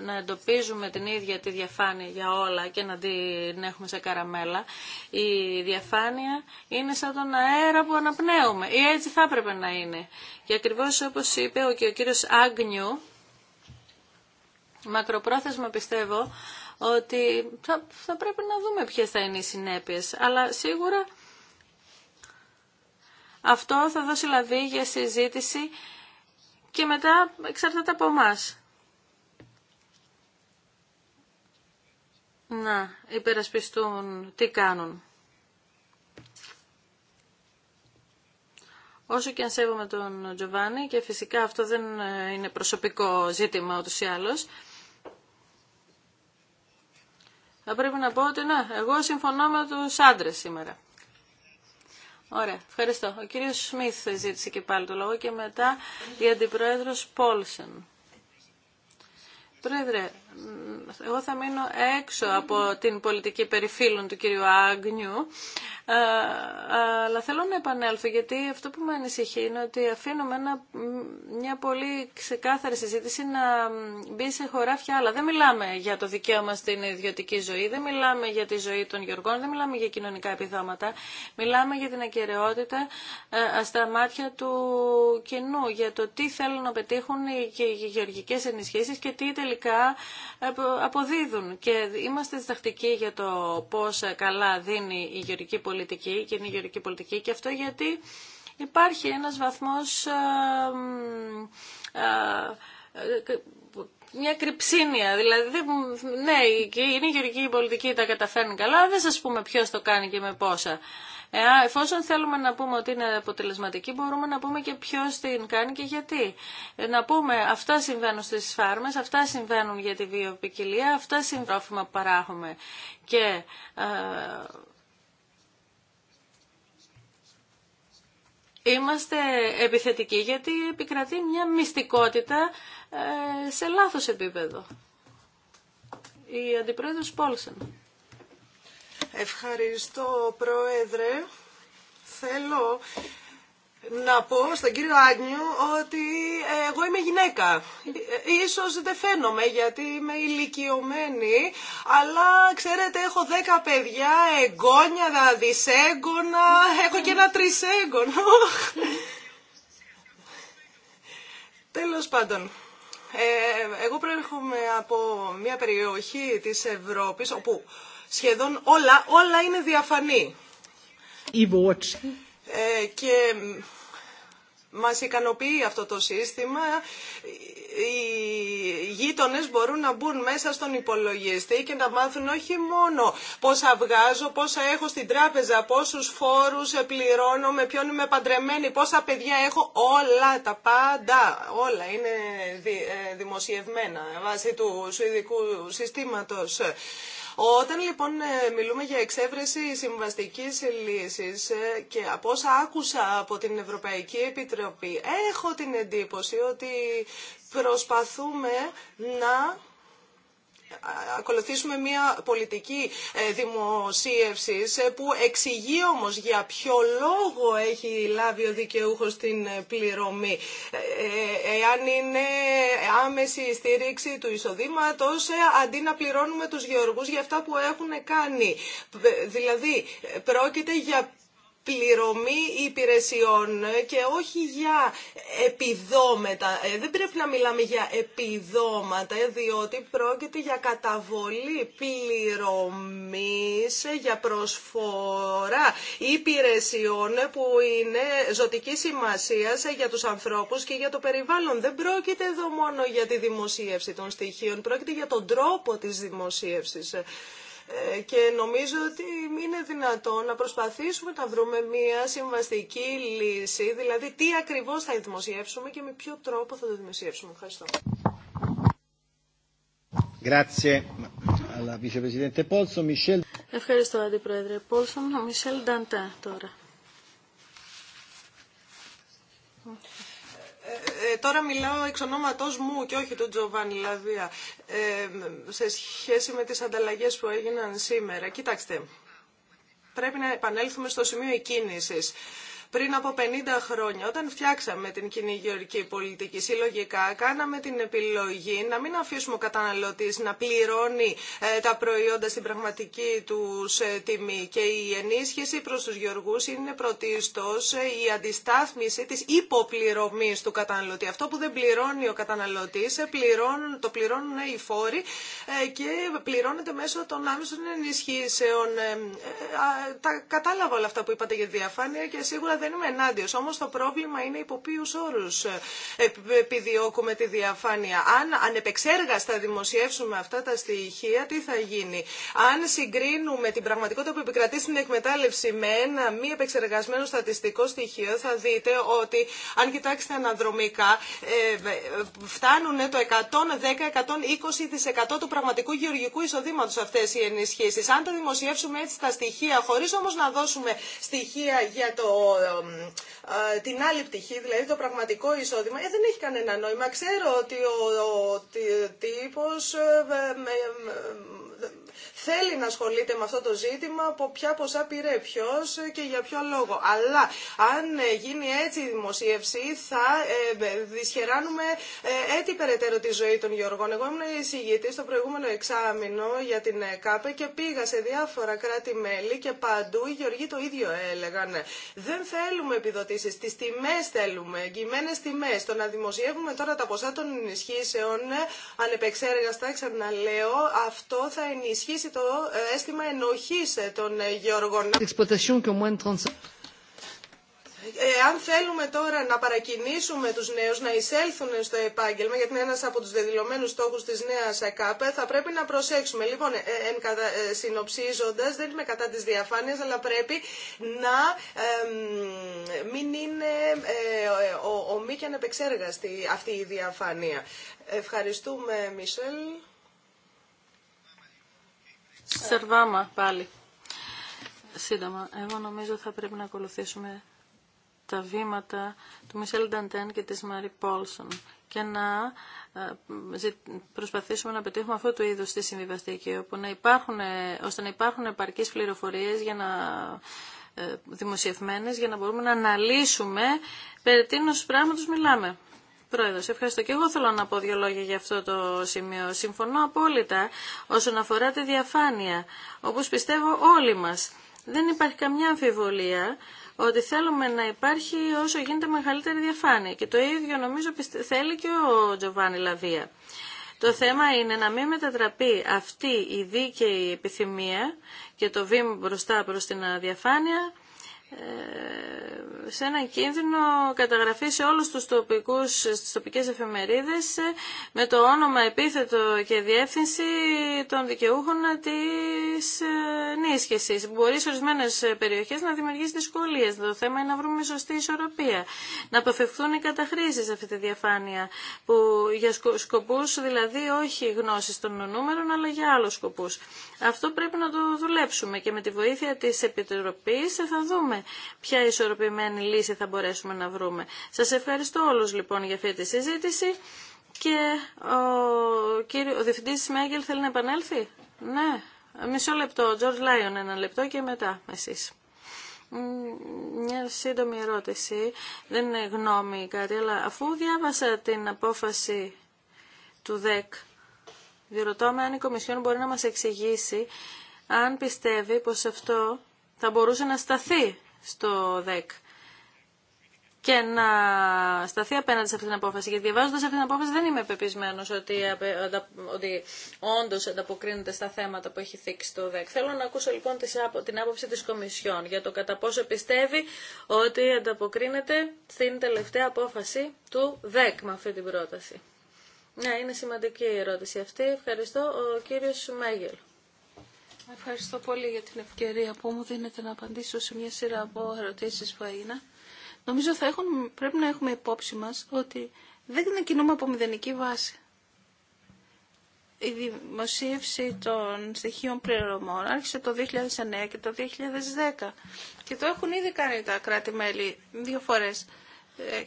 να εντοπίζουμε την ίδια τη διαφάνεια για όλα και να την έχουμε σε καραμέλα. Η διαφάνεια είναι σαν τον αέρα που αναπνέουμε ή έτσι θα έπρεπε να είναι. Και ακριβώς όπως είπε και ο κύριος Άγνιου, μακροπρόθεσμα πιστεύω, ότι θα, θα πρέπει να δούμε ποιες θα είναι οι συνέπειες. Αλλά σίγουρα αυτό θα δώσει λαβή για συζήτηση και μετά εξαρτάται από εμά. Να υπερασπιστούν τι κάνουν. Όσο και αν σέβομαι τον Τζοβάνι και φυσικά αυτό δεν είναι προσωπικό ζήτημα ούτως ή άλλως, θα πρέπει να πω ότι ναι, εγώ συμφωνώ με τους άντρες σήμερα. Ωραία, ευχαριστώ. Ο κύριος Σμιθ ζήτησε και πάλι το λόγο και μετά η αντιπρόεδρος Πόλσεν. Πρόεδρε, εγώ θα μείνω έξω από την πολιτική περιφύλων του κυρίου Άγνιου, ε, αλλά θέλω να επανέλθω γιατί αυτό που με ανησυχεί είναι ότι αφήνουμε ένα, μια πολύ ξεκάθαρη συζήτηση να μπει σε χωράφια άλλα. Δεν μιλάμε για το δικαίωμα στην ιδιωτική ζωή, δεν μιλάμε για τη ζωή των γεωργών, δεν μιλάμε για κοινωνικά επιδόματα. Μιλάμε για την ακαιρεότητα ε, στα μάτια του κοινού, για το τι θέλουν να πετύχουν οι γεωργικές ενισχύσεις και τι τελικά αποδίδουν και είμαστε διστακτικοί για το πώς καλά δίνει η γεωρική πολιτική και είναι η γεωρική πολιτική και αυτό γιατί υπάρχει ένας βαθμός μια κρυψίνια. Δηλαδή, ναι, είναι η γεωργική πολιτική, τα καταφέρνει καλά, δεν σας πούμε ποιος το κάνει και με πόσα. Ε, εφόσον θέλουμε να πούμε ότι είναι αποτελεσματική, μπορούμε να πούμε και ποιο την κάνει και γιατί. Ε, να πούμε αυτά συμβαίνουν στι φάρμε, αυτά συμβαίνουν για τη βιοπικιλία, αυτά συμβαίνουν που παράγουμε. Και ε, Είμαστε επιθετικοί γιατί επικρατεί μια μυστικότητα σε λάθος επίπεδο. Η Αντιπρόεδρος Πόλσεν. Ευχαριστώ, Πρόεδρε. Θέλω να πω στον κύριο Άγνιου ότι ε, εγώ είμαι γυναίκα. Ε, ίσως δεν φαίνομαι γιατί είμαι ηλικιωμένη, αλλά ξέρετε έχω δέκα παιδιά, εγγόνια, δισέγγωνα, έχω και ένα τρισέγγωνο. Τέλος πάντων. Ε, εγώ προέρχομαι από μια περιοχή της Ευρώπης όπου σχεδόν όλα, όλα είναι διαφανή. Ε, και μας ικανοποιεί αυτό το σύστημα. Οι γείτονε μπορούν να μπουν μέσα στον υπολογιστή και να μάθουν όχι μόνο πόσα βγάζω, πόσα έχω στην τράπεζα, πόσους φόρους πληρώνω, με ποιον είμαι παντρεμένη, πόσα παιδιά έχω, όλα τα πάντα, όλα είναι ε, δημοσιευμένα βάσει του σουηδικού συστήματος. Όταν λοιπόν ε, μιλούμε για εξέβρεση συμβαστική λύση ε, και από όσα άκουσα από την Ευρωπαϊκή Επιτροπή, έχω την εντύπωση ότι προσπαθούμε να ακολουθήσουμε μια πολιτική ε, δημοσίευση ε, που εξηγεί όμως για ποιο λόγο έχει λάβει ο δικαιούχος την ε, πληρωμή. Εάν είναι άμεση η στήριξη του εισοδήματος αντί να πληρώνουμε τους γεωργούς για αυτά που έχουν κάνει. Δηλαδή πρόκειται για πληρωμή υπηρεσιών και όχι για επιδόματα. Ε, δεν πρέπει να μιλάμε για επιδόματα, διότι πρόκειται για καταβολή πληρωμής για προσφορά υπηρεσιών που είναι ζωτική σημασία για τους ανθρώπους και για το περιβάλλον. Δεν πρόκειται εδώ μόνο για τη δημοσίευση των στοιχείων, πρόκειται για τον τρόπο της δημοσίευσης. Ε, και νομίζω ότι είναι δυνατό να προσπαθήσουμε να βρούμε μια συμβαστική λύση, δηλαδή τι ακριβώς θα δημοσιεύσουμε και με ποιο τρόπο θα το δημοσιεύσουμε. Ευχαριστώ. Ευχαριστώ, Αντιπρόεδρε Πόλσον. Ο Μισελ Νταντά τώρα. Ε, ε, τώρα μιλάω εξ ονόματός μου και όχι του Τζοβάνι Λαβία ε, σε σχέση με τις ανταλλαγές που έγιναν σήμερα. Κοιτάξτε, πρέπει να επανέλθουμε στο σημείο εκκίνησης πριν από 50 χρόνια, όταν φτιάξαμε την κοινή γεωργική πολιτική, συλλογικά κάναμε την επιλογή να μην αφήσουμε ο καταναλωτής να πληρώνει ε, τα προϊόντα στην πραγματική του ε, τιμή. Και η ενίσχυση προς τους γεωργούς είναι πρωτίστως ε, η αντιστάθμιση της υποπληρωμής του καταναλωτή. Αυτό που δεν πληρώνει ο καταναλωτής το πληρώνουν οι φόροι και πληρώνεται μέσω των άμεσων ενισχύσεων. Τα κατάλαβα όλα αυτά που είπατε για διαφάνεια και σίγουρα δεν είμαι ενάντιο. Όμω το πρόβλημα είναι υπό ποιου όρου ε, ε, επιδιώκουμε τη διαφάνεια. Αν ανεπεξέργαστα δημοσιεύσουμε αυτά τα στοιχεία, τι θα γίνει. Αν συγκρίνουμε την πραγματικότητα που επικρατεί στην εκμετάλλευση με ένα μη επεξεργασμένο στατιστικό στοιχείο, θα δείτε ότι αν κοιτάξετε αναδρομικά, ε, φτάνουν το 110-120% του πραγματικού γεωργικού εισοδήματο αυτέ οι ενισχύσει. Αν τα δημοσιεύσουμε έτσι τα στοιχεία, χωρί όμω να δώσουμε στοιχεία για το την άλλη πτυχή, δηλαδή το πραγματικό εισόδημα, ε, δεν έχει κανένα νόημα. Ξέρω ότι ο, ο τύπος ε, θέλει να ασχολείται με αυτό το ζήτημα, από ποια ποσά πήρε ποιο και για ποιο λόγο. Αλλά αν ε, γίνει έτσι η δημοσίευση, θα ε, δυσχεράνουμε ε, έτσι περαιτέρω τη ζωή των Γιώργων. Εγώ ήμουν εισηγητή στο προηγούμενο εξάμεινο για την ΚΑΠΕ και πήγα σε διάφορα κράτη-μέλη και παντού οι Γεωργοί το ίδιο έλεγαν. Δεν θέλουμε επιδοτήσει, τι τιμέ θέλουμε, εγγυημένε τιμέ. Το να δημοσιεύουμε τώρα τα ποσά των ενισχύσεων, ανεπεξέργαστα, ξαναλέω, αυτό θα ενισχύσει ενισχύσει το ε, αίσθημα ενοχή ε, των ε, γεωργών. Αν θέλουμε τώρα να παρακινήσουμε τους νέους να εισέλθουν στο επάγγελμα, γιατί είναι ένας από τους δεδηλωμένους στόχους της νέας εκάπε, θα πρέπει να προσέξουμε. Λοιπόν, ε, συνοψίζοντας, δεν είμαι κατά της διαφάνειας, αλλά πρέπει να ε, μην είναι ε, ο, ο μη και ανεπεξέργαστη αυτή η διαφάνεια. Ευχαριστούμε, Μισελ. Σερβάμα πάλι. Σύντομα, εγώ νομίζω θα πρέπει να ακολουθήσουμε τα βήματα του Μισελ Νταντέν και της Μαρή Πόλσον και να ε, προσπαθήσουμε να πετύχουμε αυτό το είδος στη συμβιβαστική, όπου να υπάρχουν, ε, ώστε να υπάρχουν επαρκείς πληροφορίες για να ε, δημοσιευμένες για να μπορούμε να αναλύσουμε περί τίνος πράγματος μιλάμε ευχαριστώ και εγώ θέλω να πω δύο λόγια για αυτό το σημείο. Συμφωνώ απόλυτα όσον αφορά τη διαφάνεια, όπως πιστεύω όλοι μας. Δεν υπάρχει καμιά αμφιβολία ότι θέλουμε να υπάρχει όσο γίνεται μεγαλύτερη διαφάνεια και το ίδιο νομίζω θέλει και ο Τζοβάνι Λαβία. Το θέμα είναι να μην μετατραπεί αυτή η δίκαιη επιθυμία και το βήμα μπροστά προς την αδιαφάνεια σε ένα κίνδυνο καταγραφή σε όλους τους τοπικούς, στις τοπικές εφημερίδες με το όνομα, επίθετο και διεύθυνση των δικαιούχων της ε, ενίσχυσης. Μπορεί σε ορισμένες περιοχές να δημιουργήσει δυσκολίες. Το θέμα είναι να βρούμε σωστή ισορροπία, να αποφευχθούν οι καταχρήσεις αυτή τη διαφάνεια που για σκοπούς δηλαδή όχι γνώσης των νούμερων αλλά για άλλους σκοπούς. Αυτό πρέπει να το δουλέψουμε και με τη βοήθεια της Επιτροπής θα δούμε ποια ισορροπημένη λύση θα μπορέσουμε να βρούμε. Σας ευχαριστώ όλους λοιπόν για αυτή τη συζήτηση και ο, κύριο, ο Διευθυντής θέλει να επανέλθει. Ναι, μισό λεπτό, George Λάιον ένα λεπτό και μετά εσείς. Μια σύντομη ερώτηση, δεν είναι γνώμη κάτι, αλλά αφού διάβασα την απόφαση του ΔΕΚ, διερωτώ με αν η Κομισιόν μπορεί να μας εξηγήσει αν πιστεύει πως αυτό θα μπορούσε να σταθεί στο ΔΕΚ και να σταθεί απέναντι σε αυτή την απόφαση. Γιατί διαβάζοντα αυτή την απόφαση δεν είμαι πεπισμένο ότι, ότι όντω ανταποκρίνεται στα θέματα που έχει θίξει το ΔΕΚ. Θέλω να ακούσω λοιπόν την άποψη τη Κομισιόν για το κατά πόσο πιστεύει ότι ανταποκρίνεται στην τελευταία απόφαση του ΔΕΚ με αυτή την πρόταση. Ναι, είναι σημαντική η ερώτηση αυτή. Ευχαριστώ. Ο κύριος Μέγελ. Ευχαριστώ πολύ για την ευκαιρία που μου δίνετε να απαντήσω σε μια σειρά από ερωτήσεις που έγινα. Νομίζω θα πρέπει να έχουμε υπόψη μας ότι δεν ξεκινούμε από μηδενική βάση. Η δημοσίευση των στοιχείων πληρωμών άρχισε το 2009 και το 2010 και το έχουν ήδη κάνει τα κράτη-μέλη δύο φορές.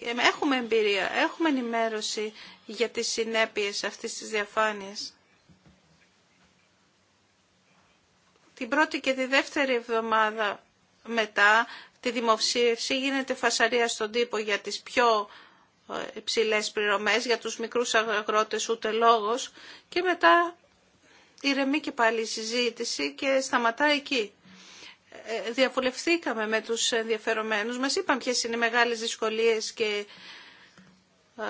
Ε, έχουμε εμπειρία, έχουμε ενημέρωση για τις συνέπειες αυτής της διαφάνειας. Την πρώτη και τη δεύτερη εβδομάδα μετά τη δημοψήφιση γίνεται φασαρία στον τύπο για τις πιο ε, υψηλέ πληρωμές, για τους μικρούς αγρότες ούτε λόγος και μετά ηρεμεί και πάλι η συζήτηση και σταματά εκεί. Ε, διαβουλευθήκαμε με τους ενδιαφερομένους, μας είπαν ποιες είναι οι μεγάλες δυσκολίες και ε,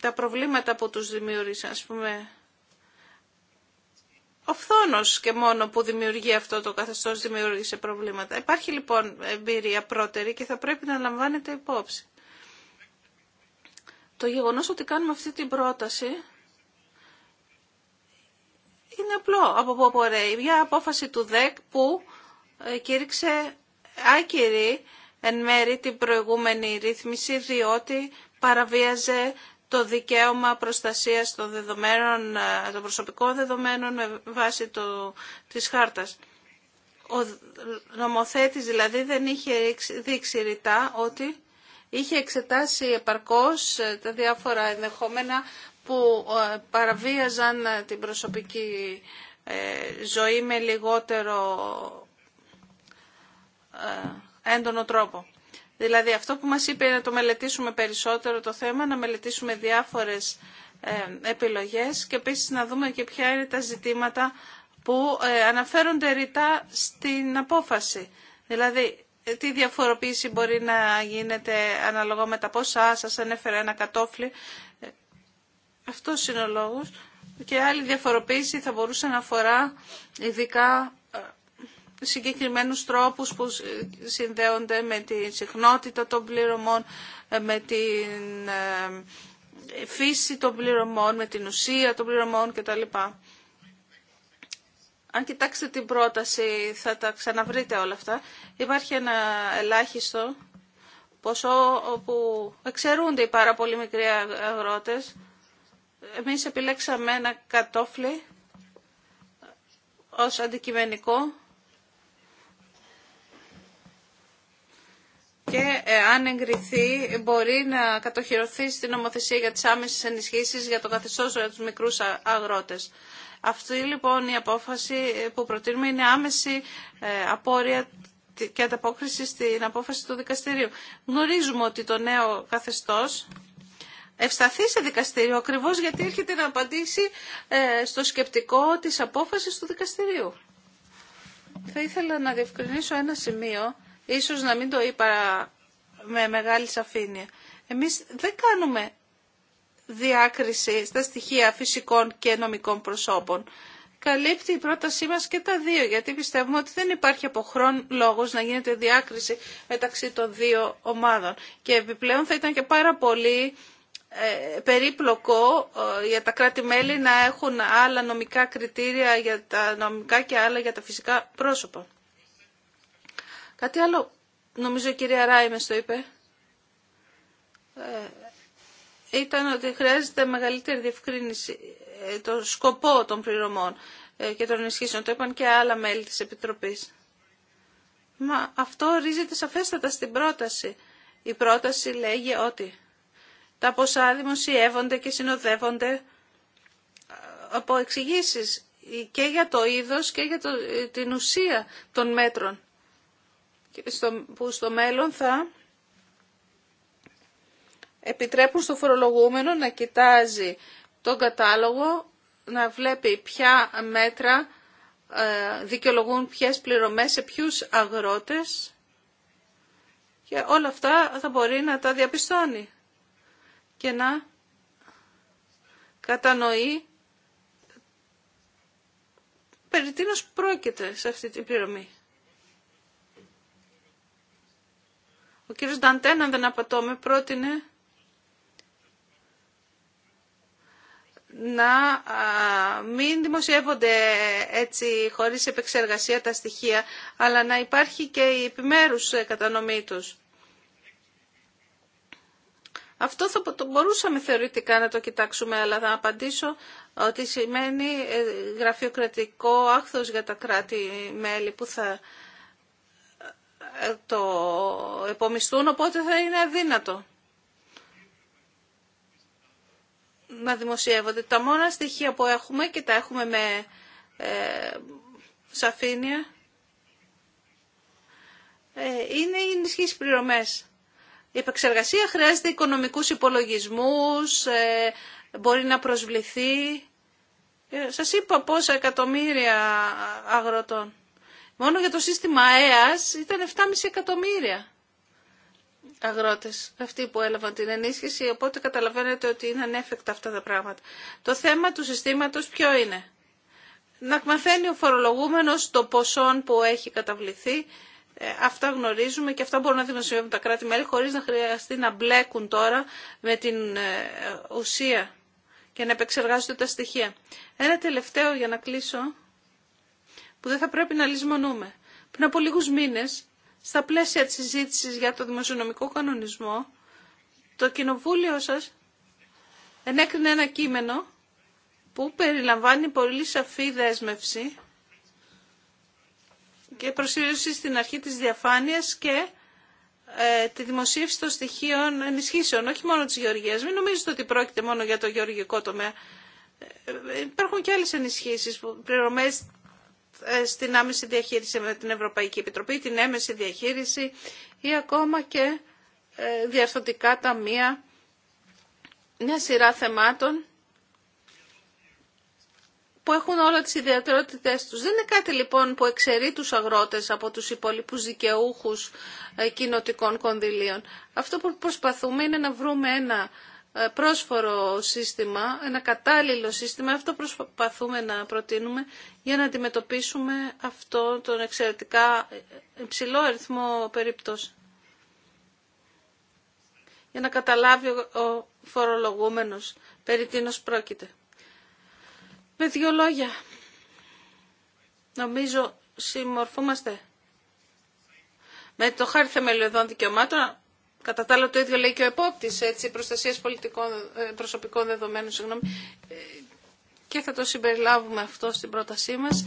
τα προβλήματα που τους δημιούργησαν, ας πούμε, ο φθόνος και μόνο που δημιουργεί αυτό το καθεστώς δημιούργησε προβλήματα. Υπάρχει λοιπόν εμπειρία πρώτερη και θα πρέπει να λαμβάνεται υπόψη. Το γεγονός ότι κάνουμε αυτή την πρόταση είναι απλό από που απορρέει. Μια απόφαση του ΔΕΚ που ε, κήρυξε άκυρη εν μέρη την προηγούμενη ρύθμιση διότι παραβίαζε το δικαίωμα προστασίας των, δεδομένων, ε, των προσωπικών δεδομένων με βάση το, της χάρτας. Ο νομοθέτης δηλαδή δεν είχε δείξει ρητά ότι είχε εξετάσει επαρκώς ε, τα διάφορα ενδεχόμενα που ε, παραβίαζαν την προσωπική ζωή με λιγότερο έντονο τρόπο. Δηλαδή αυτό που μας είπε είναι να το μελετήσουμε περισσότερο το θέμα, να μελετήσουμε διάφορες ε, επιλογές και επίσης να δούμε και ποια είναι τα ζητήματα που ε, αναφέρονται ρητά στην απόφαση. Δηλαδή ε, τι διαφοροποίηση μπορεί να γίνεται αναλογό με τα ποσά, σας ανέφερα ένα κατόφλι. Αυτό είναι ο λόγος. Και άλλη διαφοροποίηση θα μπορούσε να αφορά ειδικά συγκεκριμένους τρόπους που συνδέονται με τη συχνότητα των πληρωμών, ε, με την ε, φύση των πληρωμών, με την ουσία των πληρωμών κτλ. Αν κοιτάξετε την πρόταση θα τα ξαναβρείτε όλα αυτά. Υπάρχει ένα ελάχιστο ποσό όπου εξαιρούνται οι πάρα πολύ μικροί αγρότες. Εμείς επιλέξαμε ένα κατόφλι ως αντικειμενικό και ε, αν εγκριθεί μπορεί να κατοχυρωθεί στην νομοθεσία για τις άμεσες ενισχύσεις για το καθεστώς για τους μικρούς αγρότες. Αυτή λοιπόν η απόφαση ε, που προτείνουμε είναι άμεση ε, απόρρια και ανταπόκριση στην απόφαση του δικαστηρίου. Γνωρίζουμε ότι το νέο καθεστώς ευσταθεί σε δικαστήριο ακριβώς γιατί έρχεται να απαντήσει στο σκεπτικό της απόφασης του δικαστηρίου. Θα ήθελα να διευκρινίσω ένα σημείο Ίσως να μην το είπα με μεγάλη σαφήνεια. Εμείς δεν κάνουμε διάκριση στα στοιχεία φυσικών και νομικών προσώπων. Καλύπτει η πρότασή μας και τα δύο, γιατί πιστεύουμε ότι δεν υπάρχει από χρόν λόγος να γίνεται διάκριση μεταξύ των δύο ομάδων. Και επιπλέον θα ήταν και πάρα πολύ ε, περίπλοκο ε, για τα κράτη-μέλη να έχουν άλλα νομικά κριτήρια για τα νομικά και άλλα για τα φυσικά πρόσωπα. Κάτι άλλο, νομίζω η κυρία Ράιμες το είπε, ε, ήταν ότι χρειάζεται μεγαλύτερη διευκρίνηση ε, το σκοπό των πληρωμών ε, και των ενισχύσεων. Το είπαν και άλλα μέλη της Επιτροπής. Μα αυτό ορίζεται σαφέστατα στην πρόταση. Η πρόταση λέγει ότι τα ποσά δημοσιεύονται και συνοδεύονται ε, από εξηγήσει και για το είδος και για το, την ουσία των μέτρων που στο μέλλον θα επιτρέπουν στο φορολογούμενο να κοιτάζει τον κατάλογο, να βλέπει ποια μέτρα ε, δικαιολογούν ποιες πληρωμές σε ποιους αγρότες και όλα αυτά θα μπορεί να τα διαπιστώνει και να κατανοεί περί τίνος πρόκειται σε αυτή την πληρωμή. Ο κύριος Νταντένα, αν δεν με πρότεινε να μην δημοσιεύονται έτσι χωρίς επεξεργασία τα στοιχεία, αλλά να υπάρχει και η επιμέρους κατανομή τους. Αυτό θα μπορούσαμε θεωρητικά να το κοιτάξουμε, αλλά θα απαντήσω ότι σημαίνει ε, γραφειοκρατικό άχθος για τα κράτη-μέλη που θα το επομιστούν, οπότε θα είναι αδύνατο να δημοσιεύονται. Τα μόνα στοιχεία που έχουμε και τα έχουμε με ε, σαφήνεια ε, είναι οι ενισχύσει πληρωμές. Η επεξεργασία χρειάζεται οικονομικούς υπολογισμούς, ε, μπορεί να προσβληθεί. Ε, σας είπα πόσα εκατομμύρια αγροτών. Μόνο για το σύστημα ΑΕΑΣ ήταν 7,5 εκατομμύρια αγρότες αυτοί που έλαβαν την ενίσχυση, οπότε καταλαβαίνετε ότι είναι ανέφεκτα αυτά τα πράγματα. Το θέμα του συστήματος ποιο είναι. Να μαθαίνει ο φορολογούμενος το ποσό που έχει καταβληθεί, ε, αυτά γνωρίζουμε και αυτά μπορούν να δημοσιεύουν τα κράτη-μέλη χωρίς να χρειαστεί να μπλέκουν τώρα με την ε, ουσία και να επεξεργάζονται τα στοιχεία. Ένα τελευταίο για να κλείσω που δεν θα πρέπει να λησμονούμε. Πριν από λίγους μήνες, στα πλαίσια της συζήτησης για το δημοσιονομικό κανονισμό, το κοινοβούλιο σας ενέκρινε ένα κείμενο που περιλαμβάνει πολύ σαφή δέσμευση και προσήλωση στην αρχή της διαφάνειας και ε, τη δημοσίευση των στοιχείων ενισχύσεων, όχι μόνο της γεωργίας. Μην νομίζετε ότι πρόκειται μόνο για το γεωργικό τομέα. Ε, ε, υπάρχουν και άλλες ενισχύσεις, πληρωμές ε, στην άμεση διαχείριση με την Ευρωπαϊκή Επιτροπή, την έμεση διαχείριση ή ακόμα και ε, διαρθωτικά ταμεία, μια σειρά θεμάτων που έχουν όλα τις ιδιαιτερότητές τους. Δεν είναι κάτι λοιπόν που εξαιρεί τους αγρότες από τους υπόλοιπους δικαιούχους ε, κοινοτικών κονδυλίων. Αυτό που προσπαθούμε είναι να βρούμε ένα ε, πρόσφορο σύστημα, ένα κατάλληλο σύστημα. Αυτό προσπαθούμε να προτείνουμε για να αντιμετωπίσουμε αυτό τον εξαιρετικά υψηλό αριθμό περίπτωση. Για να καταλάβει ο φορολογούμενος περί τίνος πρόκειται. Με δύο λόγια. Νομίζω συμμορφούμαστε. Με το χάρη θεμελιωδών δικαιωμάτων Κατά τα άλλα το ίδιο λέει και ο επόπτης, έτσι, προστασίας πολιτικών, ε, προσωπικών δεδομένων, συγγνώμη. Ε, και θα το συμπεριλάβουμε αυτό στην πρότασή μας.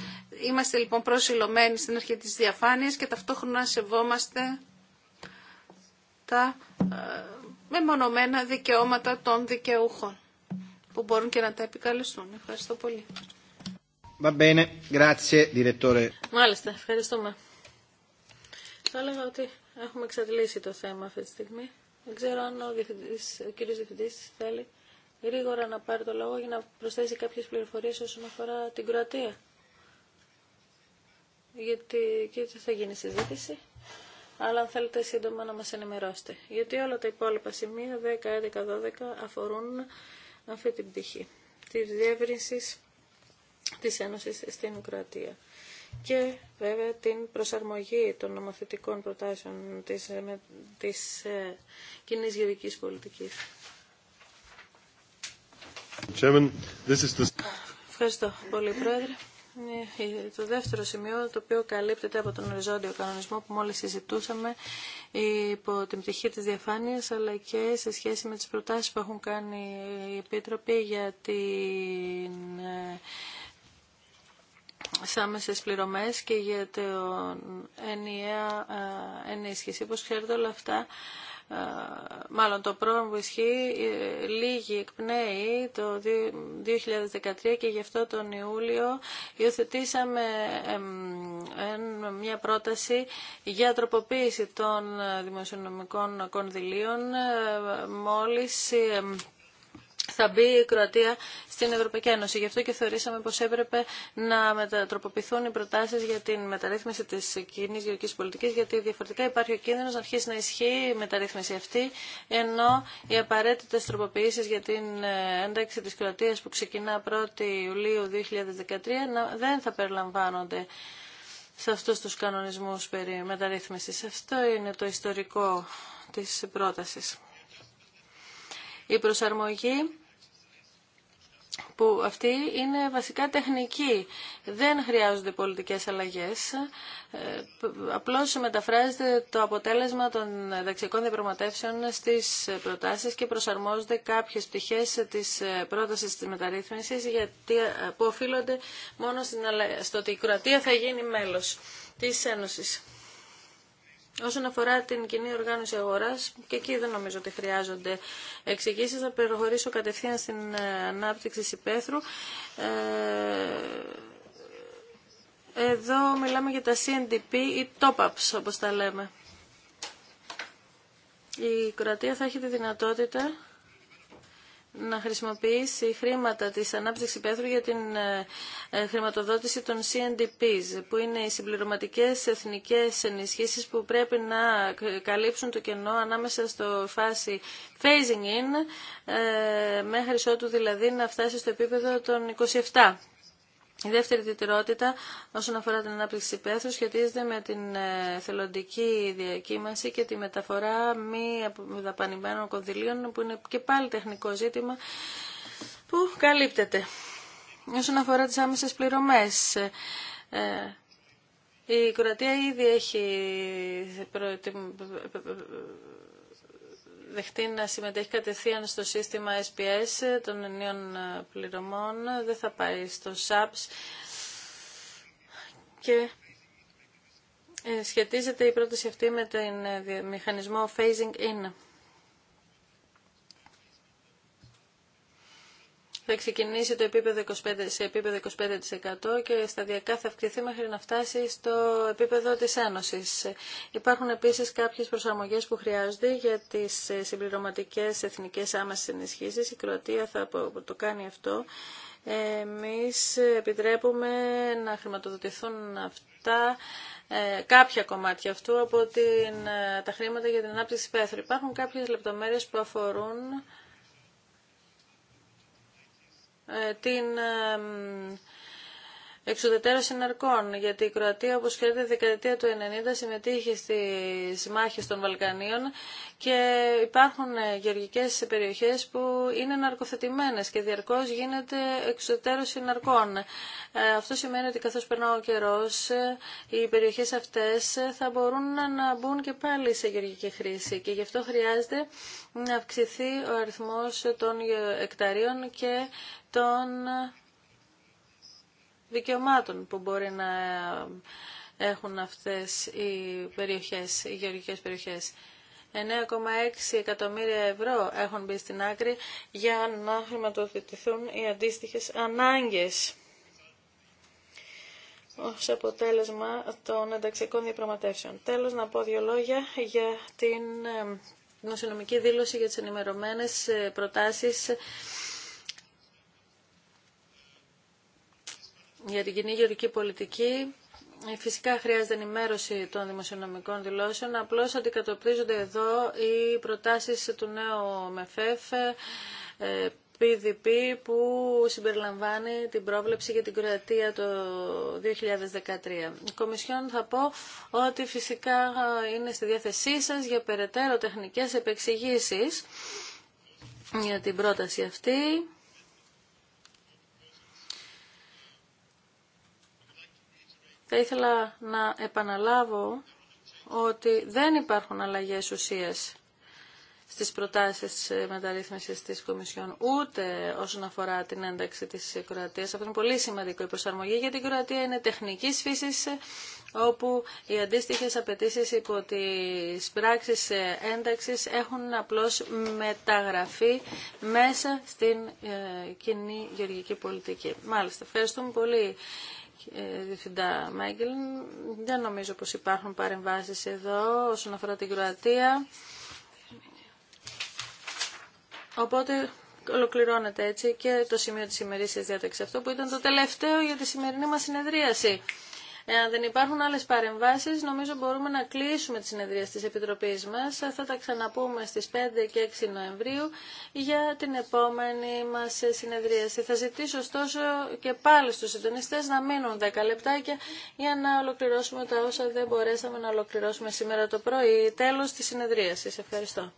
Είμαστε λοιπόν προσιλωμένοι στην αρχή της διαφάνειας και ταυτόχρονα σεβόμαστε τα ε, μεμονωμένα δικαιώματα των δικαιούχων που μπορούν και να τα επικαλεστούν. Ευχαριστώ πολύ. Va ευχαριστούμε. Θα έλεγα ότι Έχουμε εξαντλήσει το θέμα αυτή τη στιγμή. Δεν ξέρω αν ο, ο κύριος Διευθυντής θέλει γρήγορα να πάρει το λόγο για να προσθέσει κάποιε πληροφορίε όσον αφορά την Κροατία. Γιατί εκεί θα γίνει συζήτηση. Αλλά αν θέλετε σύντομα να μας ενημερώσετε. Γιατί όλα τα υπόλοιπα σημεία 10, 11, 12 αφορούν αυτή την πτυχή. Τη διεύρυνση της Ένωσης στην Κροατία και βέβαια την προσαρμογή των νομοθετικών προτάσεων της, ε, της ε, κοινή γεωρικής πολιτικής. Ευχαριστώ πολύ, Πρόεδρε. Ε, το δεύτερο σημείο, το οποίο καλύπτεται από τον οριζόντιο κανονισμό που μόλις συζητούσαμε υπό την πτυχή της διαφάνειας, αλλά και σε σχέση με τις προτάσεις που έχουν κάνει οι Επίτροποι για την στις άμεσες πληρωμές και για την ενιαία ε, ενίσχυση. Όπως ξέρετε όλα αυτά, ε, μάλλον το πρόγραμμα που ισχύει ε, λίγη εκπνέει το 2013 και γι' αυτό τον Ιούλιο υιοθετήσαμε μια πρόταση για τροποποίηση των δημοσιονομικών κονδυλίων μόλις θα μπει η Κροατία στην Ευρωπαϊκή Ένωση. Γι' αυτό και θεωρήσαμε πω έπρεπε να μετατροποποιηθούν οι προτάσει για την μεταρρύθμιση τη κοινή γεωργική πολιτική, γιατί διαφορετικά υπάρχει ο κίνδυνο να αρχίσει να ισχύει η μεταρρύθμιση αυτή, ενώ οι απαραίτητε τροποποίησει για την ε, ένταξη τη Κροατία που ξεκινά 1η Ιουλίου 2013 δεν θα περιλαμβάνονται σε αυτούς τους κανονισμούς περί μεταρρύθμισης. Αυτό είναι το ιστορικό της πρότασης. Η προσαρμογή που αυτή είναι βασικά τεχνική. Δεν χρειάζονται πολιτικές αλλαγές. Ε, απλώς μεταφράζεται το αποτέλεσμα των δεξιακών διαπραγματεύσεων στις προτάσεις και προσαρμόζονται κάποιες πτυχές της ε, πρότασης της μεταρρύθμισης γιατί, ε, που οφείλονται μόνο στο ότι η Κροατία θα γίνει μέλος της Ένωσης. Όσον αφορά την κοινή οργάνωση αγορά, και εκεί δεν νομίζω ότι χρειάζονται εξηγήσει. Θα προχωρήσω κατευθείαν στην ε, ανάπτυξη συμπέθρου. Ε, εδώ μιλάμε για τα CNDP ή top-ups, όπως τα λέμε. Η Κροατία θα έχει τη δυνατότητα να χρησιμοποιήσει χρήματα της ανάπτυξης πέθρου για την ε, ε, χρηματοδότηση των CNDPs, που είναι οι συμπληρωματικές εθνικές ενισχύσεις που πρέπει να καλύψουν το κενό ανάμεσα στο φάση phasing in, ε, μέχρι ότου δηλαδή να φτάσει στο επίπεδο των 27. Η δεύτερη τιτηρότητα όσον αφορά την ανάπτυξη πέθρου σχετίζεται με την ε, θελοντική διακύμαση και τη μεταφορά μη δαπανημένων κονδυλίων που είναι και πάλι τεχνικό ζήτημα που καλύπτεται. Όσον αφορά τις άμεσες πληρωμές, ε, η κρατία ήδη έχει δεχτεί να συμμετέχει κατευθείαν στο σύστημα SPS των ενίων ε, πληρωμών, δεν θα πάει στο SAPS και ε, σχετίζεται η πρόταση αυτή με τον ε, μηχανισμό phasing in. θα ξεκινήσει το επίπεδο 25, σε επίπεδο 25% και σταδιακά θα αυξηθεί μέχρι να φτάσει στο επίπεδο της Ένωσης. Υπάρχουν επίσης κάποιες προσαρμογές που χρειάζονται για τις ε, συμπληρωματικές εθνικές άμεσες ενισχύσεις. Η Κροατία θα το κάνει αυτό. Εμείς επιτρέπουμε να χρηματοδοτηθούν αυτά ε, κάποια κομμάτια αυτού από την, ε, τα χρήματα για την ανάπτυξη πέθρου. Υπάρχουν κάποιες λεπτομέρειες που αφορούν ε, την ε, εξουδετερώση ναρκών, γιατί η Κροατία, όπως ξέρετε, δεκαετία του 90 συμμετείχε στις μάχες των Βαλκανίων και υπάρχουν ε, γεωργικές περιοχές που είναι ναρκοθετημένες και διαρκώς γίνεται εξουδετερώση ναρκών. Ε, αυτό σημαίνει ότι καθώς περνά ο καιρός, ε, οι περιοχές αυτές θα μπορούν να μπουν και πάλι σε γεωργική χρήση και γι' αυτό χρειάζεται να αυξηθεί ο αριθμός των εκταρίων και των δικαιωμάτων που μπορεί να ε, έχουν αυτές οι περιοχές, οι γεωργικές περιοχές. 9,6 εκατομμύρια ευρώ έχουν μπει στην άκρη για να χρηματοδοτηθούν οι αντίστοιχες ανάγκες ως αποτέλεσμα των ενταξιακών διαπραγματεύσεων. Τέλος, να πω δύο λόγια για την ε, οικονομική δήλωση για τις ενημερωμένες ε, προτάσεις για την κοινή γεωργική πολιτική ε, Φυσικά χρειάζεται ενημέρωση των δημοσιονομικών δηλώσεων. Απλώς αντικατοπτρίζονται εδώ οι προτάσεις του νέου ΜΕΦΕΦ PDP ε, που συμπεριλαμβάνει την πρόβλεψη για την Κροατία το 2013. Η Κομισιόν θα πω ότι φυσικά είναι στη διάθεσή σας για περαιτέρω τεχνικές επεξηγήσεις για την πρόταση αυτή Θα ήθελα να επαναλάβω ότι δεν υπάρχουν αλλαγές ουσίας στις προτάσεις της μεταρρύθμισης της Κομισιόν, ούτε όσον αφορά την ένταξη της Κροατίας. Αυτό είναι πολύ σημαντικό η προσαρμογή, γιατί η Κροατία είναι τεχνικής φύσης, όπου οι αντίστοιχες απαιτήσει υπό τις πράξεις ένταξης έχουν απλώς μεταγραφεί μέσα στην ε, κοινή γεωργική πολιτική. Μάλιστα, ευχαριστούμε πολύ ε, Διευθυντά Μάγκελ, δεν νομίζω πως υπάρχουν παρεμβάσεις εδώ όσον αφορά την Κροατία. Οπότε ολοκληρώνεται έτσι και το σημείο της σημερινής διάταξης αυτό που ήταν το τελευταίο για τη σημερινή μας συνεδρίαση. Εάν δεν υπάρχουν άλλες παρεμβάσεις, νομίζω μπορούμε να κλείσουμε τη συνεδρία τη επιτροπή μας. Θα τα ξαναπούμε στις 5 και 6 Νοεμβρίου για την επόμενη μας συνεδρίαση. Θα ζητήσω ωστόσο και πάλι στους συντονιστέ να μείνουν 10 λεπτάκια για να ολοκληρώσουμε τα όσα δεν μπορέσαμε να ολοκληρώσουμε σήμερα το πρωί. Τέλος τη συνεδρίασης. Ευχαριστώ.